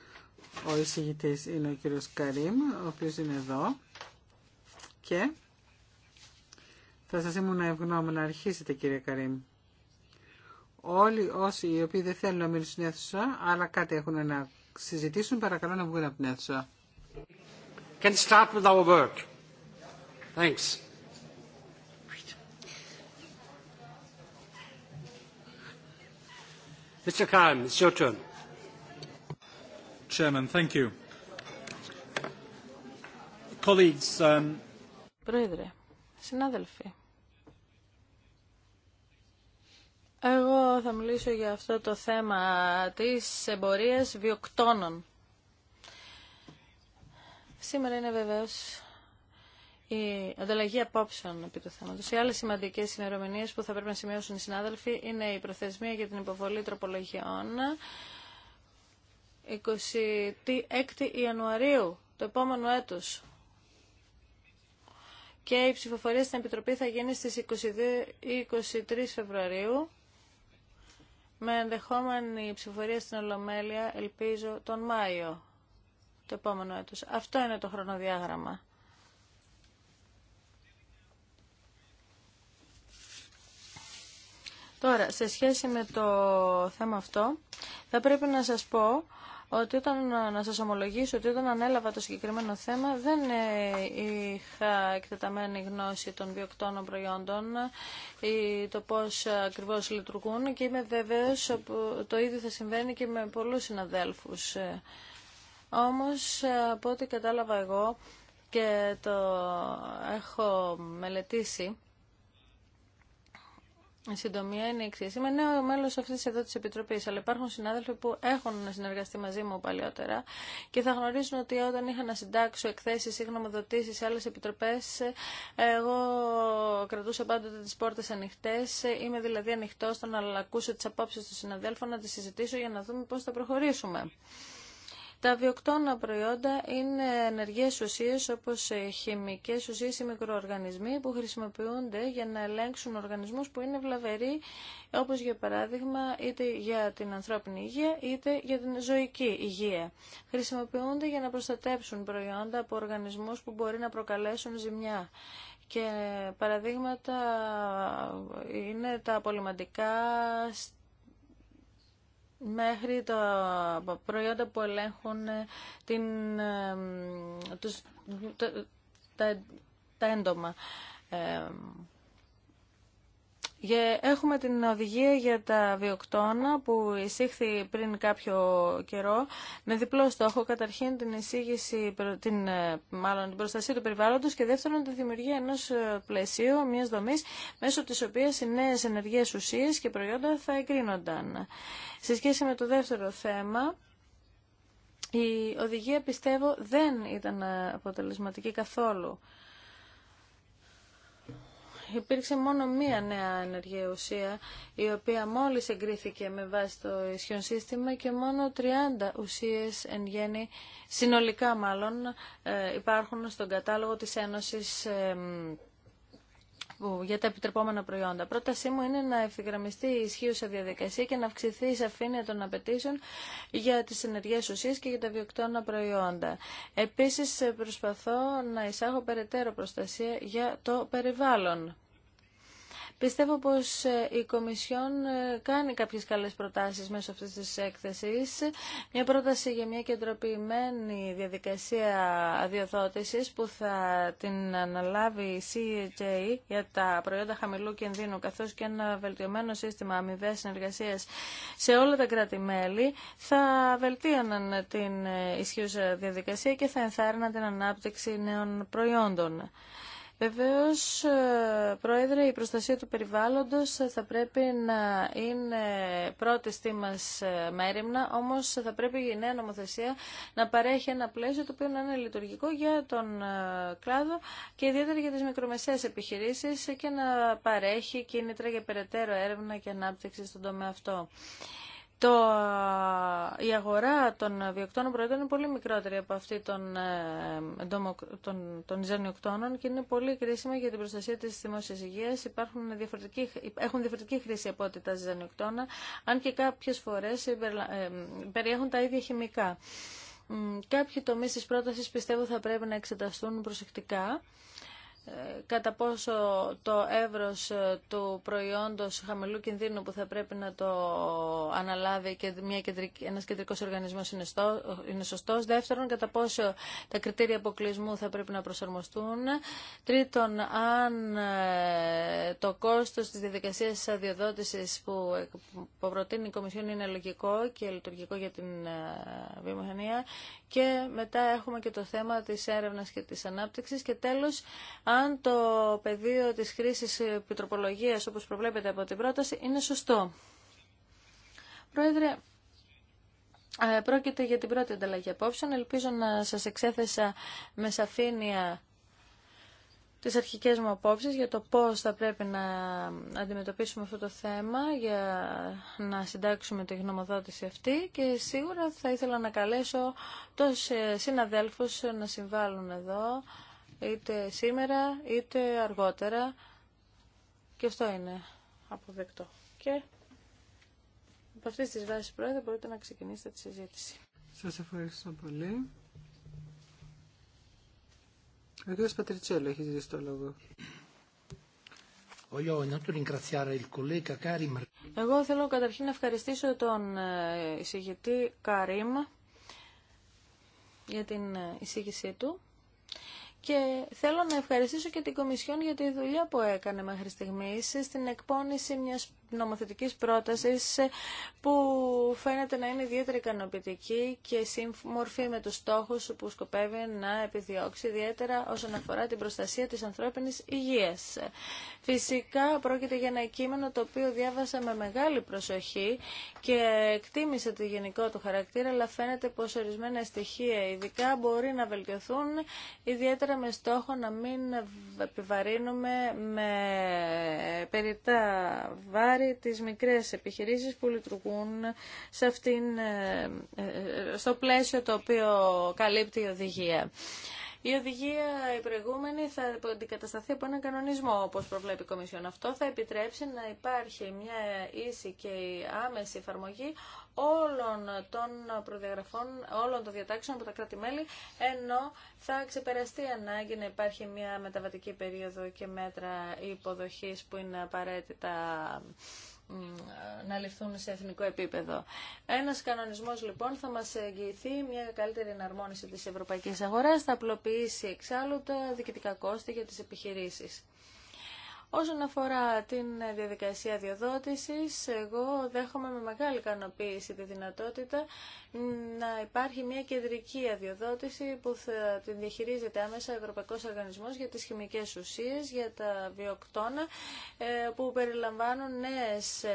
Ο εισηγητή είναι ο κύριος Καρίμ, ο οποίος είναι εδώ. Και θα σας ήμουν ευγνώμων να αρχίσετε κύριε Καρίμ. Όλοι όσοι οι οποίοι δεν θέλουν να μείνουν στην αίθουσα, αλλά κάτι έχουν να συζητήσουν, παρακαλώ να βγουν από την αίθουσα. Can start with our work. Thanks. Um, Πρόεδρε, συνάδελφοι, εγώ θα μιλήσω για αυτό το θέμα της εμπορίας βιοκτώνων. Σήμερα είναι βεβαίως η ανταλλαγή απόψεων επί του θέματο. Οι άλλες σημαντικές ημερομηνίε που θα πρέπει να σημειώσουν οι συνάδελφοι είναι η προθεσμία για την υποβολή τροπολογιών 26 Ιανουαρίου του επόμενου έτος Και η ψηφοφορία στην Επιτροπή θα γίνει στις 22-23 Φεβρουαρίου με ενδεχόμενη ψηφοφορία στην Ολομέλεια, ελπίζω, τον Μάιο το επόμενου έτος. Αυτό είναι το χρονοδιάγραμμα. Τώρα, σε σχέση με το θέμα αυτό, θα πρέπει να σας πω ότι όταν, να σας ομολογήσω ότι όταν ανέλαβα το συγκεκριμένο θέμα δεν ε, είχα εκτεταμένη γνώση των βιοκτώνων προϊόντων ή ε, το πώς ακριβώς λειτουργούν και είμαι βέβαιος το ίδιο θα συμβαίνει και με πολλούς συναδέλφους. Ε, όμως, από ό,τι κατάλαβα εγώ και το έχω μελετήσει, η συντομία είναι η εξή. Είμαι νέο μέλο αυτή εδώ τη Επιτροπή, αλλά υπάρχουν συνάδελφοι που έχουν συνεργαστεί μαζί μου παλιότερα και θα γνωρίζουν ότι όταν είχα να συντάξω εκθέσει ή γνωμοδοτήσει σε άλλε επιτροπέ, εγώ κρατούσα πάντοτε τι πόρτε ανοιχτέ. Είμαι δηλαδή ανοιχτό στο να ακούσω τι απόψει των συναδέλφων, να τι συζητήσω για να δούμε πώ θα προχωρήσουμε. Τα βιοκτώνα προϊόντα είναι ενεργές ουσίες όπως χημικές ουσίες ή μικροοργανισμοί που χρησιμοποιούνται για να ελέγξουν οργανισμούς που είναι βλαβεροί όπως για παράδειγμα είτε για την ανθρώπινη υγεία είτε για την ζωική υγεία. Χρησιμοποιούνται για να προστατέψουν προϊόντα από οργανισμούς που μπορεί να προκαλέσουν ζημιά. Και παραδείγματα είναι τα απολυμαντικά μέχρι τα προϊόντα που ελέγχουν την, τους, τα, έντομα. Έχουμε την οδηγία για τα βιοκτώνα που εισήχθη πριν κάποιο καιρό με διπλό στόχο καταρχήν την εισήγηση, την, ε, μάλλον την προστασία του περιβάλλοντος και δεύτερον τη δημιουργία ενός ε, πλαισίου, μιας δομής μέσω της οποίας οι νέες ενεργές ουσίες και προϊόντα θα εγκρίνονταν. Σε σχέση με το δεύτερο θέμα, η οδηγία πιστεύω δεν ήταν ε, αποτελεσματική καθόλου υπήρξε μόνο μία νέα ενεργεία ουσία, η οποία μόλις εγκρίθηκε με βάση το ισχυόν σύστημα και μόνο 30 ουσίες εν γέννη, συνολικά μάλλον, ε, υπάρχουν στον κατάλογο της Ένωσης για τα επιτρεπόμενα προϊόντα. Πρότασή μου είναι να ευθυγραμμιστεί η ισχύουσα διαδικασία και να αυξηθεί η σαφήνεια των απαιτήσεων για τι ενεργέ ουσίε και για τα βιοκτώνα προϊόντα. Επίση, προσπαθώ να εισάγω περαιτέρω προστασία για το περιβάλλον. Πιστεύω πως ε, η Κομισιόν ε, κάνει κάποιες καλές προτάσεις μέσω αυτής της έκθεσης. Μια πρόταση για μια κεντροποιημένη διαδικασία αδειοδότησης που θα την αναλάβει η CEJ για τα προϊόντα χαμηλού κινδύνου καθώς και ένα βελτιωμένο σύστημα αμοιβέ συνεργασία σε όλα τα κράτη-μέλη θα βελτίωναν την ε, ισχύουσα διαδικασία και θα ενθάρρυναν την ανάπτυξη νέων προϊόντων. Βεβαίω, ε, Πρόεδρε, η προστασία του περιβάλλοντος ε, θα πρέπει να είναι πρώτη στη μας ε, μέρημνα, όμως θα πρέπει η νέα νομοθεσία να παρέχει ένα πλαίσιο το οποίο να είναι λειτουργικό για τον κλάδο και ιδιαίτερα για τις μικρομεσαίες επιχειρήσεις και να παρέχει κίνητρα για περαιτέρω έρευνα και ανάπτυξη στον τομέα αυτό το, η αγορά των βιοκτώνων προϊόντων είναι πολύ μικρότερη από αυτή των, ε, των, των ζενιοκτώνων και είναι πολύ κρίσιμη για την προστασία της δημόσιας υγείας. Υπάρχουν διαφορετική, έχουν διαφορετική χρήση από ό,τι τα ζενιοκτώνα, αν και κάποιες φορές ε, περιέχουν τα ίδια χημικά. Κάποιοι τομείς της πρότασης πιστεύω θα πρέπει να εξεταστούν προσεκτικά κατά πόσο το εύρος του προϊόντος χαμηλού κινδύνου που θα πρέπει να το αναλάβει και μια κεντρική, ένας κεντρικός οργανισμός είναι, στο, είναι σωστός. Δεύτερον, κατά πόσο τα κριτήρια αποκλεισμού θα πρέπει να προσαρμοστούν. Τρίτον, αν ε, το κόστος της διαδικασίας της αδειοδότησης που προτείνει η Κομισιόν είναι λογικό και λειτουργικό για την ε, βιομηχανία. Και μετά έχουμε και το θέμα της έρευνας και της ανάπτυξης. Και τέλος, αν το πεδίο της χρήσης επιτροπολογίας, όπως προβλέπετε από την πρόταση, είναι σωστό. Πρόεδρε, ε, πρόκειται για την πρώτη ανταλλαγή απόψεων. Ελπίζω να σας εξέθεσα με σαφήνεια τις αρχικές μου απόψεις για το πώς θα πρέπει να αντιμετωπίσουμε αυτό το θέμα για να συντάξουμε τη γνωμοδότηση αυτή και σίγουρα θα ήθελα να καλέσω τους ε, συναδέλφους να συμβάλλουν εδώ είτε σήμερα είτε αργότερα και αυτό είναι αποδεκτό. Και από αυτή τη βάση πρόεδρε μπορείτε να ξεκινήσετε τη συζήτηση. Σας ευχαριστώ πολύ. Ο κ. Πατριτσέλο έχει ζητήσει το λόγο. Εγώ θέλω καταρχήν να ευχαριστήσω τον ε, εισηγητή Καρίμ για την ε, εισήγησή του. Και θέλω να ευχαριστήσω και την Κομισιόν για τη δουλειά που έκανε μέχρι στιγμή στην εκπόνηση μια νομοθετική πρόταση που φαίνεται να είναι ιδιαίτερα ικανοποιητική και σύμμορφη με του στόχου που σκοπεύει να επιδιώξει ιδιαίτερα όσον αφορά την προστασία τη ανθρώπινη υγεία. Φυσικά πρόκειται για ένα κείμενο το οποίο διάβασα με μεγάλη προσοχή και εκτίμησα το γενικό του χαρακτήρα αλλά φαίνεται πω ορισμένα στοιχεία ειδικά μπορεί να βελτιωθούν ιδιαίτερα με στόχο να μην επιβαρύνουμε με περιτά βάρη τις μικρές επιχειρήσεις που λειτουργούν σε αυτήν, ε, ε, στο πλαίσιο το οποίο καλύπτει η οδηγία. Η οδηγία η προηγούμενη θα αντικατασταθεί από έναν κανονισμό, όπω προβλέπει η Κομισιόν. Αυτό θα επιτρέψει να υπάρχει μια ίση και άμεση εφαρμογή όλων των προδιαγραφών, όλων των διατάξεων από τα κράτη-μέλη, ενώ θα ξεπεραστεί ανάγκη να υπάρχει μια μεταβατική περίοδο και μέτρα υποδοχής που είναι απαραίτητα να ληφθούν σε εθνικό επίπεδο. Ένας κανονισμός λοιπόν θα μας εγγυηθεί μια καλύτερη εναρμόνιση της ευρωπαϊκής αγοράς, θα απλοποιήσει εξάλλου τα διοικητικά κόστη για τις επιχειρήσεις. Όσον αφορά την διαδικασία διοδότησης, εγώ δέχομαι με μεγάλη ικανοποίηση τη δυνατότητα να υπάρχει μια κεντρική αδειοδότηση που θα την διαχειρίζεται άμεσα ο Ευρωπαϊκός Οργανισμός για τις χημικές ουσίες, για τα βιοκτώνα ε, που περιλαμβάνουν νέες ε,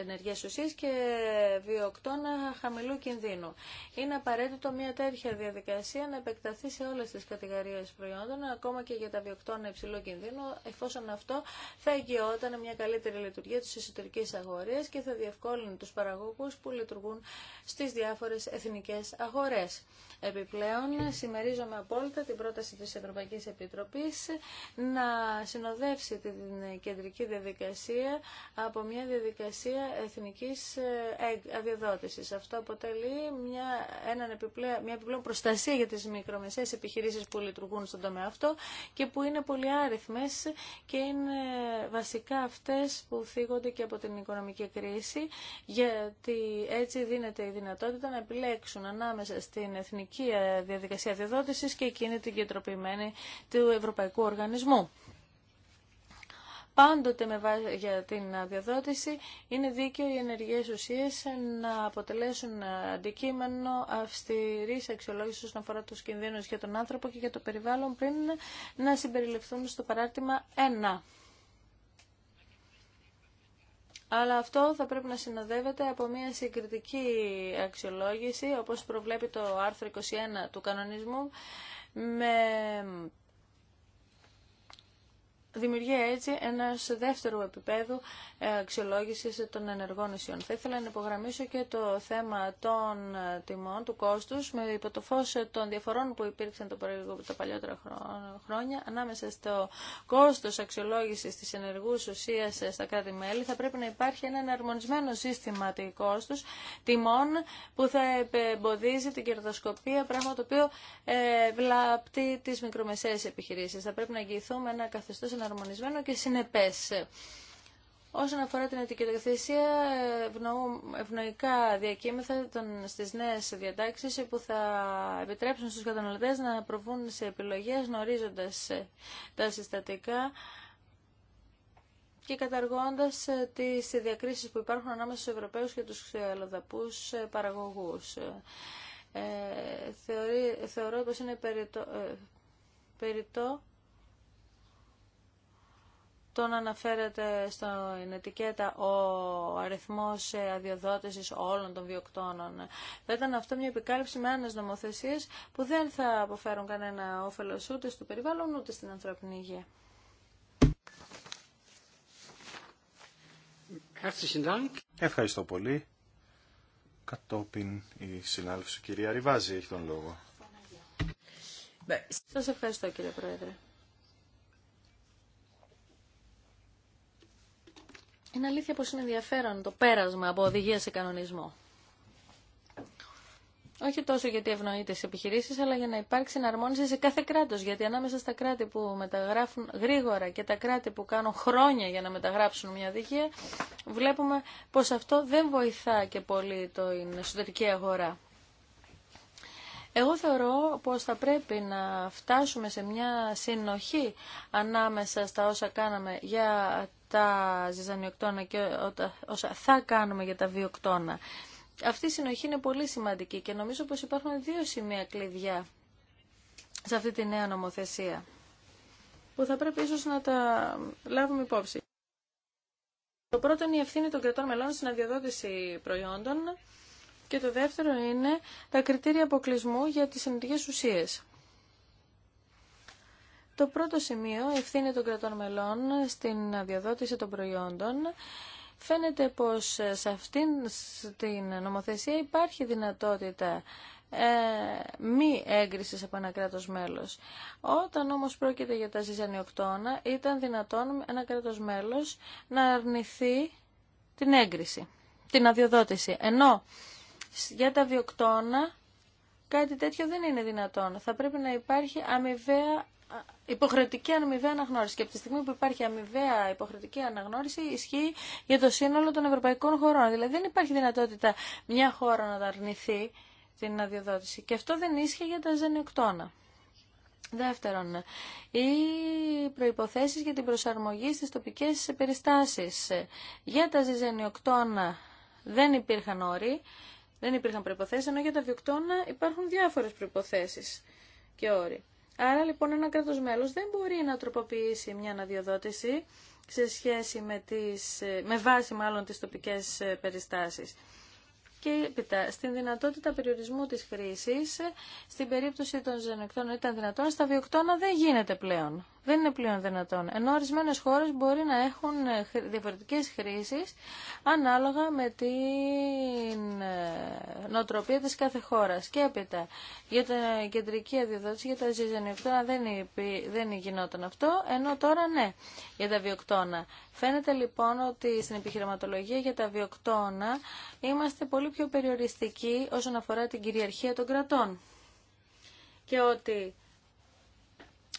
ενεργές ουσίες και βιοκτώνα χαμηλού κινδύνου. Είναι απαραίτητο μια τέτοια διαδικασία να επεκταθεί σε όλες τις κατηγορίες προϊόντων, ακόμα και για τα βιοκτώνα υψηλού κινδύνου, εφόσον αυτό θα εγγυόταν μια καλύτερη λειτουργία τη εσωτερική αγορίας και θα διευκόλυνε του παραγωγού που λειτουργούν στι διάφορε εθνικέ αγορέ. Επιπλέον, συμμερίζομαι απόλυτα την πρόταση τη Ευρωπαϊκή Επιτροπή να συνοδεύσει την κεντρική διαδικασία από μια διαδικασία εθνική ε, αδειοδότηση. Αυτό αποτελεί μια, έναν επιπλέον, μια επιπλέον προστασία για τι μικρομεσαίες επιχειρήσει που λειτουργούν στον τομέα αυτό και που είναι πολυάριθμες και είναι βασικά αυτές που θίγονται και από την οικονομική κρίση, γιατί έτσι δίνεται η δυνατότητα να επιλέξουν ανάμεσα στην εθνική διαδικασία διαδότησης και εκείνη την κεντροποιημένη του Ευρωπαϊκού Οργανισμού πάντοτε με βάση για την αδειοδότηση είναι δίκαιο οι ενεργές ουσίες να αποτελέσουν αντικείμενο αυστηρής αξιολόγηση όσον αφορά τους κινδύνους για τον άνθρωπο και για το περιβάλλον πριν να συμπεριληφθούν στο παράρτημα 1. Αλλά αυτό θα πρέπει να συνοδεύεται από μια συγκριτική αξιολόγηση, όπως προβλέπει το άρθρο 21 του κανονισμού, με δημιουργεί έτσι ένα δεύτερο επίπεδο ε, αξιολόγηση των ενεργών νησιών. Θα ήθελα να υπογραμμίσω και το θέμα των ε, τιμών, του κόστου, με υπό το φω των διαφορών που υπήρξαν τα παλιότερα χρόνια ανάμεσα στο κόστο αξιολόγηση τη ενεργού ουσία ε, στα κράτη-μέλη. Θα πρέπει να υπάρχει ένα εναρμονισμένο σύστημα κόστου τιμών που θα εμποδίζει την κερδοσκοπία, πράγμα το οποίο βλάπτει τι μικρομεσαίε επιχειρήσει. Θα πρέπει να εγγυηθούμε ένα καθεστώ συναρμονισμένο και συνεπές. Όσον αφορά την ετικετοθεσία, ευνοϊκά διακύμεθα στις νέες διατάξεις που θα επιτρέψουν στους καταναλωτές να προβούν σε επιλογές γνωρίζοντας ε, τα συστατικά και καταργώντας ε, τις διακρίσεις που υπάρχουν ανάμεσα στους Ευρωπαίους και τους αλλοδαπούς ε, παραγωγούς. Ε, θεωρεί, θεωρώ πως είναι περιττό, τον αναφέρεται στην ετικέτα ο αριθμός αδειοδότησης όλων των βιοκτώνων. Θα ήταν αυτό μια επικάλυψη με άλλες νομοθεσίες που δεν θα αποφέρουν κανένα όφελος ούτε στο περιβάλλον ούτε στην ανθρώπινη υγεία. Ευχαριστώ πολύ. Κατόπιν η συνάδελφος κυρία Ριβάζη έχει τον λόγο. Σας ευχαριστώ κύριε Πρόεδρε. Είναι αλήθεια πως είναι ενδιαφέρον το πέρασμα από οδηγία σε κανονισμό. Όχι τόσο γιατί ευνοείται σε επιχειρήσεις, αλλά για να υπάρξει εναρμόνιση σε κάθε κράτος. Γιατί ανάμεσα στα κράτη που μεταγράφουν γρήγορα και τα κράτη που κάνουν χρόνια για να μεταγράψουν μια οδηγία, βλέπουμε πως αυτό δεν βοηθά και πολύ το εσωτερική αγορά. Εγώ θεωρώ πως θα πρέπει να φτάσουμε σε μια συνοχή ανάμεσα στα όσα κάναμε για τα ζυζανιοκτώνα και όσα θα κάνουμε για τα βιοκτώνα. Αυτή η συνοχή είναι πολύ σημαντική και νομίζω πως υπάρχουν δύο σημεία κλειδιά σε αυτή τη νέα νομοθεσία που θα πρέπει ίσως να τα λάβουμε υπόψη. Το πρώτο είναι η ευθύνη των κρατών μελών στην αδειοδότηση προϊόντων και το δεύτερο είναι τα κριτήρια αποκλεισμού για τις ενεργές ουσίες. Το πρώτο σημείο, ευθύνη των κρατών μελών στην αδειοδότηση των προϊόντων. Φαίνεται πως σε αυτήν την νομοθεσία υπάρχει δυνατότητα ε, μη έγκρισης από ένα κράτος μέλος. Όταν όμως πρόκειται για τα ζυζανιοκτώνα, ήταν δυνατόν ένα κράτος μέλος να αρνηθεί την έγκριση, την αδειοδότηση. Ενώ για τα βιοκτώνα κάτι τέτοιο δεν είναι δυνατόν. Θα πρέπει να υπάρχει αμοιβαία υποχρεωτική αμοιβαία αναγνώριση. Και από τη στιγμή που υπάρχει αμοιβαία υποχρεωτική αναγνώριση, ισχύει για το σύνολο των ευρωπαϊκών χωρών. Δηλαδή δεν υπάρχει δυνατότητα μια χώρα να τα αρνηθεί την αδειοδότηση. Και αυτό δεν ίσχυε για τα ζενιοκτώνα. Δεύτερον, οι προϋποθέσεις για την προσαρμογή στις τοπικές περιστάσεις. Για τα ζενιοκτώνα δεν υπήρχαν όροι, δεν υπήρχαν προϋποθέσεις, ενώ για τα βιοκτώνα υπάρχουν διάφορες προϋποθέσεις και όροι. Άρα λοιπόν ένα κράτος μέλος δεν μπορεί να τροποποιήσει μια αναδιοδότηση σε σχέση με, τις, ε, με βάση μάλλον τις τοπικές ε, περιστάσεις. Και έπειτα, στην δυνατότητα περιορισμού της χρήσης, ε, στην περίπτωση των ζενεκτών ήταν δυνατόν, στα βιοκτώνα δεν γίνεται πλέον δεν είναι πλέον δυνατόν. Ενώ ορισμένε χώρε μπορεί να έχουν ε, διαφορετικέ χρήσει ανάλογα με την ε, νοοτροπία τη κάθε χώρα. Και έπειτα για την κεντρική αδειοδότηση, για τα ζυζανιοκτώνα δεν, δεν γινόταν αυτό, ενώ τώρα ναι για τα βιοκτώνα. Φαίνεται λοιπόν ότι στην επιχειρηματολογία για τα βιοκτώνα είμαστε πολύ πιο περιοριστικοί όσον αφορά την κυριαρχία των κρατών. Και ότι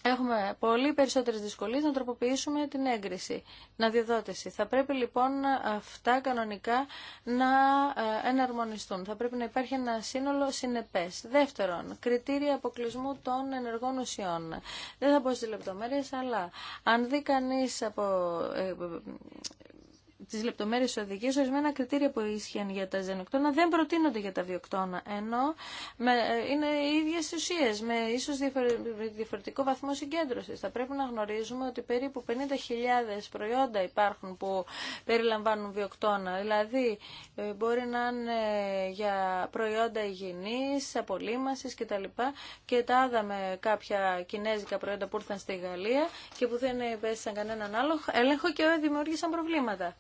έχουμε πολύ περισσότερες δυσκολίες να τροποποιήσουμε την έγκριση, να διαδότηση. Θα πρέπει λοιπόν αυτά κανονικά να ε, εναρμονιστούν. Θα πρέπει να υπάρχει ένα σύνολο συνεπές. Δεύτερον, κριτήρια αποκλεισμού των ενεργών ουσιών. Δεν θα πω στις λεπτομέρειες, αλλά αν δει κανείς από ε, τις λεπτομέρειες της οδηγίας, ορισμένα κριτήρια που ίσχυαν για τα ζενοκτώνα δεν προτείνονται για τα βιοκτώνα, ενώ με, ε, είναι οι ίδιες ουσίες, με ίσως διαφορετικό βαθμό συγκέντρωσης. Θα πρέπει να γνωρίζουμε ότι περίπου 50.000 προϊόντα υπάρχουν που περιλαμβάνουν βιοκτώνα, δηλαδή ε, μπορεί να είναι για προϊόντα υγιεινής, απολύμασης κτλ. Και τα άδαμε κάποια κινέζικα προϊόντα που ήρθαν στη Γαλλία και που δεν υπέστησαν κανέναν άλλο έλεγχο και δημιούργησαν προβλήματα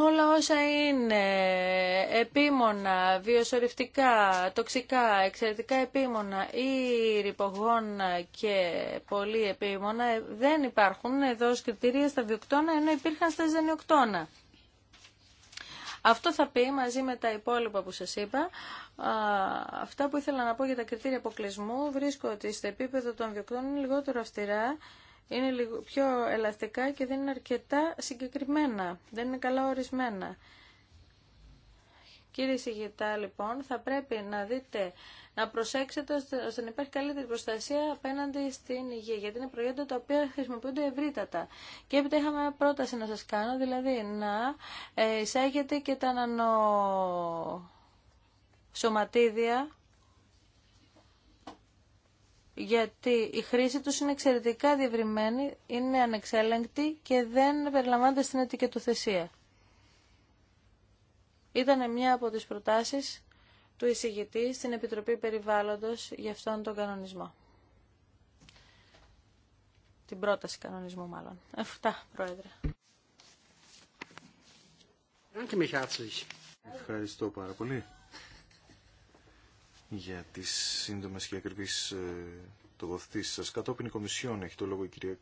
όλα όσα είναι επίμονα, βιοσορευτικά, τοξικά, εξαιρετικά επίμονα ή ρηπογόνα και πολύ επίμονα ε, δεν υπάρχουν εδώ ως κριτήρια στα βιοκτώνα ενώ υπήρχαν στα ζενιοκτώνα. Αυτό θα πει μαζί με τα υπόλοιπα που σας είπα. αυτά που ήθελα να πω για τα κριτήρια αποκλεισμού βρίσκω ότι στο επίπεδο των βιοκτών είναι λιγότερο αυστηρά είναι λίγο πιο ελαστικά και δεν είναι αρκετά συγκεκριμένα, δεν είναι καλά ορισμένα. Κύριε Σιγητά, λοιπόν, θα πρέπει να δείτε, να προσέξετε ώστε να υπάρχει καλύτερη προστασία απέναντι στην υγεία, γιατί είναι προϊόντα τα οποία χρησιμοποιούνται ευρύτατα. Και έπειτα είχαμε πρόταση να σας κάνω, δηλαδή να ε, εισάγετε και τα νανοσωματίδια γιατί η χρήση τους είναι εξαιρετικά διευρυμένη, είναι ανεξέλεγκτη και δεν περιλαμβάνεται στην ετικετοθεσία. Ήταν μια από τις προτάσεις του εισηγητή στην Επιτροπή Περιβάλλοντος για αυτόν τον κανονισμό. Την πρόταση κανονισμού μάλλον. Αυτά, Πρόεδρε. Ευχαριστώ πάρα πολύ για τις σύντομες και ακριβείς ε, τοποθετήσεις σας. Κατόπιν η Κομισιόν έχει το λόγο η κυρία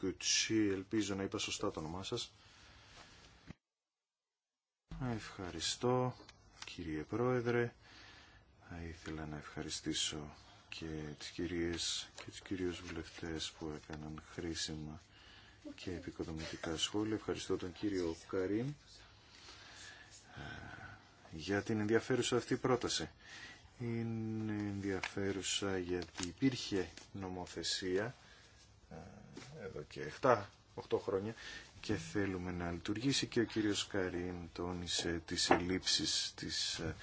Κουτσί, ελπίζω να είπα σωστά το όνομά σας. Ευχαριστώ κύριε Πρόεδρε. Θα ήθελα να ευχαριστήσω και τις κυρίες και του κυρίους βουλευτές που έκαναν χρήσιμα και επικοδομητικά σχόλια. Ευχαριστώ τον κύριο Καρίν ε, για την ενδιαφέρουσα αυτή πρόταση είναι ενδιαφέρουσα γιατί υπήρχε νομοθεσία ε, εδώ και 7-8 χρόνια και θέλουμε να λειτουργήσει και ο κύριος Καρίν τόνισε τις ελλείψεις της ε,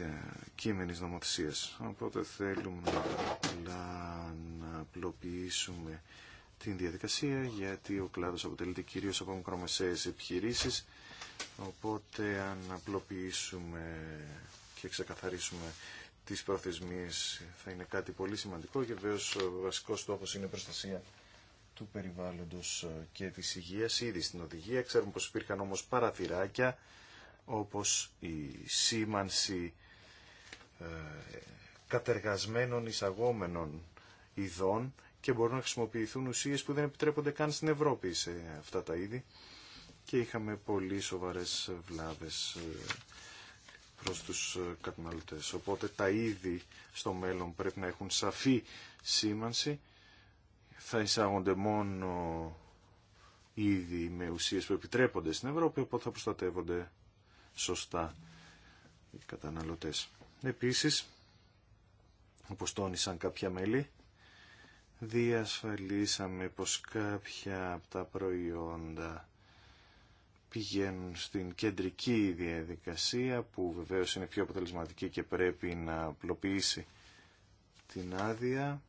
ε, κείμενης νομοθεσίας. Οπότε θέλουμε απλά να απλοποιήσουμε την διαδικασία γιατί ο κλάδος αποτελείται κυρίως από μικρομεσαίες επιχειρήσεις οπότε αν απλοποιήσουμε και ξεκαθαρίσουμε τις προθεσμίες θα είναι κάτι πολύ σημαντικό και βέβαια ο βασικός στόχος είναι η προστασία του περιβάλλοντος ε, και της υγείας ήδη στην οδηγία. Ξέρουμε πως υπήρχαν όμως παραθυράκια όπως η σήμανση ε, κατεργασμένων εισαγόμενων ειδών και μπορούν να χρησιμοποιηθούν ουσίες που δεν επιτρέπονται καν στην Ευρώπη σε αυτά τα είδη και είχαμε πολύ σοβαρές βλάβες ε, προς τους ε, καταναλωτές. Οπότε τα είδη στο μέλλον πρέπει να έχουν σαφή σήμανση. Θα εισάγονται μόνο είδη με ουσίες που επιτρέπονται στην Ευρώπη, οπότε θα προστατεύονται σωστά οι καταναλωτές. Επίσης, όπως τόνισαν κάποια μέλη, διασφαλίσαμε πως κάποια από τα προϊόντα πηγαίνουν στην κεντρική διαδικασία που βεβαίως είναι πιο αποτελεσματική και πρέπει να απλοποιήσει την άδεια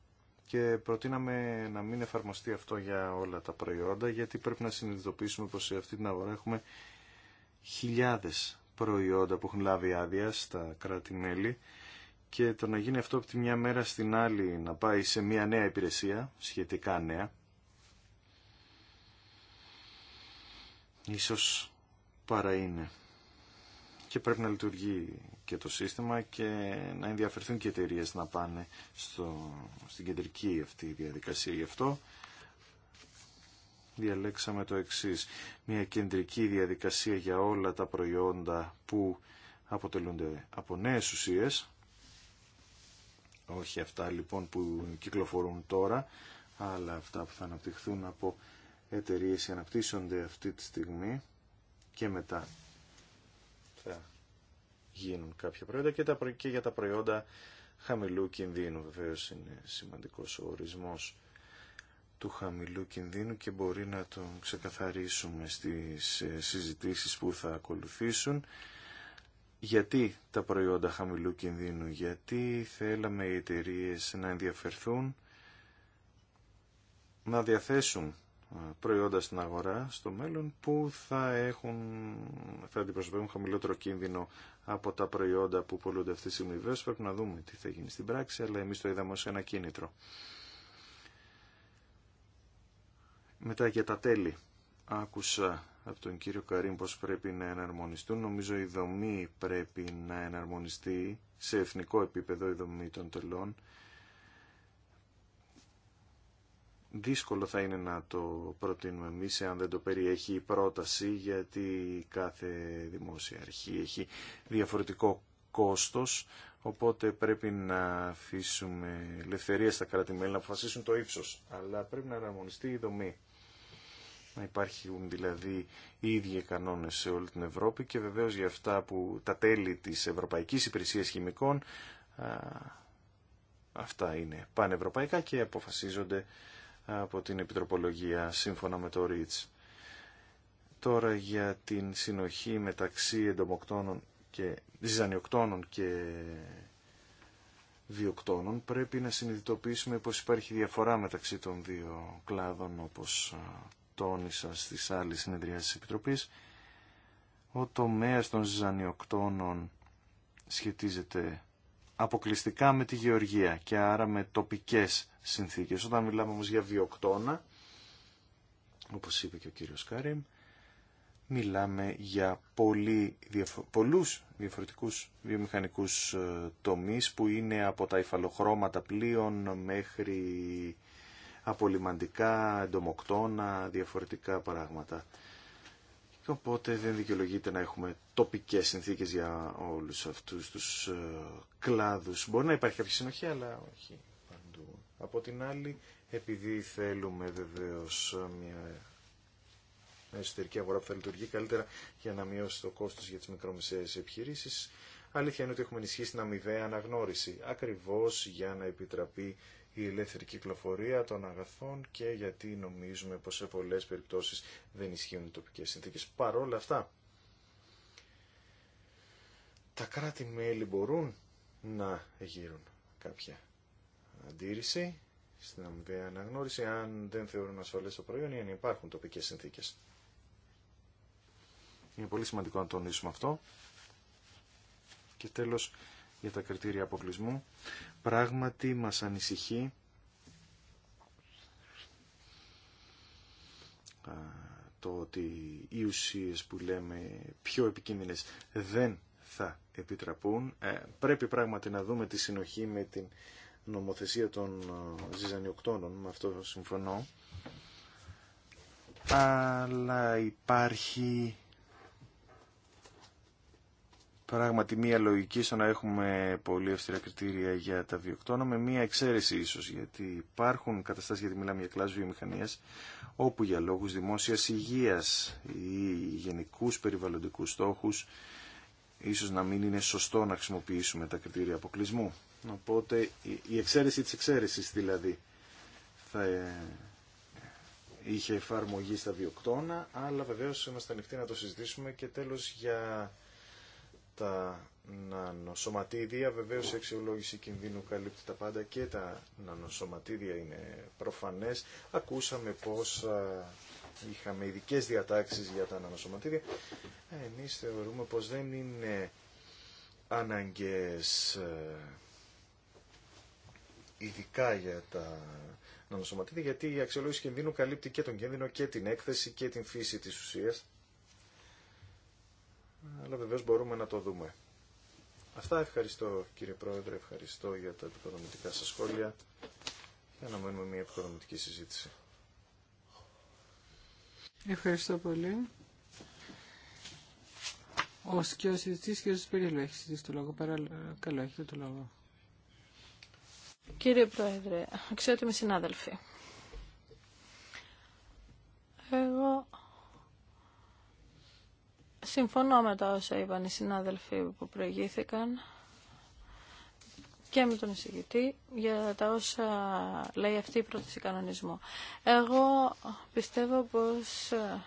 και προτείναμε να μην εφαρμοστεί αυτό για όλα τα προϊόντα γιατί πρέπει να συνειδητοποιήσουμε πως σε αυτή την αγορά έχουμε χιλιάδες προϊόντα που έχουν λάβει άδεια στα κράτη-μέλη και το να γίνει αυτό από τη μια μέρα στην άλλη να πάει σε μια νέα υπηρεσία, σχετικά νέα, ίσως παρά είναι. Και πρέπει να λειτουργεί και το σύστημα και να ενδιαφερθούν και εταιρείε να πάνε στο, στην κεντρική αυτή διαδικασία. Γι' αυτό διαλέξαμε το εξής. Μια κεντρική διαδικασία για όλα τα προϊόντα που αποτελούνται από νέες ουσίες. Όχι αυτά λοιπόν που κυκλοφορούν τώρα, αλλά αυτά που θα αναπτυχθούν από εταιρείε αναπτύσσονται αυτή τη στιγμή και μετά θα γίνουν κάποια προϊόντα και, τα, και για τα προϊόντα χαμηλού κινδύνου. Βεβαίω είναι σημαντικός ο ορισμός του χαμηλού κινδύνου και μπορεί να τον ξεκαθαρίσουμε στις ε, συζητήσεις που θα ακολουθήσουν. Γιατί τα προϊόντα χαμηλού κινδύνου, γιατί θέλαμε οι εταιρείε να ενδιαφερθούν να διαθέσουν προϊόντα στην αγορά στο μέλλον που θα, έχουν, θα αντιπροσωπεύουν χαμηλότερο κίνδυνο από τα προϊόντα που πολλούνται αυτή τη στιγμή. Βέβαια, πρέπει να δούμε τι θα γίνει στην πράξη, αλλά εμείς το είδαμε ως ένα κίνητρο. Μετά για τα τέλη. Άκουσα από τον κύριο Καρίν πως πρέπει να εναρμονιστούν. Νομίζω η δομή πρέπει να εναρμονιστεί σε εθνικό επίπεδο η δομή των τελών δύσκολο θα είναι να το προτείνουμε εμείς αν δεν το περιέχει η πρόταση γιατί κάθε δημόσια αρχή έχει διαφορετικό κόστος οπότε πρέπει να αφήσουμε ελευθερία στα κράτη-μέλη να αποφασίσουν το ύψος αλλά πρέπει να αναμονιστεί η δομή να υπάρχουν δηλαδή οι ίδιοι κανόνες σε όλη την Ευρώπη και βεβαίως για αυτά που τα τέλη της Ευρωπαϊκής Υπηρεσίας Χημικών αυτά είναι πανευρωπαϊκά και αποφασίζονται από την Επιτροπολογία σύμφωνα με το ΡΙΤΣ. Τώρα για την συνοχή μεταξύ εντομοκτώνων και ζυζανιοκτώνων και βιοκτώνων πρέπει να συνειδητοποιήσουμε πως υπάρχει διαφορά μεταξύ των δύο κλάδων όπως τόνισα στις άλλες συνεδριάσεις της Επιτροπής. Ο τομέας των ζυζανιοκτώνων σχετίζεται αποκλειστικά με τη γεωργία και άρα με τοπικές συνθήκες. Όταν μιλάμε όμως για βιοκτώνα, όπως είπε και ο κύριος Κάριμ, μιλάμε για πολύ πολλούς διαφορετικούς βιομηχανικούς ε, τομείς που είναι από τα υφαλοχρώματα πλοίων μέχρι απολυμαντικά, εντομοκτώνα, διαφορετικά πράγματα. Και οπότε δεν δικαιολογείται να έχουμε τοπικές συνθήκες για όλους αυτούς τους ε, κλάδους. Μπορεί να υπάρχει κάποια συνοχή, αλλά όχι παντού. Από την άλλη, επειδή θέλουμε βεβαίως μια εσωτερική αγορά που θα λειτουργεί καλύτερα για να μειώσει το κόστος για τις μικρομεσαίες επιχειρήσεις, αλήθεια είναι ότι έχουμε ενισχύσει την αμοιβαία αναγνώριση, ακριβώς για να επιτραπεί η ελεύθερη κυκλοφορία των αγαθών και γιατί νομίζουμε πως σε πολλές περιπτώσεις δεν ισχύουν οι τοπικές συνθήκες. Παρόλα αυτά, τα κράτη-μέλη μπορούν να γύρουν κάποια αντίρρηση στην αμοιβαία αναγνώριση αν δεν θεωρούν ασφαλές το προϊόν ή αν υπάρχουν τοπικές συνθήκες. Είναι πολύ σημαντικό να τονίσουμε αυτό. Και τέλος για τα κριτήρια αποκλεισμού πράγματι μας ανησυχεί το ότι οι ουσίες που λέμε πιο επικίνδυνες δεν θα επιτραπούν. Ε, πρέπει πράγματι να δούμε τη συνοχή με την νομοθεσία των ε, ζυζανιοκτώνων, με αυτό συμφωνώ. Αλλά υπάρχει πράγματι μία λογική στο να έχουμε πολύ αυστηρά κριτήρια για τα βιοκτώνα με μία εξαίρεση ίσως γιατί υπάρχουν καταστάσεις γιατί μιλάμε για κλάδους βιομηχανίας όπου για λόγους δημόσιας υγείας ή γενικούς περιβαλλοντικούς στόχους ίσως να μην είναι σωστό να χρησιμοποιήσουμε τα κριτήρια αποκλεισμού. Οπότε η εξαίρεση της εξαίρεσης δηλαδή θα ε, είχε εφαρμογή στα βιοκτώνα αλλά βεβαίως είμαστε ανοιχτοί να το συζητήσουμε και τέλος για τα νανοσωματίδια. Βεβαίως η αξιολόγηση κινδύνου καλύπτει τα πάντα και τα νανοσωματίδια είναι προφανές. Ακούσαμε πώ είχαμε ειδικέ διατάξεις για τα νανοσωματίδια. Εμεί θεωρούμε πως δεν είναι αναγκαίες ειδικά για τα νανοσωματίδια γιατί η αξιολόγηση κινδύνου καλύπτει και τον κίνδυνο και την έκθεση και την φύση της ουσίας αλλά βεβαίως μπορούμε να το δούμε. Αυτά ευχαριστώ κύριε Πρόεδρε, ευχαριστώ για τα επικοδομητικά σας σχόλια και αναμένουμε μια επικοδομητική συζήτηση. Ευχαριστώ πολύ. Ο και ο συζητής και ο έχει συζητήσει το λόγο. Παρακαλώ, έχετε το λόγο. Κύριε Πρόεδρε, αξιότιμοι συνάδελφοι, εγώ Συμφωνώ με τα όσα είπαν οι συνάδελφοι που προηγήθηκαν και με τον εισηγητή για τα όσα λέει αυτή η πρόταση κανονισμού. Εγώ πιστεύω πως ε,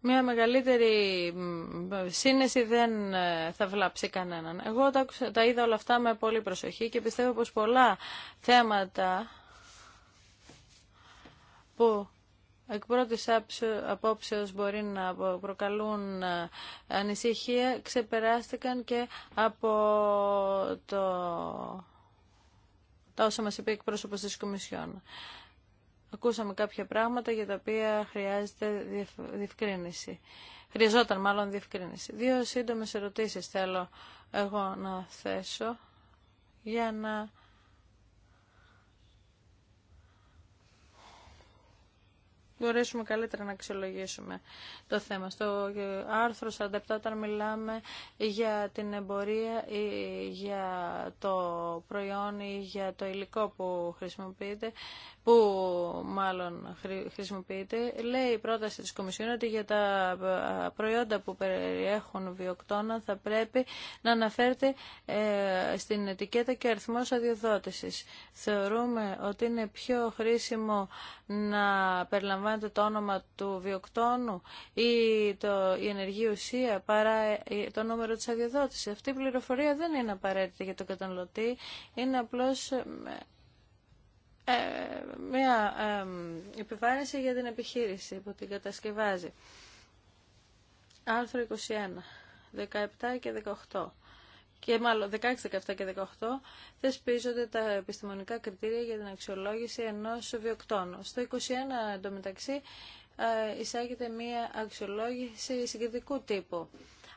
Μια μεγαλύτερη σύνεση δεν ε, θα βλάψει κανέναν. Εγώ τα είδα όλα αυτά με πολύ προσοχή και πιστεύω πως πολλά θέματα που εκ πρώτης απόψεως μπορεί να προκαλούν ε, ανησυχία ξεπεράστηκαν και από το... τα όσα μας είπε εκπρόσωπο της Κομισιόν. Ακούσαμε κάποια πράγματα για τα οποία χρειάζεται διευκρίνηση. Χρειαζόταν μάλλον διευκρίνηση. Δύο σύντομες ερωτήσεις θέλω εγώ να θέσω για να μπορέσουμε καλύτερα να αξιολογήσουμε το θέμα. Στο άρθρο 47, όταν μιλάμε για την εμπορία ή για το προϊόν ή για το υλικό που χρησιμοποιείται, που μάλλον χρησιμοποιείται, λέει η πρόταση της Κομισιόν ότι για τα προϊόντα που περιέχουν βιοκτώνα θα πρέπει να αναφέρεται ε, στην ετικέτα και αριθμό αδειοδότησης. Θεωρούμε ότι είναι πιο χρήσιμο να περιλαμβάνει το όνομα του βιοκτόνου ή το, η ενεργή ουσία παρά ε, το νούμερο της αδειοδότησης. Αυτή η πληροφορία δεν είναι απαραίτητη για τον καταναλωτή, είναι απλώς ε, ε μια ε, επιβάρυνση για την επιχείρηση που την κατασκευάζει. Άρθρο 21, 17 και 18 και μάλλον 16, 17 και 18 θεσπίζονται τα επιστημονικά κριτήρια για την αξιολόγηση ενός βιοκτώνου. Στο 21 εντωμεταξύ ε, εισάγεται μία αξιολόγηση συγκεκριτικού τύπου.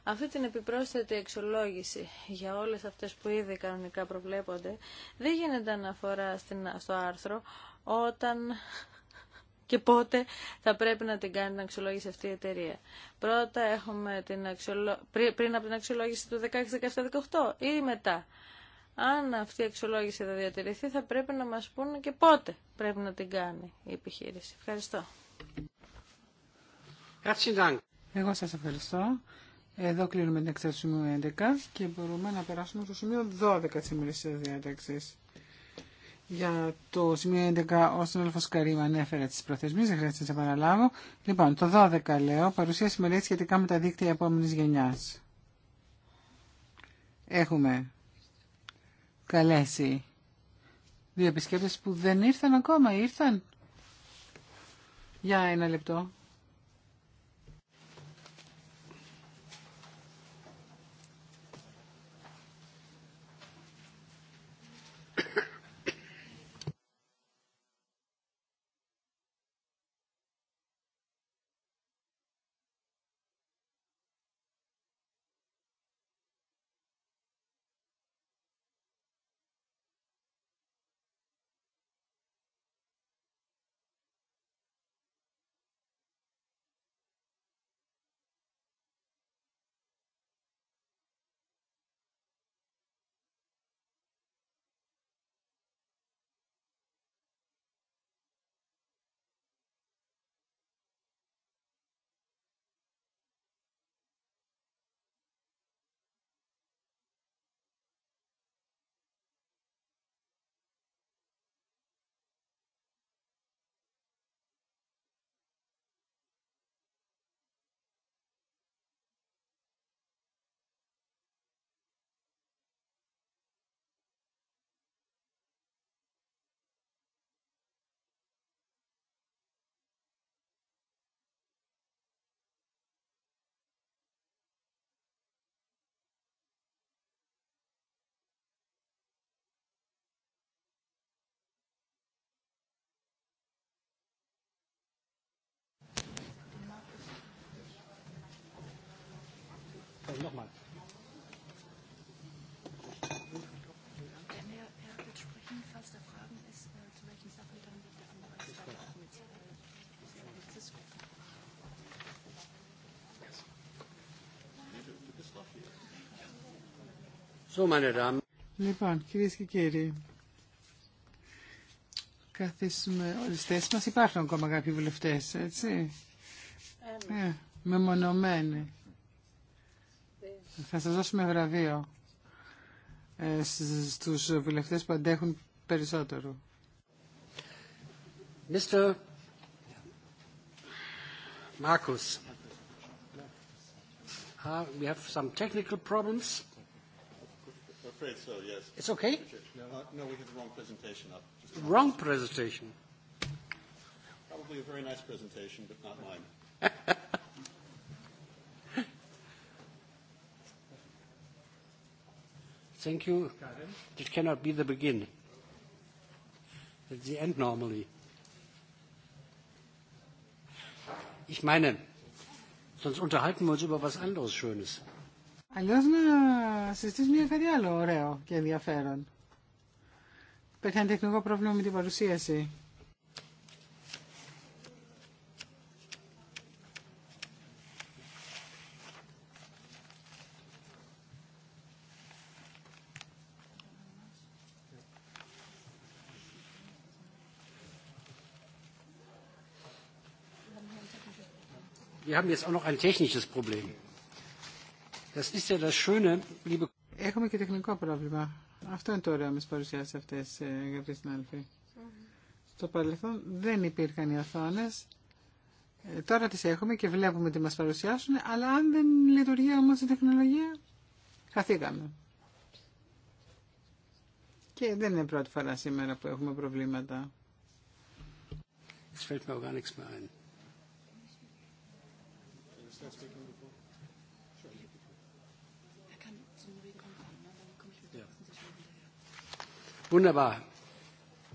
Αυτή την επιπρόσθετη αξιολόγηση για όλες αυτές που ήδη κανονικά προβλέπονται δεν γίνεται αναφορά στο άρθρο όταν και πότε θα πρέπει να την κάνει την αξιολόγηση αυτή η εταιρεία. Πρώτα έχουμε την αξιολο... πριν από την αξιολόγηση του 16, 17, 18 ή μετά. Αν αυτή η αξιολόγηση θα διατηρηθεί, θα πρέπει να μας πούνε και πότε πρέπει να την κάνει η επιχείρηση. Ευχαριστώ. Εγώ σας ευχαριστώ. Εδώ κλείνουμε την εξέταση του 11 και μπορούμε να περάσουμε στο σημείο 12 της ημερησίας διάταξης. Για το σημείο 11, ο συνάδελφο Καρύμα ανέφερε τις προθεσμίε, δεν χρειάζεται να σε επαναλάβω. Λοιπόν, το 12 λέω, παρουσίαση μελέτη σχετικά με τα δίκτυα επόμενη γενιά. Έχουμε καλέσει δύο επισκέπτε που δεν ήρθαν ακόμα, ήρθαν. Για ένα λεπτό. nochmal. Λοιπόν, κυρίε και κύριοι, καθίσουμε όλε τι θέσει μα. Υπάρχουν ακόμα κάποιοι βουλευτέ, έτσι. Ε, ναι. ε μεμονωμένοι. Θα σας δώσουμε βραβείο ε, στους βουλευτές που αντέχουν περισσότερο. Mr. Marcus. Uh, we have some technical problems. I'm afraid so, yes. It's okay? No, no we have the wrong presentation up. Wrong presentation? Probably a very nice presentation, but not mine. Thank you. It cannot be the beginning. It's the end normally. Ich meine, sonst unterhalten wir uns über was anderes Schönes. Αλλιώς να συζητήσουμε για κάτι άλλο ωραίο και ενδιαφέρον. Υπήρχε ένα τεχνικό πρόβλημα με την παρουσίαση. wir haben jetzt auch noch ein technisches Problem. Das ist ja das Schöne, liebe Έχουμε και τεχνικό πρόβλημα. Αυτό είναι το ωραίο με τις παρουσιάσεις αυτές, αγαπητοί ε, συνάδελφοι. Mm Στο παρελθόν δεν υπήρχαν οι οθόνε. Ε, τώρα τις έχουμε και βλέπουμε τι μας παρουσιάσουν, αλλά αν δεν λειτουργεί όμως η τεχνολογία, χαθήκαμε. Και δεν είναι πρώτη φορά σήμερα που έχουμε προβλήματα. Es fällt mir ein. Wunderbar.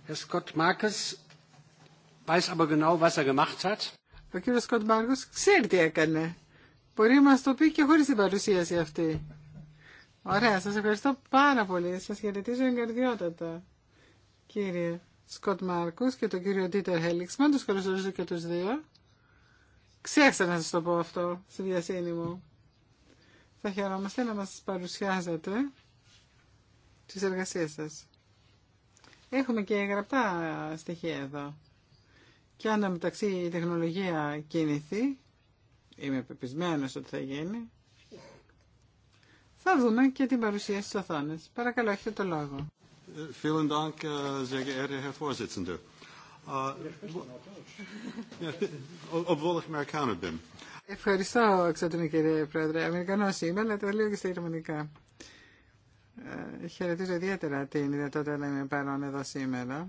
Herr Scott Marcus weiß aber genau, was er gemacht hat. Ο κύριο Σκοτ Μάρκος ξέρει τι έκανε. Μπορεί να μας το πει και χωρί την παρουσίαση αυτή. Ωραία, σας ευχαριστώ πάρα πολύ. Σας χαιρετίζω εγκαρδιότατα. Κύριε Σκοτ Μάρκος και τον κύριο Τίτερ Χέλιξμαν, τους καλωσορίζω και τους δύο. Ξέχασα να σας το πω αυτό στη διασύνη μου. Θα χαιρόμαστε να μας παρουσιάζετε τις εργασίες σας. Έχουμε και γραπτά στοιχεία εδώ. Και αν μεταξύ η τεχνολογία κινηθεί, είμαι πεπισμένος ότι θα γίνει, θα δούμε και την παρουσία στις οθόνες. Παρακαλώ, έχετε το λόγο. Äh, Ευχαριστώ, ξέρετε, κύριε Πρόεδρε. Αμερικανό είμαι, αλλά το λέω και στα γερμανικά. χαιρετίζω ιδιαίτερα την ιδιαιτότητα να είμαι παρόν εδώ σήμερα.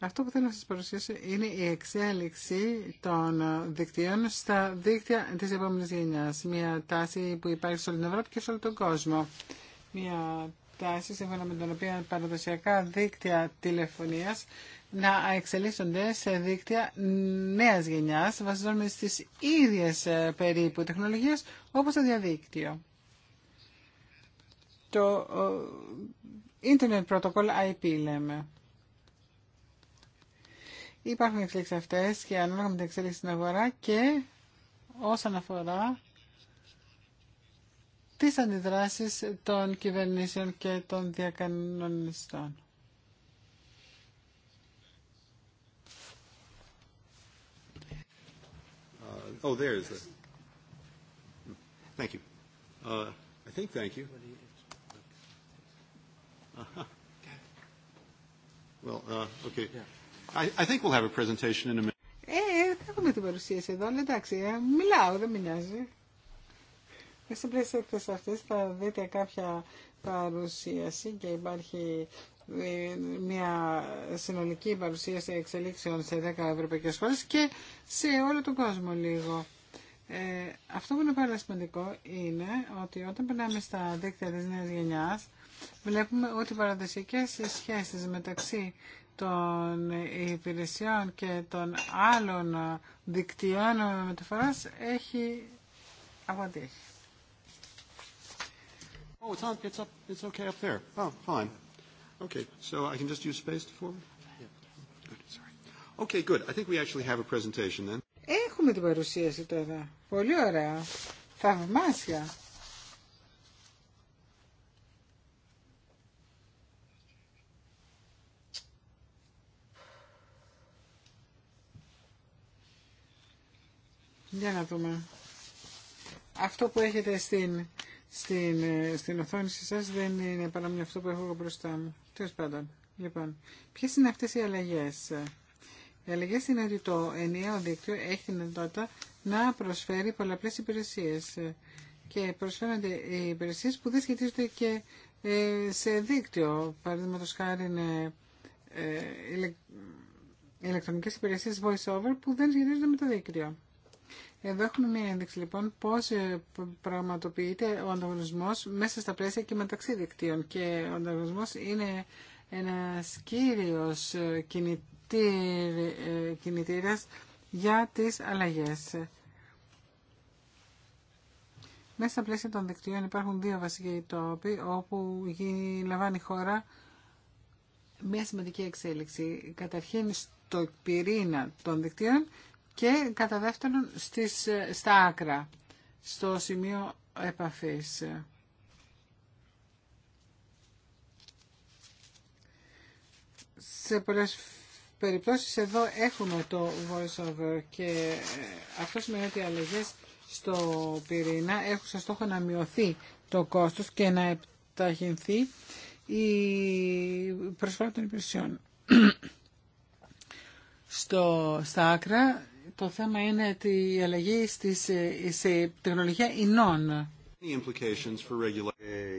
Αυτό που θέλω να σας παρουσιάσω είναι η εξέλιξη των δικτύων στα δίκτυα της επόμενης γενιάς. Μια τάση που υπάρχει σε όλη την Ευρώπη και σε όλο τον κόσμο. Μια τάση σύμφωνα με την οποία παραδοσιακά δίκτυα τηλεφωνίας να εξελίσσονται σε δίκτυα νέας γενιάς βασιζόμενες στις ίδιες ε, περίπου τεχνολογίες όπως το διαδίκτυο. Το Internet Protocol IP λέμε. Υπάρχουν εξέλιξεις αυτές και ανάλογα με την εξέλιξη στην αγορά και όσον αφορά τις αντιδράσεις των κυβερνήσεων και των διακανονιστών. Oh, there is. Thank you. Uh, I think thank you. Uh-huh. Well, uh, okay. I, I think we'll have a presentation in a minute. Ε, ε θα έχουμε την παρουσίαση εδώ, αλλά εντάξει, ε, μιλάω, δεν με νοιάζει. Μέσα πλαίσια αυτές θα δείτε κάποια παρουσίαση και υπάρχει μια συνολική παρουσίαση εξελίξεων σε 10 ευρωπαϊκές χώρες και σε όλο τον κόσμο λίγο. Ε, αυτό που είναι πάρα σημαντικό είναι ότι όταν περνάμε στα δίκτυα της νέας γενιάς βλέπουμε ότι οι παραδοσιακές σχέσεις μεταξύ των υπηρεσιών και των άλλων δικτυών μεταφοράς έχει αποτύχει. Oh, it's, it's, up, it's okay up there. Oh, Okay, so I can just use space to form? Sorry. Okay, good. I think we actually have a presentation then. Έχουμε την παρουσίαση τώρα. Πολύ ωραία. Θαυμάσια. Για να δούμε. Αυτό που έχετε στην στην, ε, στην οθόνη σας δεν είναι παρά μόνο αυτό που έχω μπροστά μου. Τέλος πάντων. Λοιπόν, ποιες είναι αυτές οι αλλαγές. Οι αλλαγές είναι ότι το ενιαίο δίκτυο έχει την δυνατότητα να προσφέρει πολλαπλές υπηρεσίες και προσφέρονται οι υπηρεσίες που δεν σχετίζονται και ε, σε δίκτυο. Παραδείγματο χάρη είναι ε, ηλεκτρονικές υπηρεσίες voice-over που δεν σχετίζονται με το δίκτυο. Εδώ έχουμε μία ένδειξη λοιπόν πώς ε, πραγματοποιείται ο ανταγωνισμός μέσα στα πλαίσια και μεταξύ δικτύων και ο ανταγωνισμός είναι ένας κύριος ε, ε, κινητήρας για τις αλλαγές. Μέσα στα πλαίσια των δικτύων υπάρχουν δύο βασικοί τόποι όπου λαμβάνει η χώρα μια σημαντική εξέλιξη. Καταρχήν στο πυρήνα των δικτύων και κατά δεύτερον στις, στα άκρα, στο σημείο επαφής. Σε πολλές περιπτώσεις εδώ έχουμε το voiceover και ε, αυτό σημαίνει ότι οι αλλαγές στο πυρήνα έχουν σαν στόχο να μειωθεί το κόστος και να επιταχυνθεί η προσφορά των υπηρεσιών. στο, στα άκρα το θέμα είναι η αλλαγή στις, σε τεχνολογία ινών. Ε,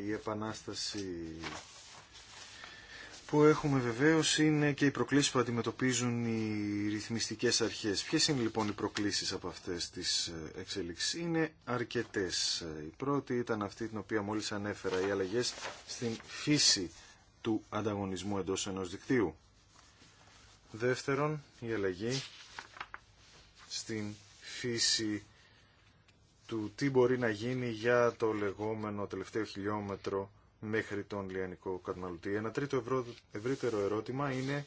η επανάσταση που έχουμε βεβαίω είναι και οι προκλήσει που αντιμετωπίζουν οι ρυθμιστικέ αρχές. Ποιε είναι λοιπόν οι προκλήσεις από αυτέ τι ε, εξελίξει Είναι αρκετέ. Η πρώτη ήταν αυτή την οποία μόλι ανέφερα, οι αλλαγέ στην φύση του ανταγωνισμού εντός ενός δικτύου. Δεύτερον, η αλλαγή στην φύση του τι μπορεί να γίνει για το λεγόμενο τελευταίο χιλιόμετρο μέχρι τον λιανικό καταναλωτή. Ένα τρίτο ευρύτερο ερώτημα είναι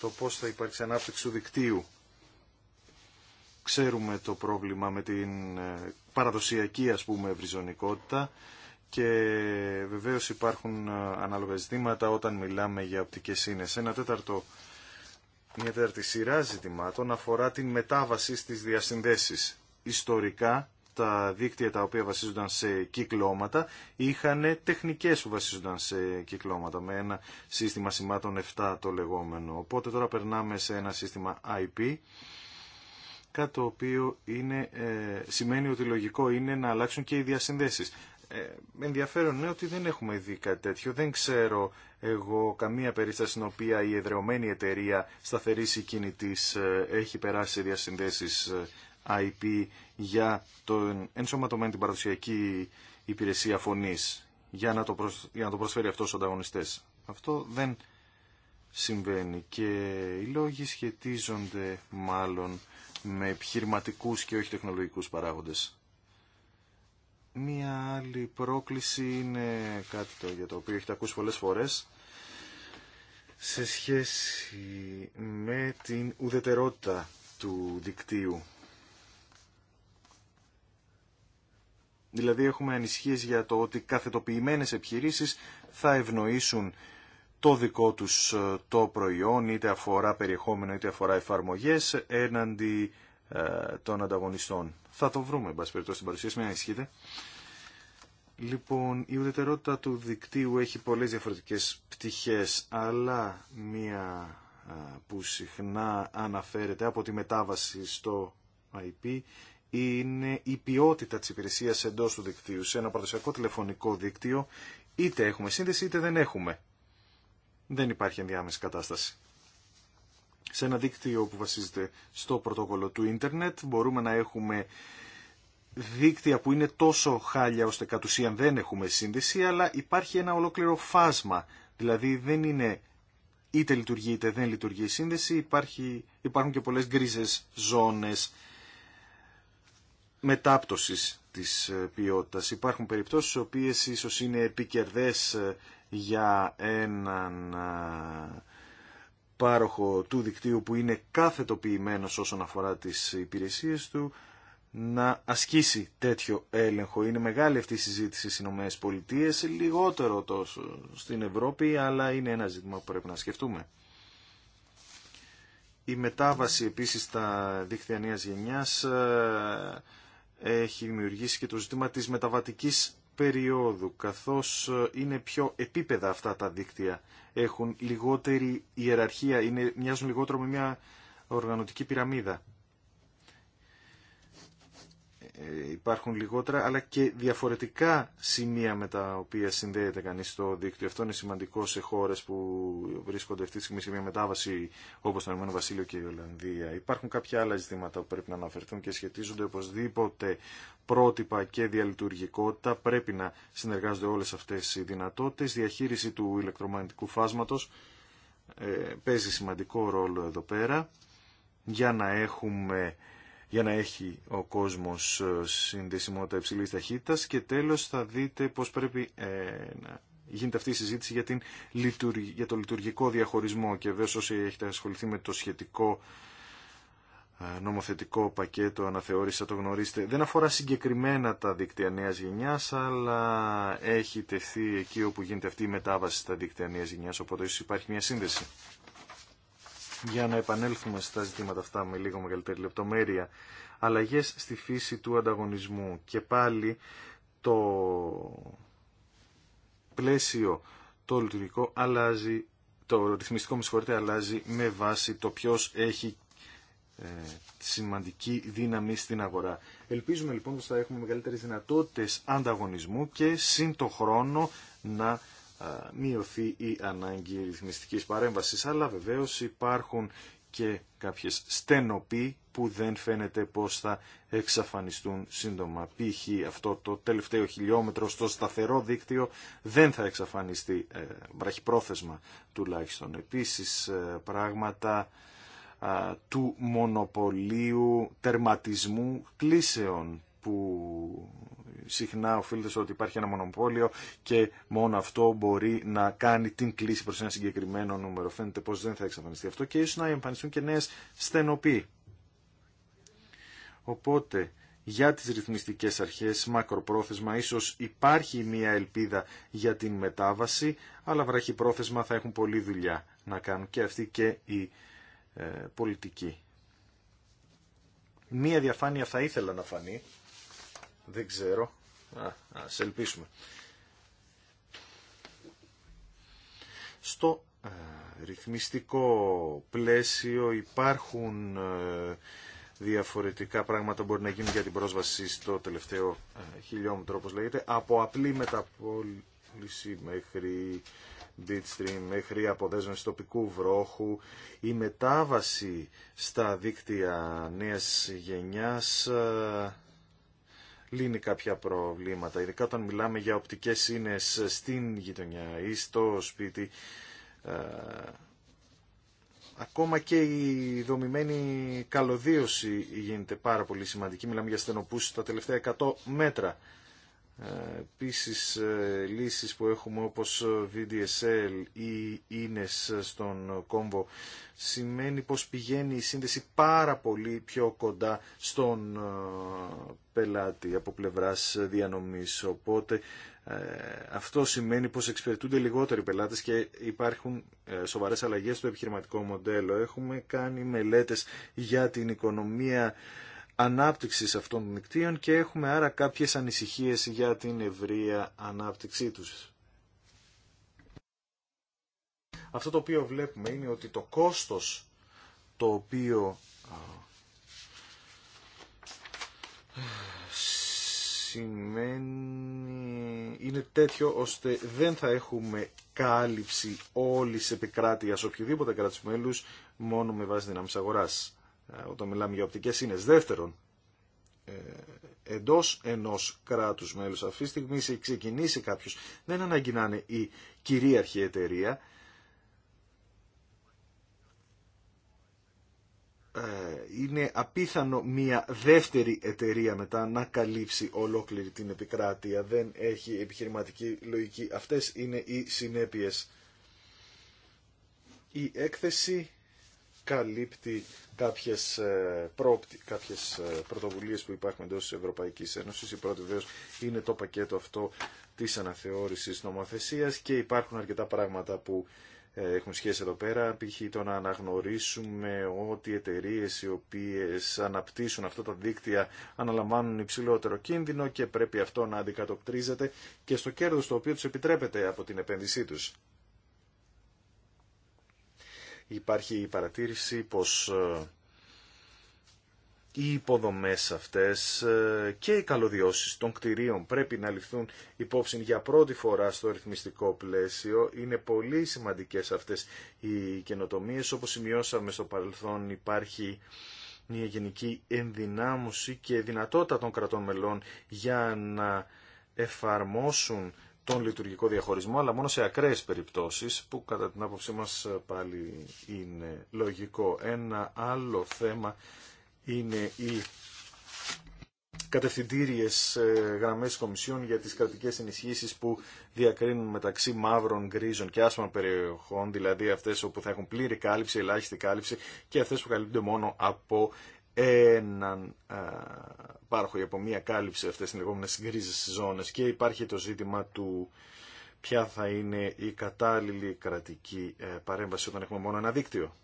το πώς θα υπάρξει ανάπτυξη του δικτύου. Ξέρουμε το πρόβλημα με την ε, παραδοσιακή ας πούμε ευρυζωνικότητα και βεβαίως υπάρχουν ε, ανάλογα ζητήματα όταν μιλάμε για οπτικές σύνες. Ένα τέταρτο μια τέταρτη σειρά ζητημάτων αφορά την μετάβαση στις διασυνδέσεις. Ιστορικά, τα δίκτυα τα οποία βασίζονταν σε κυκλώματα είχαν τεχνικές που βασίζονταν σε κυκλώματα με ένα σύστημα σημάτων 7 το λεγόμενο. Οπότε τώρα περνάμε σε ένα σύστημα IP κάτι το οποίο είναι, ε, σημαίνει ότι λογικό είναι να αλλάξουν και οι διασυνδέσεις. Ε, ενδιαφέρον είναι ότι δεν έχουμε δει κάτι τέτοιο. Δεν ξέρω εγώ καμία περίσταση στην οποία η εδρεωμένη εταιρεία σταθερής κινητής ε, έχει περάσει διασυνδέσεις ε, IP για το ενσωματωμένη την παραδοσιακή υπηρεσία φωνής για να το, προσφέρει αυτό στου ανταγωνιστέ. Αυτό δεν συμβαίνει και οι λόγοι σχετίζονται μάλλον με επιχειρηματικού και όχι τεχνολογικούς παράγοντες. Μία άλλη πρόκληση είναι κάτι το, για το οποίο έχετε ακούσει πολλές φορές σε σχέση με την ουδετερότητα του δικτύου. Δηλαδή έχουμε ανησυχίες για το ότι καθετοποιημένες επιχειρήσεις θα ευνοήσουν το δικό τους ε, το προϊόν, είτε αφορά περιεχόμενο είτε αφορά εφαρμογές, έναντι ε, των ανταγωνιστών. Θα το βρούμε, εν πάση περιπτώσει, στην παρουσίαση, μην ανησυχείτε. Λοιπόν, η ουδετερότητα του δικτύου έχει πολλές διαφορετικές πτυχές, αλλά μία που συχνά αναφέρεται από τη μετάβαση στο IP είναι η ποιότητα της υπηρεσίας εντός του δικτύου. Σε ένα παραδοσιακό τηλεφωνικό δίκτυο είτε έχουμε σύνδεση είτε δεν έχουμε. Δεν υπάρχει ενδιάμεση κατάσταση. Σε ένα δίκτυο που βασίζεται στο πρωτόκολλο του ίντερνετ μπορούμε να έχουμε δίκτυα που είναι τόσο χάλια ώστε κατ' ουσίαν δεν έχουμε σύνδεση, αλλά υπάρχει ένα ολόκληρο φάσμα. Δηλαδή δεν είναι είτε λειτουργεί είτε δεν λειτουργεί η σύνδεση, υπάρχει, υπάρχουν και πολλές γκρίζες ζώνες μετάπτωσης της ε, ποιότητας. Υπάρχουν περιπτώσεις οι οποίες ίσως είναι επικερδές ε, για έναν ε, πάροχο του δικτύου που είναι καθετοποιημένος όσον αφορά τις υπηρεσίες του να ασκήσει τέτοιο έλεγχο. Είναι μεγάλη αυτή η συζήτηση στι Ηνωμένες Πολιτείες, λιγότερο τόσο στην Ευρώπη, αλλά είναι ένα ζήτημα που πρέπει να σκεφτούμε. Η μετάβαση επίσης στα δίκτυα νέας γενιάς ε, έχει δημιουργήσει και το ζήτημα της μεταβατικής περίοδου, καθώς ε, είναι πιο επίπεδα αυτά τα δίκτυα. Έχουν λιγότερη ιεραρχία, είναι, μοιάζουν λιγότερο με μια οργανωτική πυραμίδα. Ε, υπάρχουν λιγότερα αλλά και διαφορετικά σημεία με τα οποία συνδέεται κανείς στο δίκτυο. Αυτό είναι σημαντικό σε χώρες που βρίσκονται αυτή τη στιγμή σε μια μετάβαση όπως το Ηνωμένο Βασίλειο και η Ολλανδία. Υπάρχουν κάποια άλλα ζητήματα που πρέπει να αναφερθούν και σχετίζονται οπωσδήποτε πρότυπα και διαλειτουργικότητα. Πρέπει να συνεργάζονται όλες αυτές οι δυνατότητες. Διαχείριση του ηλεκτρομαγνητικού φάσματος ε, παίζει σημαντικό ρόλο εδώ πέρα για να έχουμε για να έχει ο κόσμος ε, συνδεσιμότητα υψηλής ταχύτητας και τέλος θα δείτε πώς πρέπει ε, να γίνεται αυτή η συζήτηση για, την, για το λειτουργικό διαχωρισμό και βέβαια όσοι έχετε ασχοληθεί με το σχετικό ε, νομοθετικό πακέτο αναθεώρησα, το γνωρίζετε. Δεν αφορά συγκεκριμένα τα δίκτυα νέα γενιάς, αλλά έχει τεθεί εκεί όπου γίνεται αυτή η μετάβαση στα δίκτυα νέα γενιάς, οπότε ίσως υπάρχει μια σύνδεση για να επανέλθουμε στα ζητήματα αυτά με λίγο μεγαλύτερη λεπτομέρεια. Αλλαγές στη φύση του ανταγωνισμού και πάλι το πλαίσιο το λειτουργικό αλλάζει, το ρυθμιστικό με συγχωρείτε αλλάζει με βάση το ποιο έχει ε, σημαντική δύναμη στην αγορά. Ελπίζουμε λοιπόν πως θα έχουμε μεγαλύτερες δυνατότητες ανταγωνισμού και σύν χρόνο να μειωθεί η ανάγκη ρυθμιστικής παρέμβασης. Αλλά βεβαίως υπάρχουν και κάποιες στενοποί που δεν φαίνεται πως θα εξαφανιστούν σύντομα. Π.χ. αυτό το τελευταίο χιλιόμετρο στο σταθερό δίκτυο δεν θα εξαφανιστεί ε, βραχυπρόθεσμα τουλάχιστον. Επίσης ε, πράγματα του μονοπωλίου τερματισμού κλίσεων που συχνά οφείλεται στο ότι υπάρχει ένα μονοπόλιο και μόνο αυτό μπορεί να κάνει την κλίση προς ένα συγκεκριμένο νούμερο. Φαίνεται πως δεν θα εξαφανιστεί αυτό και ίσως να εμφανιστούν και νέες στενοποί. Οπότε, για τις ρυθμιστικές αρχές μακροπρόθεσμα ίσως υπάρχει μια ελπίδα για την μετάβαση, αλλά βραχυπρόθεσμα θα έχουν πολλή δουλειά να κάνουν και αυτοί και οι ε, πολιτικοί. Μία διαφάνεια θα ήθελα να φανεί. Δεν ξέρω. Α, ας ελπίσουμε. Στο α, ε, ρυθμιστικό πλαίσιο υπάρχουν ε, διαφορετικά πράγματα που μπορεί να γίνουν για την πρόσβαση στο τελευταίο ε, χιλιόμετρο, όπως λέγεται, από απλή μεταπόληση μέχρι bitstream, μέχρι αποδέσμευση τοπικού βρόχου, η μετάβαση στα δίκτυα νέας γενιάς λύνει κάποια προβλήματα, ειδικά όταν μιλάμε για οπτικές σύνες στην γειτονιά ή στο σπίτι. Ε, ακόμα και η δομημένη καλωδίωση γίνεται πάρα πολύ σημαντική. Μιλάμε για στενοπούς τα τελευταία 100 μέτρα Επίσης ε, λύσεις που έχουμε όπως VDSL ή ίνες στον κόμβο σημαίνει πως πηγαίνει η Ines στον ε, πελάτη από πλευράς διανομής. Οπότε ε, αυτό σημαίνει πως εξυπηρετούνται λιγότεροι πελάτες και υπάρχουν σοβαρές αλλαγές στο επιχειρηματικό μοντέλο. Έχουμε κάνει μελέτες για την οικονομία Ανάπτυξη αυτών των δικτύων και έχουμε άρα κάποιες ανησυχίε για την ευρεία ανάπτυξή τους. Αυτό το οποίο βλέπουμε είναι ότι το κόστος το οποίο σημαίνει είναι τέτοιο ώστε δεν θα έχουμε κάλυψη όλης επικράτειας οποιοδήποτε κράτης μέλους μόνο με βάση δυνάμεις αγοράς. Ε, όταν μιλάμε για οπτικές ίνες. Δεύτερον, ε, εντός ενός κράτους μέλους αυτή τη στιγμή ξεκινήσει κάποιος, δεν ανάγκη η κυρίαρχη εταιρεία, ε, είναι απίθανο μια δεύτερη εταιρεία μετά να καλύψει ολόκληρη την επικράτεια. Δεν έχει επιχειρηματική λογική. Αυτές είναι οι συνέπειες. Η έκθεση καλύπτει κάποιες, ε, προοπτι... κάποιες ε, πρωτοβουλίες που υπάρχουν εντός της Ευρωπαϊκής Ένωσης. Η πρώτη βέβαια είναι το πακέτο αυτό της αναθεώρησης νομοθεσίας και υπάρχουν αρκετά πράγματα που ε, έχουν σχέση εδώ πέρα, π.χ. το να αναγνωρίσουμε ότι οι εταιρείε οι οποίες αναπτύσσουν αυτά τα δίκτυα αναλαμβάνουν υψηλότερο κίνδυνο και πρέπει αυτό να αντικατοπτρίζεται και στο κέρδος το οποίο τους επιτρέπεται από την επένδυσή τους υπάρχει η παρατήρηση πως ε, οι υποδομές αυτές ε, και οι καλωδιώσεις των κτηρίων πρέπει να ληφθούν υπόψη για πρώτη φορά στο ρυθμιστικό πλαίσιο. Είναι πολύ σημαντικές αυτές οι καινοτομίες. Όπως σημειώσαμε στο παρελθόν υπάρχει μια γενική ενδυνάμωση και δυνατότητα των κρατών μελών για να εφαρμόσουν τον λειτουργικό διαχωρισμό, αλλά μόνο σε ακραίε περιπτώσεις, που κατά την άποψή μας πάλι είναι λογικό. Ένα άλλο θέμα είναι οι κατευθυντήριες ε, γραμμές κομισιών για τις κρατικές ενισχύσει που διακρίνουν μεταξύ μαύρων, γκρίζων και άσπρων περιοχών, δηλαδή αυτές όπου θα έχουν πλήρη κάλυψη, ελάχιστη κάλυψη και αυτές που καλύπτονται μόνο από έναν πάροχο από μία κάλυψη αυτές τις λεγόμενες γκρίζες ζώνες και υπάρχει το ζήτημα του ποια θα είναι η κατάλληλη κρατική ε, παρέμβαση όταν έχουμε μόνο ένα δίκτυο.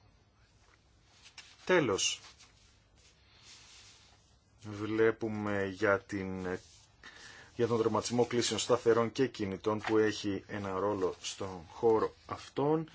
Τέλος, βλέπουμε για, την, για τον δροματισμό κλήσεων σταθερών και κινητών που έχει ένα ρόλο στον χώρο αυτών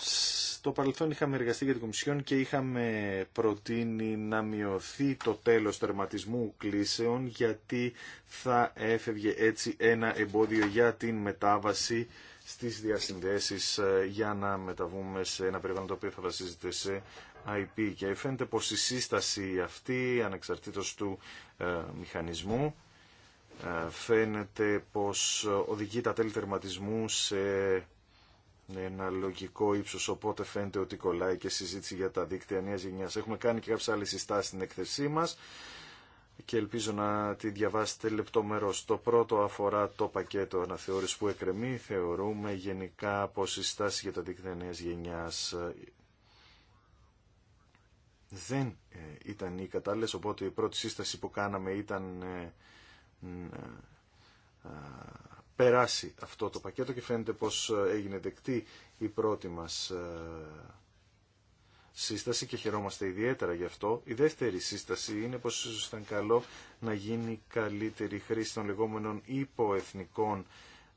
στο παρελθόν είχαμε εργαστεί για την Κομισιόν και είχαμε προτείνει να μειωθεί το τέλος τερματισμού κλήσεων γιατί θα έφευγε έτσι ένα εμπόδιο για την μετάβαση στις διασυνδέσεις ε, για να μεταβούμε σε ένα περιβάλλον το οποίο θα βασίζεται σε IP και φαίνεται πως η σύσταση αυτή ανεξαρτήτως του ε, μηχανισμού ε, φαίνεται πως οδηγεί τα τέλη τερματισμού σε ένα λογικό ύψο. Οπότε φαίνεται ότι κολλάει και συζήτηση για τα δίκτυα νέα γενιά. Έχουμε κάνει και κάποιε άλλε συστάσει στην εκθεσή μα και ελπίζω να τη διαβάσετε λεπτομερώ. Το πρώτο αφορά το πακέτο αναθεώρηση που εκκρεμεί. Θεωρούμε γενικά πω η στάση για τα δίκτυα νέα γενιά ε, δεν ε, ήταν οι κατάλληλε. οπότε η πρώτη σύσταση που κάναμε ήταν ε, περάσει αυτό το πακέτο και φαίνεται πως ε, έγινε δεκτή η πρώτη μας ε, σύσταση και χαιρόμαστε ιδιαίτερα γι' αυτό. Η δεύτερη σύσταση είναι πως ίσως ήταν καλό να γίνει καλύτερη χρήση των λεγόμενων υποεθνικών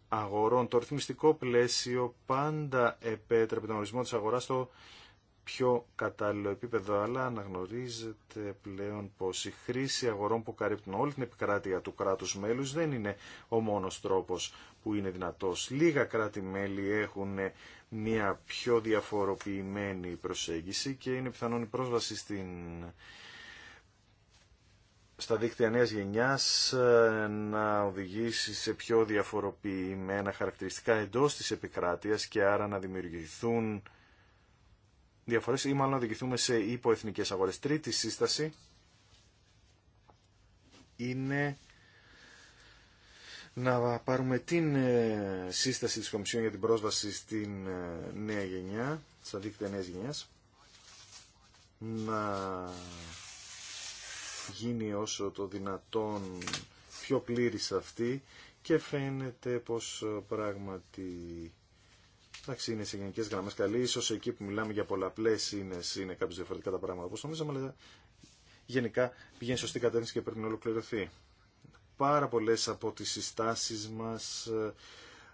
αγορών. Το ρυθμιστικό πλαίσιο πάντα επέτρεπε τον ορισμό της αγοράς στο πιο κατάλληλο επίπεδο, αλλά αναγνωρίζεται πλέον πως η χρήση αγορών που καρύπτουν όλη την επικράτεια του κράτους μέλους δεν είναι ο μόνος τρόπος που είναι δυνατός. Λίγα κράτη-μέλη έχουν μια πιο διαφοροποιημένη προσέγγιση και είναι πιθανόν η πρόσβαση στην... στα δίκτυα νέας γενιάς ε, να οδηγήσει σε πιο διαφοροποιημένα χαρακτηριστικά εντός της επικράτειας και άρα να δημιουργηθούν διαφορές ή μάλλον να οδηγηθούμε σε υποεθνικές αγορές. Τρίτη σύσταση είναι να πάρουμε την ε, σύσταση της Κομισιόν για την πρόσβαση στην ε, νέα γενιά, στα δίκτυα νέας γενιάς, να γίνει όσο το δυνατόν πιο πλήρης αυτή και φαίνεται πως ε, πράγματι Εντάξει, είναι σε γενικέ γραμμέ καλή. σω εκεί που μιλάμε για πολλαπλέ είναι, είναι κάποιο διαφορετικά τα πράγματα όπω νομίζαμε, αλλά γενικά πηγαίνει σωστή κατεύθυνση και πρέπει να ολοκληρωθεί. Πάρα πολλέ από τι συστάσει μα ε,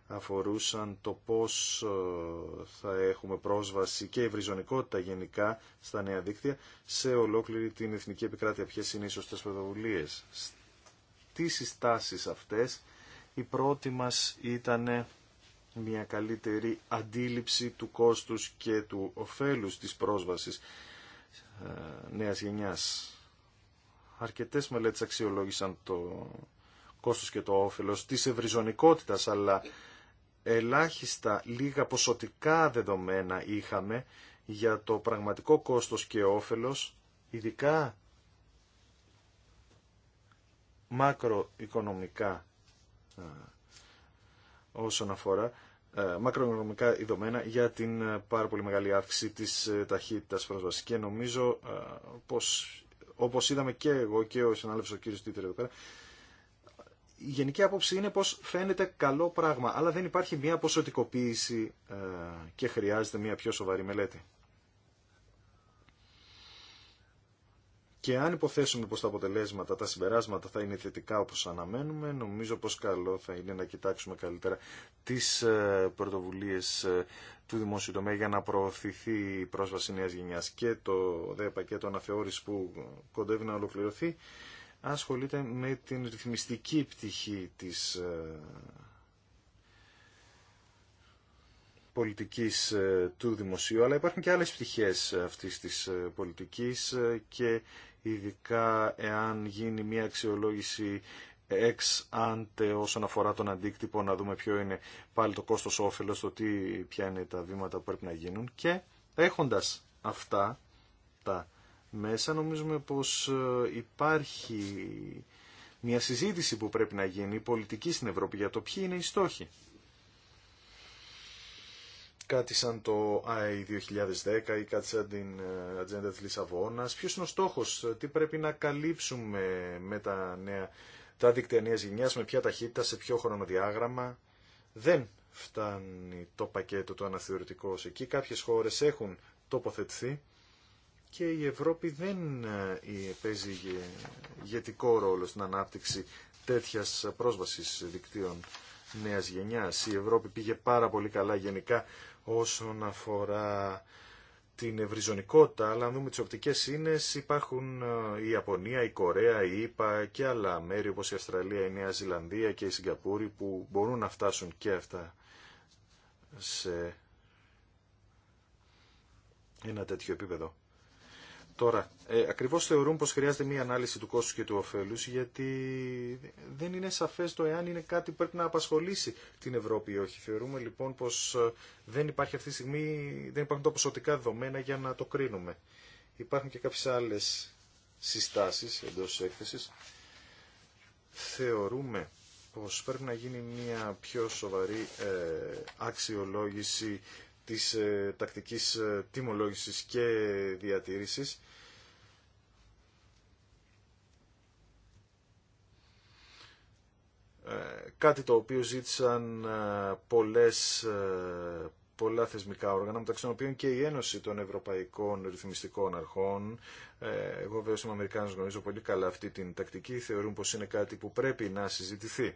αφορούσαν το πώ ε, θα έχουμε πρόσβαση και ευρυζωνικότητα γενικά στα νέα δίκτυα σε ολόκληρη την εθνική επικράτεια. Ποιε είναι οι σωστέ πρωτοβουλίες. Τι συστάσεις αυτέ, η πρώτη μας ήταν μια καλύτερη αντίληψη του κόστους και του ωφέλους της πρόσβασης ε, νέας γενιάς. Αρκετές μελέτες αξιολόγησαν το κόστος και το όφελος της ευρυζωνικότητας, αλλά ελάχιστα λίγα ποσοτικά δεδομένα είχαμε για το πραγματικό κόστος και όφελος, ειδικά μακροοικονομικά ε, όσον αφορά ε, μακρονομικά ειδωμένα για την ε, πάρα πολύ μεγάλη αύξηση της ε, ταχύτητας πρόσβαση. Και νομίζω πως, όπως είδαμε και εγώ και ο συνάδελφος ο κύριος Τίτερ εδώ πέρα, η γενική άποψη είναι πως φαίνεται καλό πράγμα, αλλά δεν υπάρχει μια ποσοτικοποίηση και χρειάζεται μια πιο σοβαρή μελέτη. Και αν υποθέσουμε πως τα αποτελέσματα, τα συμπεράσματα θα είναι θετικά όπως αναμένουμε, νομίζω πως καλό θα είναι να κοιτάξουμε καλύτερα τις ε, πρωτοβουλίες ε, του δημόσιου τομέα για να προωθηθεί η πρόσβαση νέας γενιάς και το δε πακέτο αναθεώρηση που κοντεύει να ολοκληρωθεί ασχολείται με την ρυθμιστική πτυχή της ε, πολιτικής του δημοσίου, αλλά υπάρχουν και άλλες πτυχές αυτής της πολιτικής και ειδικά εάν γίνει μια αξιολόγηση εξ άντε όσον αφορά τον αντίκτυπο, να δούμε ποιο είναι πάλι το κόστος όφελος, το τι, ποια είναι τα βήματα που πρέπει να γίνουν και έχοντας αυτά τα μέσα νομίζουμε πως ε, υπάρχει μια συζήτηση που πρέπει να γίνει πολιτική στην Ευρώπη για το ποιοι είναι οι στόχοι κάτι σαν το 2010 e ή κάτι σαν την ατζέντα ε, της Λισαβόνας. Ποιος είναι ο στόχος, ε, τι πρέπει να καλύψουμε με τα, νέα, τα δίκτυα νέας γενιάς, με ποια ταχύτητα, σε ποιο χρονοδιάγραμμα. Δεν φτάνει το πακέτο το αναθεωρητικό εκεί. Κάποιες χώρες έχουν τοποθετηθεί και η Ευρώπη δεν ε, παίζει ηγετικό ρόλο στην ανάπτυξη τέτοια πρόσβασης δικτύων νέας γενιάς. Η Ευρώπη πήγε πάρα πολύ καλά γενικά όσον αφορά την ευρυζωνικότητα, αλλά αν δούμε τις οπτικές σύνες υπάρχουν ε, η Ιαπωνία, η Κορέα, η ΙΠΑ και άλλα μέρη όπως η Αυστραλία, η Νέα Ζηλανδία και η Σιγκαπούρη που μπορούν να φτάσουν και αυτά σε ένα τέτοιο επίπεδο. Τώρα, ε, ακριβώς θεωρούν πως χρειάζεται μία ανάλυση του κόστου και του ωφέλου, γιατί δεν είναι σαφές το εάν είναι κάτι που πρέπει να απασχολήσει την Ευρώπη ή όχι. Θεωρούμε λοιπόν πως ε, δεν υπάρχει αυτή τη στιγμή, δεν υπάρχουν τα ποσοτικά δεδομένα για να το κρίνουμε. Υπάρχουν και κάποιες άλλε συστάσεις εντό τη Θεωρούμε πως πρέπει να γίνει μια πιο σοβαρή ε, αξιολόγηση της ε, τακτικής ε, τιμολόγησης και διατήρησης. Ε, κάτι το οποίο ζήτησαν πολλές, πολλά θεσμικά όργανα, μεταξύ των οποίων και η Ένωση των Ευρωπαϊκών Ρυθμιστικών Αρχών. Εγώ βέβαια είμαι Αμερικάνος γνωρίζω πολύ καλά αυτή την τακτική, θεωρούν πως είναι κάτι που πρέπει να συζητηθεί.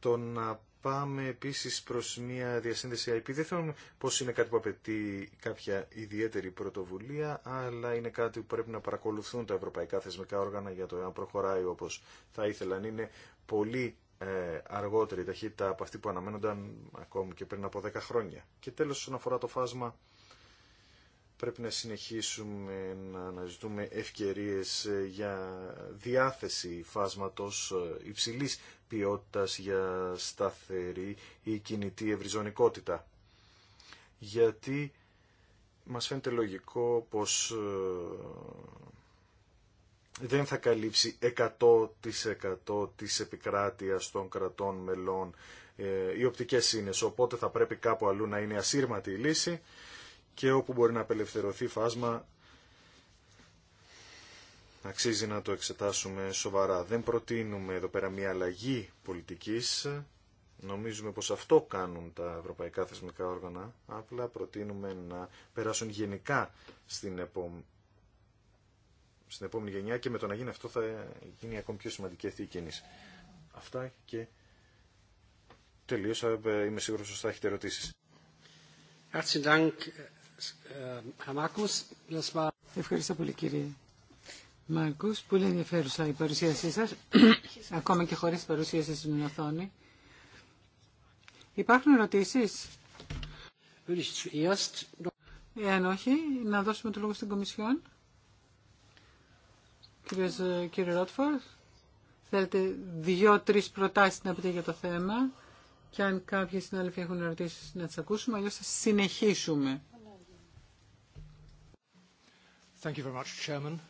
Το να πάμε επίσης προς μια διασύνδεση IP δεν πως είναι κάτι που απαιτεί κάποια ιδιαίτερη πρωτοβουλία, αλλά είναι κάτι που πρέπει να παρακολουθούν τα ευρωπαϊκά θεσμικά όργανα για το αν προχωράει όπως θα ήθελαν. Είναι πολύ ε, αργότερη ταχύτητα από αυτή που αναμένονταν ακόμη και πριν από 10 χρόνια. Και τέλος, όσον αφορά το φάσμα, πρέπει να συνεχίσουμε να αναζητούμε ευκαιρίες για διάθεση φάσματος ε, υψηλής ποιότητας για σταθερή ή κινητή ευρυζωνικότητα. Γιατί μας φαίνεται λογικό πως ε, δεν θα καλύψει 100% της επικράτειας των κρατών μελών ε, οι οπτικές σύνες, οπότε θα πρέπει κάπου αλλού να είναι ασύρματη η λύση και όπου μπορεί να απελευθερωθεί φάσμα αξίζει να το εξετάσουμε σοβαρά. Δεν προτείνουμε εδώ πέρα μια αλλαγή πολιτικής. Νομίζουμε πως αυτό κάνουν τα ευρωπαϊκά θεσμικά όργανα. Απλά προτείνουμε να περάσουν γενικά στην, στην επόμενη γενιά και με το να γίνει αυτό θα γίνει ακόμη πιο σημαντική αυτή η κίνηση. Αυτά και τελείωσα. Ε, είμαι σίγουρος ότι θα έχετε ερωτήσεις. Äh, Ευχαριστώ πολύ κύριε Μάρκος, πολύ ενδιαφέρουσα η παρουσίασή σας, [COUGHS] ακόμα και χωρίς παρουσίαση στην οθόνη. Υπάρχουν ερωτήσεις? Εάν όχι, να δώσουμε το λόγο στην κομισιον Κύριος, ε, κύριε Ρότφορ, θέλετε δύο-τρεις προτάσεις να πείτε για το θέμα και αν κάποιοι συνάδελφοι έχουν ερωτήσεις να τις ακούσουμε, αλλιώς θα συνεχίσουμε. Thank you very much,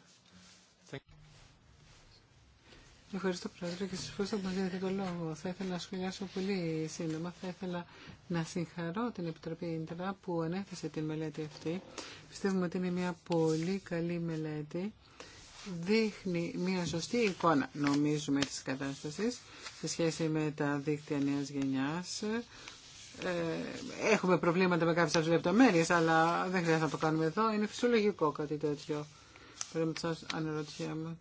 Ευχαριστώ Πρόεδρε και σα ευχαριστώ που μας δίνετε το λόγο. Θα ήθελα να σχολιάσω πολύ σύντομα. Θα ήθελα να συγχαρώ την Επιτροπή Ιντρα που ανέθεσε την μελέτη αυτή. Πιστεύουμε ότι είναι μια πολύ καλή μελέτη. Δείχνει μια σωστή εικόνα, νομίζουμε, τη κατάσταση σε σχέση με τα δίκτυα νέας γενιάς. Ε, έχουμε προβλήματα με κάποιε λεπτομέρειε, αλλά δεν χρειάζεται να το κάνουμε εδώ. Είναι φυσιολογικό κάτι τέτοιο. Πρέπει να σα αναρωτιέμαι.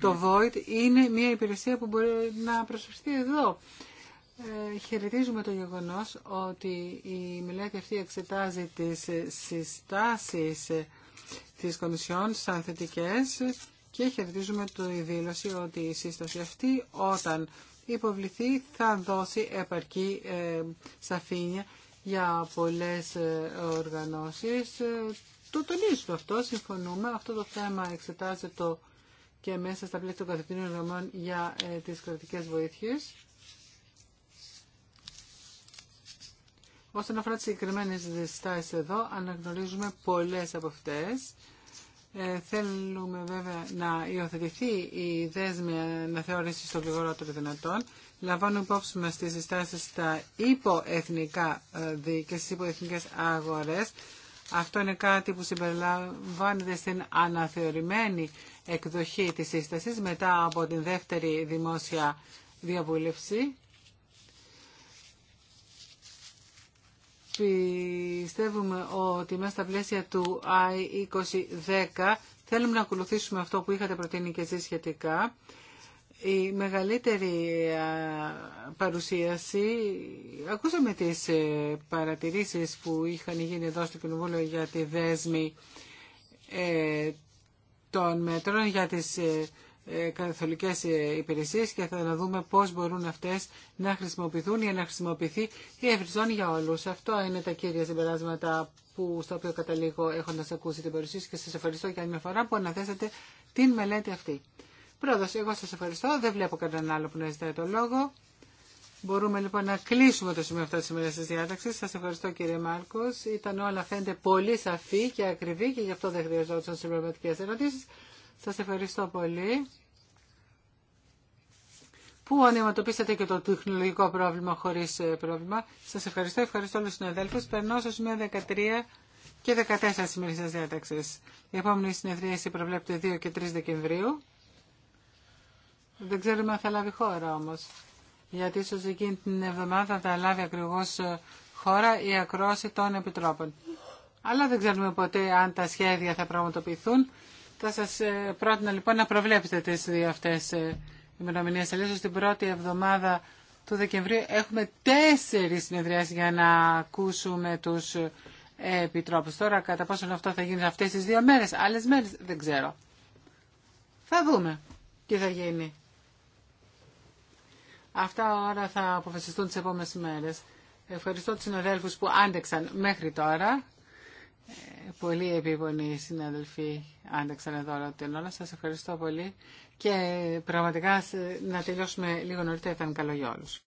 Το Void είναι μια υπηρεσία που μπορεί να προσφερθεί εδώ. Ε, χαιρετίζουμε το γεγονός ότι η μελέτη αυτή εξετάζει τις συστάσεις της Κομισιόν σαν θετικές και χαιρετίζουμε το δήλωση ότι η σύσταση αυτή όταν υποβληθεί θα δώσει επαρκή σαφήνια ε, σαφήνεια για πολλές ε, οργανώσεις το τονίζουμε αυτό, συμφωνούμε. Αυτό το θέμα εξετάζεται και μέσα στα πλαίσια των καθημερινών γραμμών για ε, τις κρατικές βοήθειες. Όσον αφορά τις συγκεκριμένες διστάσεις εδώ, αναγνωρίζουμε πολλές από αυτές. Ε, θέλουμε βέβαια να υιοθετηθεί η δέσμη αναθεώρηση των γρηγορότερων δυνατών. Λαμβάνουμε υπόψη μας τις συστάσεις στα υποεθνικά ε, δίκαια, στις υποεθνικές αγορές, αυτό είναι κάτι που συμπεριλαμβάνεται στην αναθεωρημένη εκδοχή της σύστασης μετά από την δεύτερη δημόσια διαβούλευση. Πιστεύουμε ότι μέσα στα πλαίσια του I2010 θέλουμε να ακολουθήσουμε αυτό που είχατε προτείνει και εσείς σχετικά η μεγαλύτερη παρουσίαση, ακούσαμε τις ε, παρατηρήσεις που είχαν γίνει εδώ στο Κοινοβούλιο για τη δέσμη ε, των μέτρων για τις ε, καθολικές υπηρεσίες και θα δούμε πώς μπορούν αυτές να χρησιμοποιηθούν ή να χρησιμοποιηθεί η ευρυζώνη για όλους. Αυτό είναι τα κύρια συμπεράσματα που, στο οποίο καταλήγω έχοντας ακούσει την παρουσίαση και σας ευχαριστώ για μια φορά που αναθέσατε την μελέτη αυτή. Πρόεδρος, εγώ σας ευχαριστώ. Δεν βλέπω κανέναν άλλο που να ζητάει το λόγο. Μπορούμε λοιπόν να κλείσουμε το σημείο αυτό τη ημέρα τη διάταξη. Σα ευχαριστώ κύριε Μάρκο. Ήταν όλα φαίνεται πολύ σαφή και ακριβή και γι' αυτό δεν χρειαζόταν συμπληρωματικέ ερωτήσει. Σα ευχαριστώ πολύ που ανεματοποίησατε και το τεχνολογικό πρόβλημα χωρί ε, πρόβλημα. Σα ευχαριστώ. Ευχαριστώ όλου του συναδέλφου. Περνώ στο σημείο 13 και 14 τη ημέρα τη διάταξη. Η επόμενη συνεδρίαση προβλέπεται 2 και 3 Δεκεμβρίου. Δεν ξέρουμε αν θα λάβει χώρα όμως. Γιατί ίσως εκείνη την εβδομάδα θα λάβει ακριβώς ε, χώρα η ακρόαση των επιτρόπων. Αλλά δεν ξέρουμε ποτέ αν τα σχέδια θα πραγματοποιηθούν. Θα σας ε, πρότεινα λοιπόν να προβλέψετε τις δύο αυτές ε, ημερομηνίες. Ελίσως την πρώτη εβδομάδα του Δεκεμβρίου έχουμε τέσσερις συνεδριάσεις για να ακούσουμε τους επιτρόπους. Τώρα κατά πόσο αυτό θα γίνει αυτές τις δύο μέρες, άλλες μέρες δεν ξέρω. Θα δούμε τι θα γίνει. Αυτά όλα θα αποφασιστούν τις επόμενες μέρες. Ευχαριστώ τους συναδέλφους που άντεξαν μέχρι τώρα. Ε, πολύ επίπονοι συναδελφοί άντεξαν εδώ όλα την ώρα. Σας ευχαριστώ πολύ και πραγματικά να τελειώσουμε λίγο νωρίτερα ήταν καλό για όλους.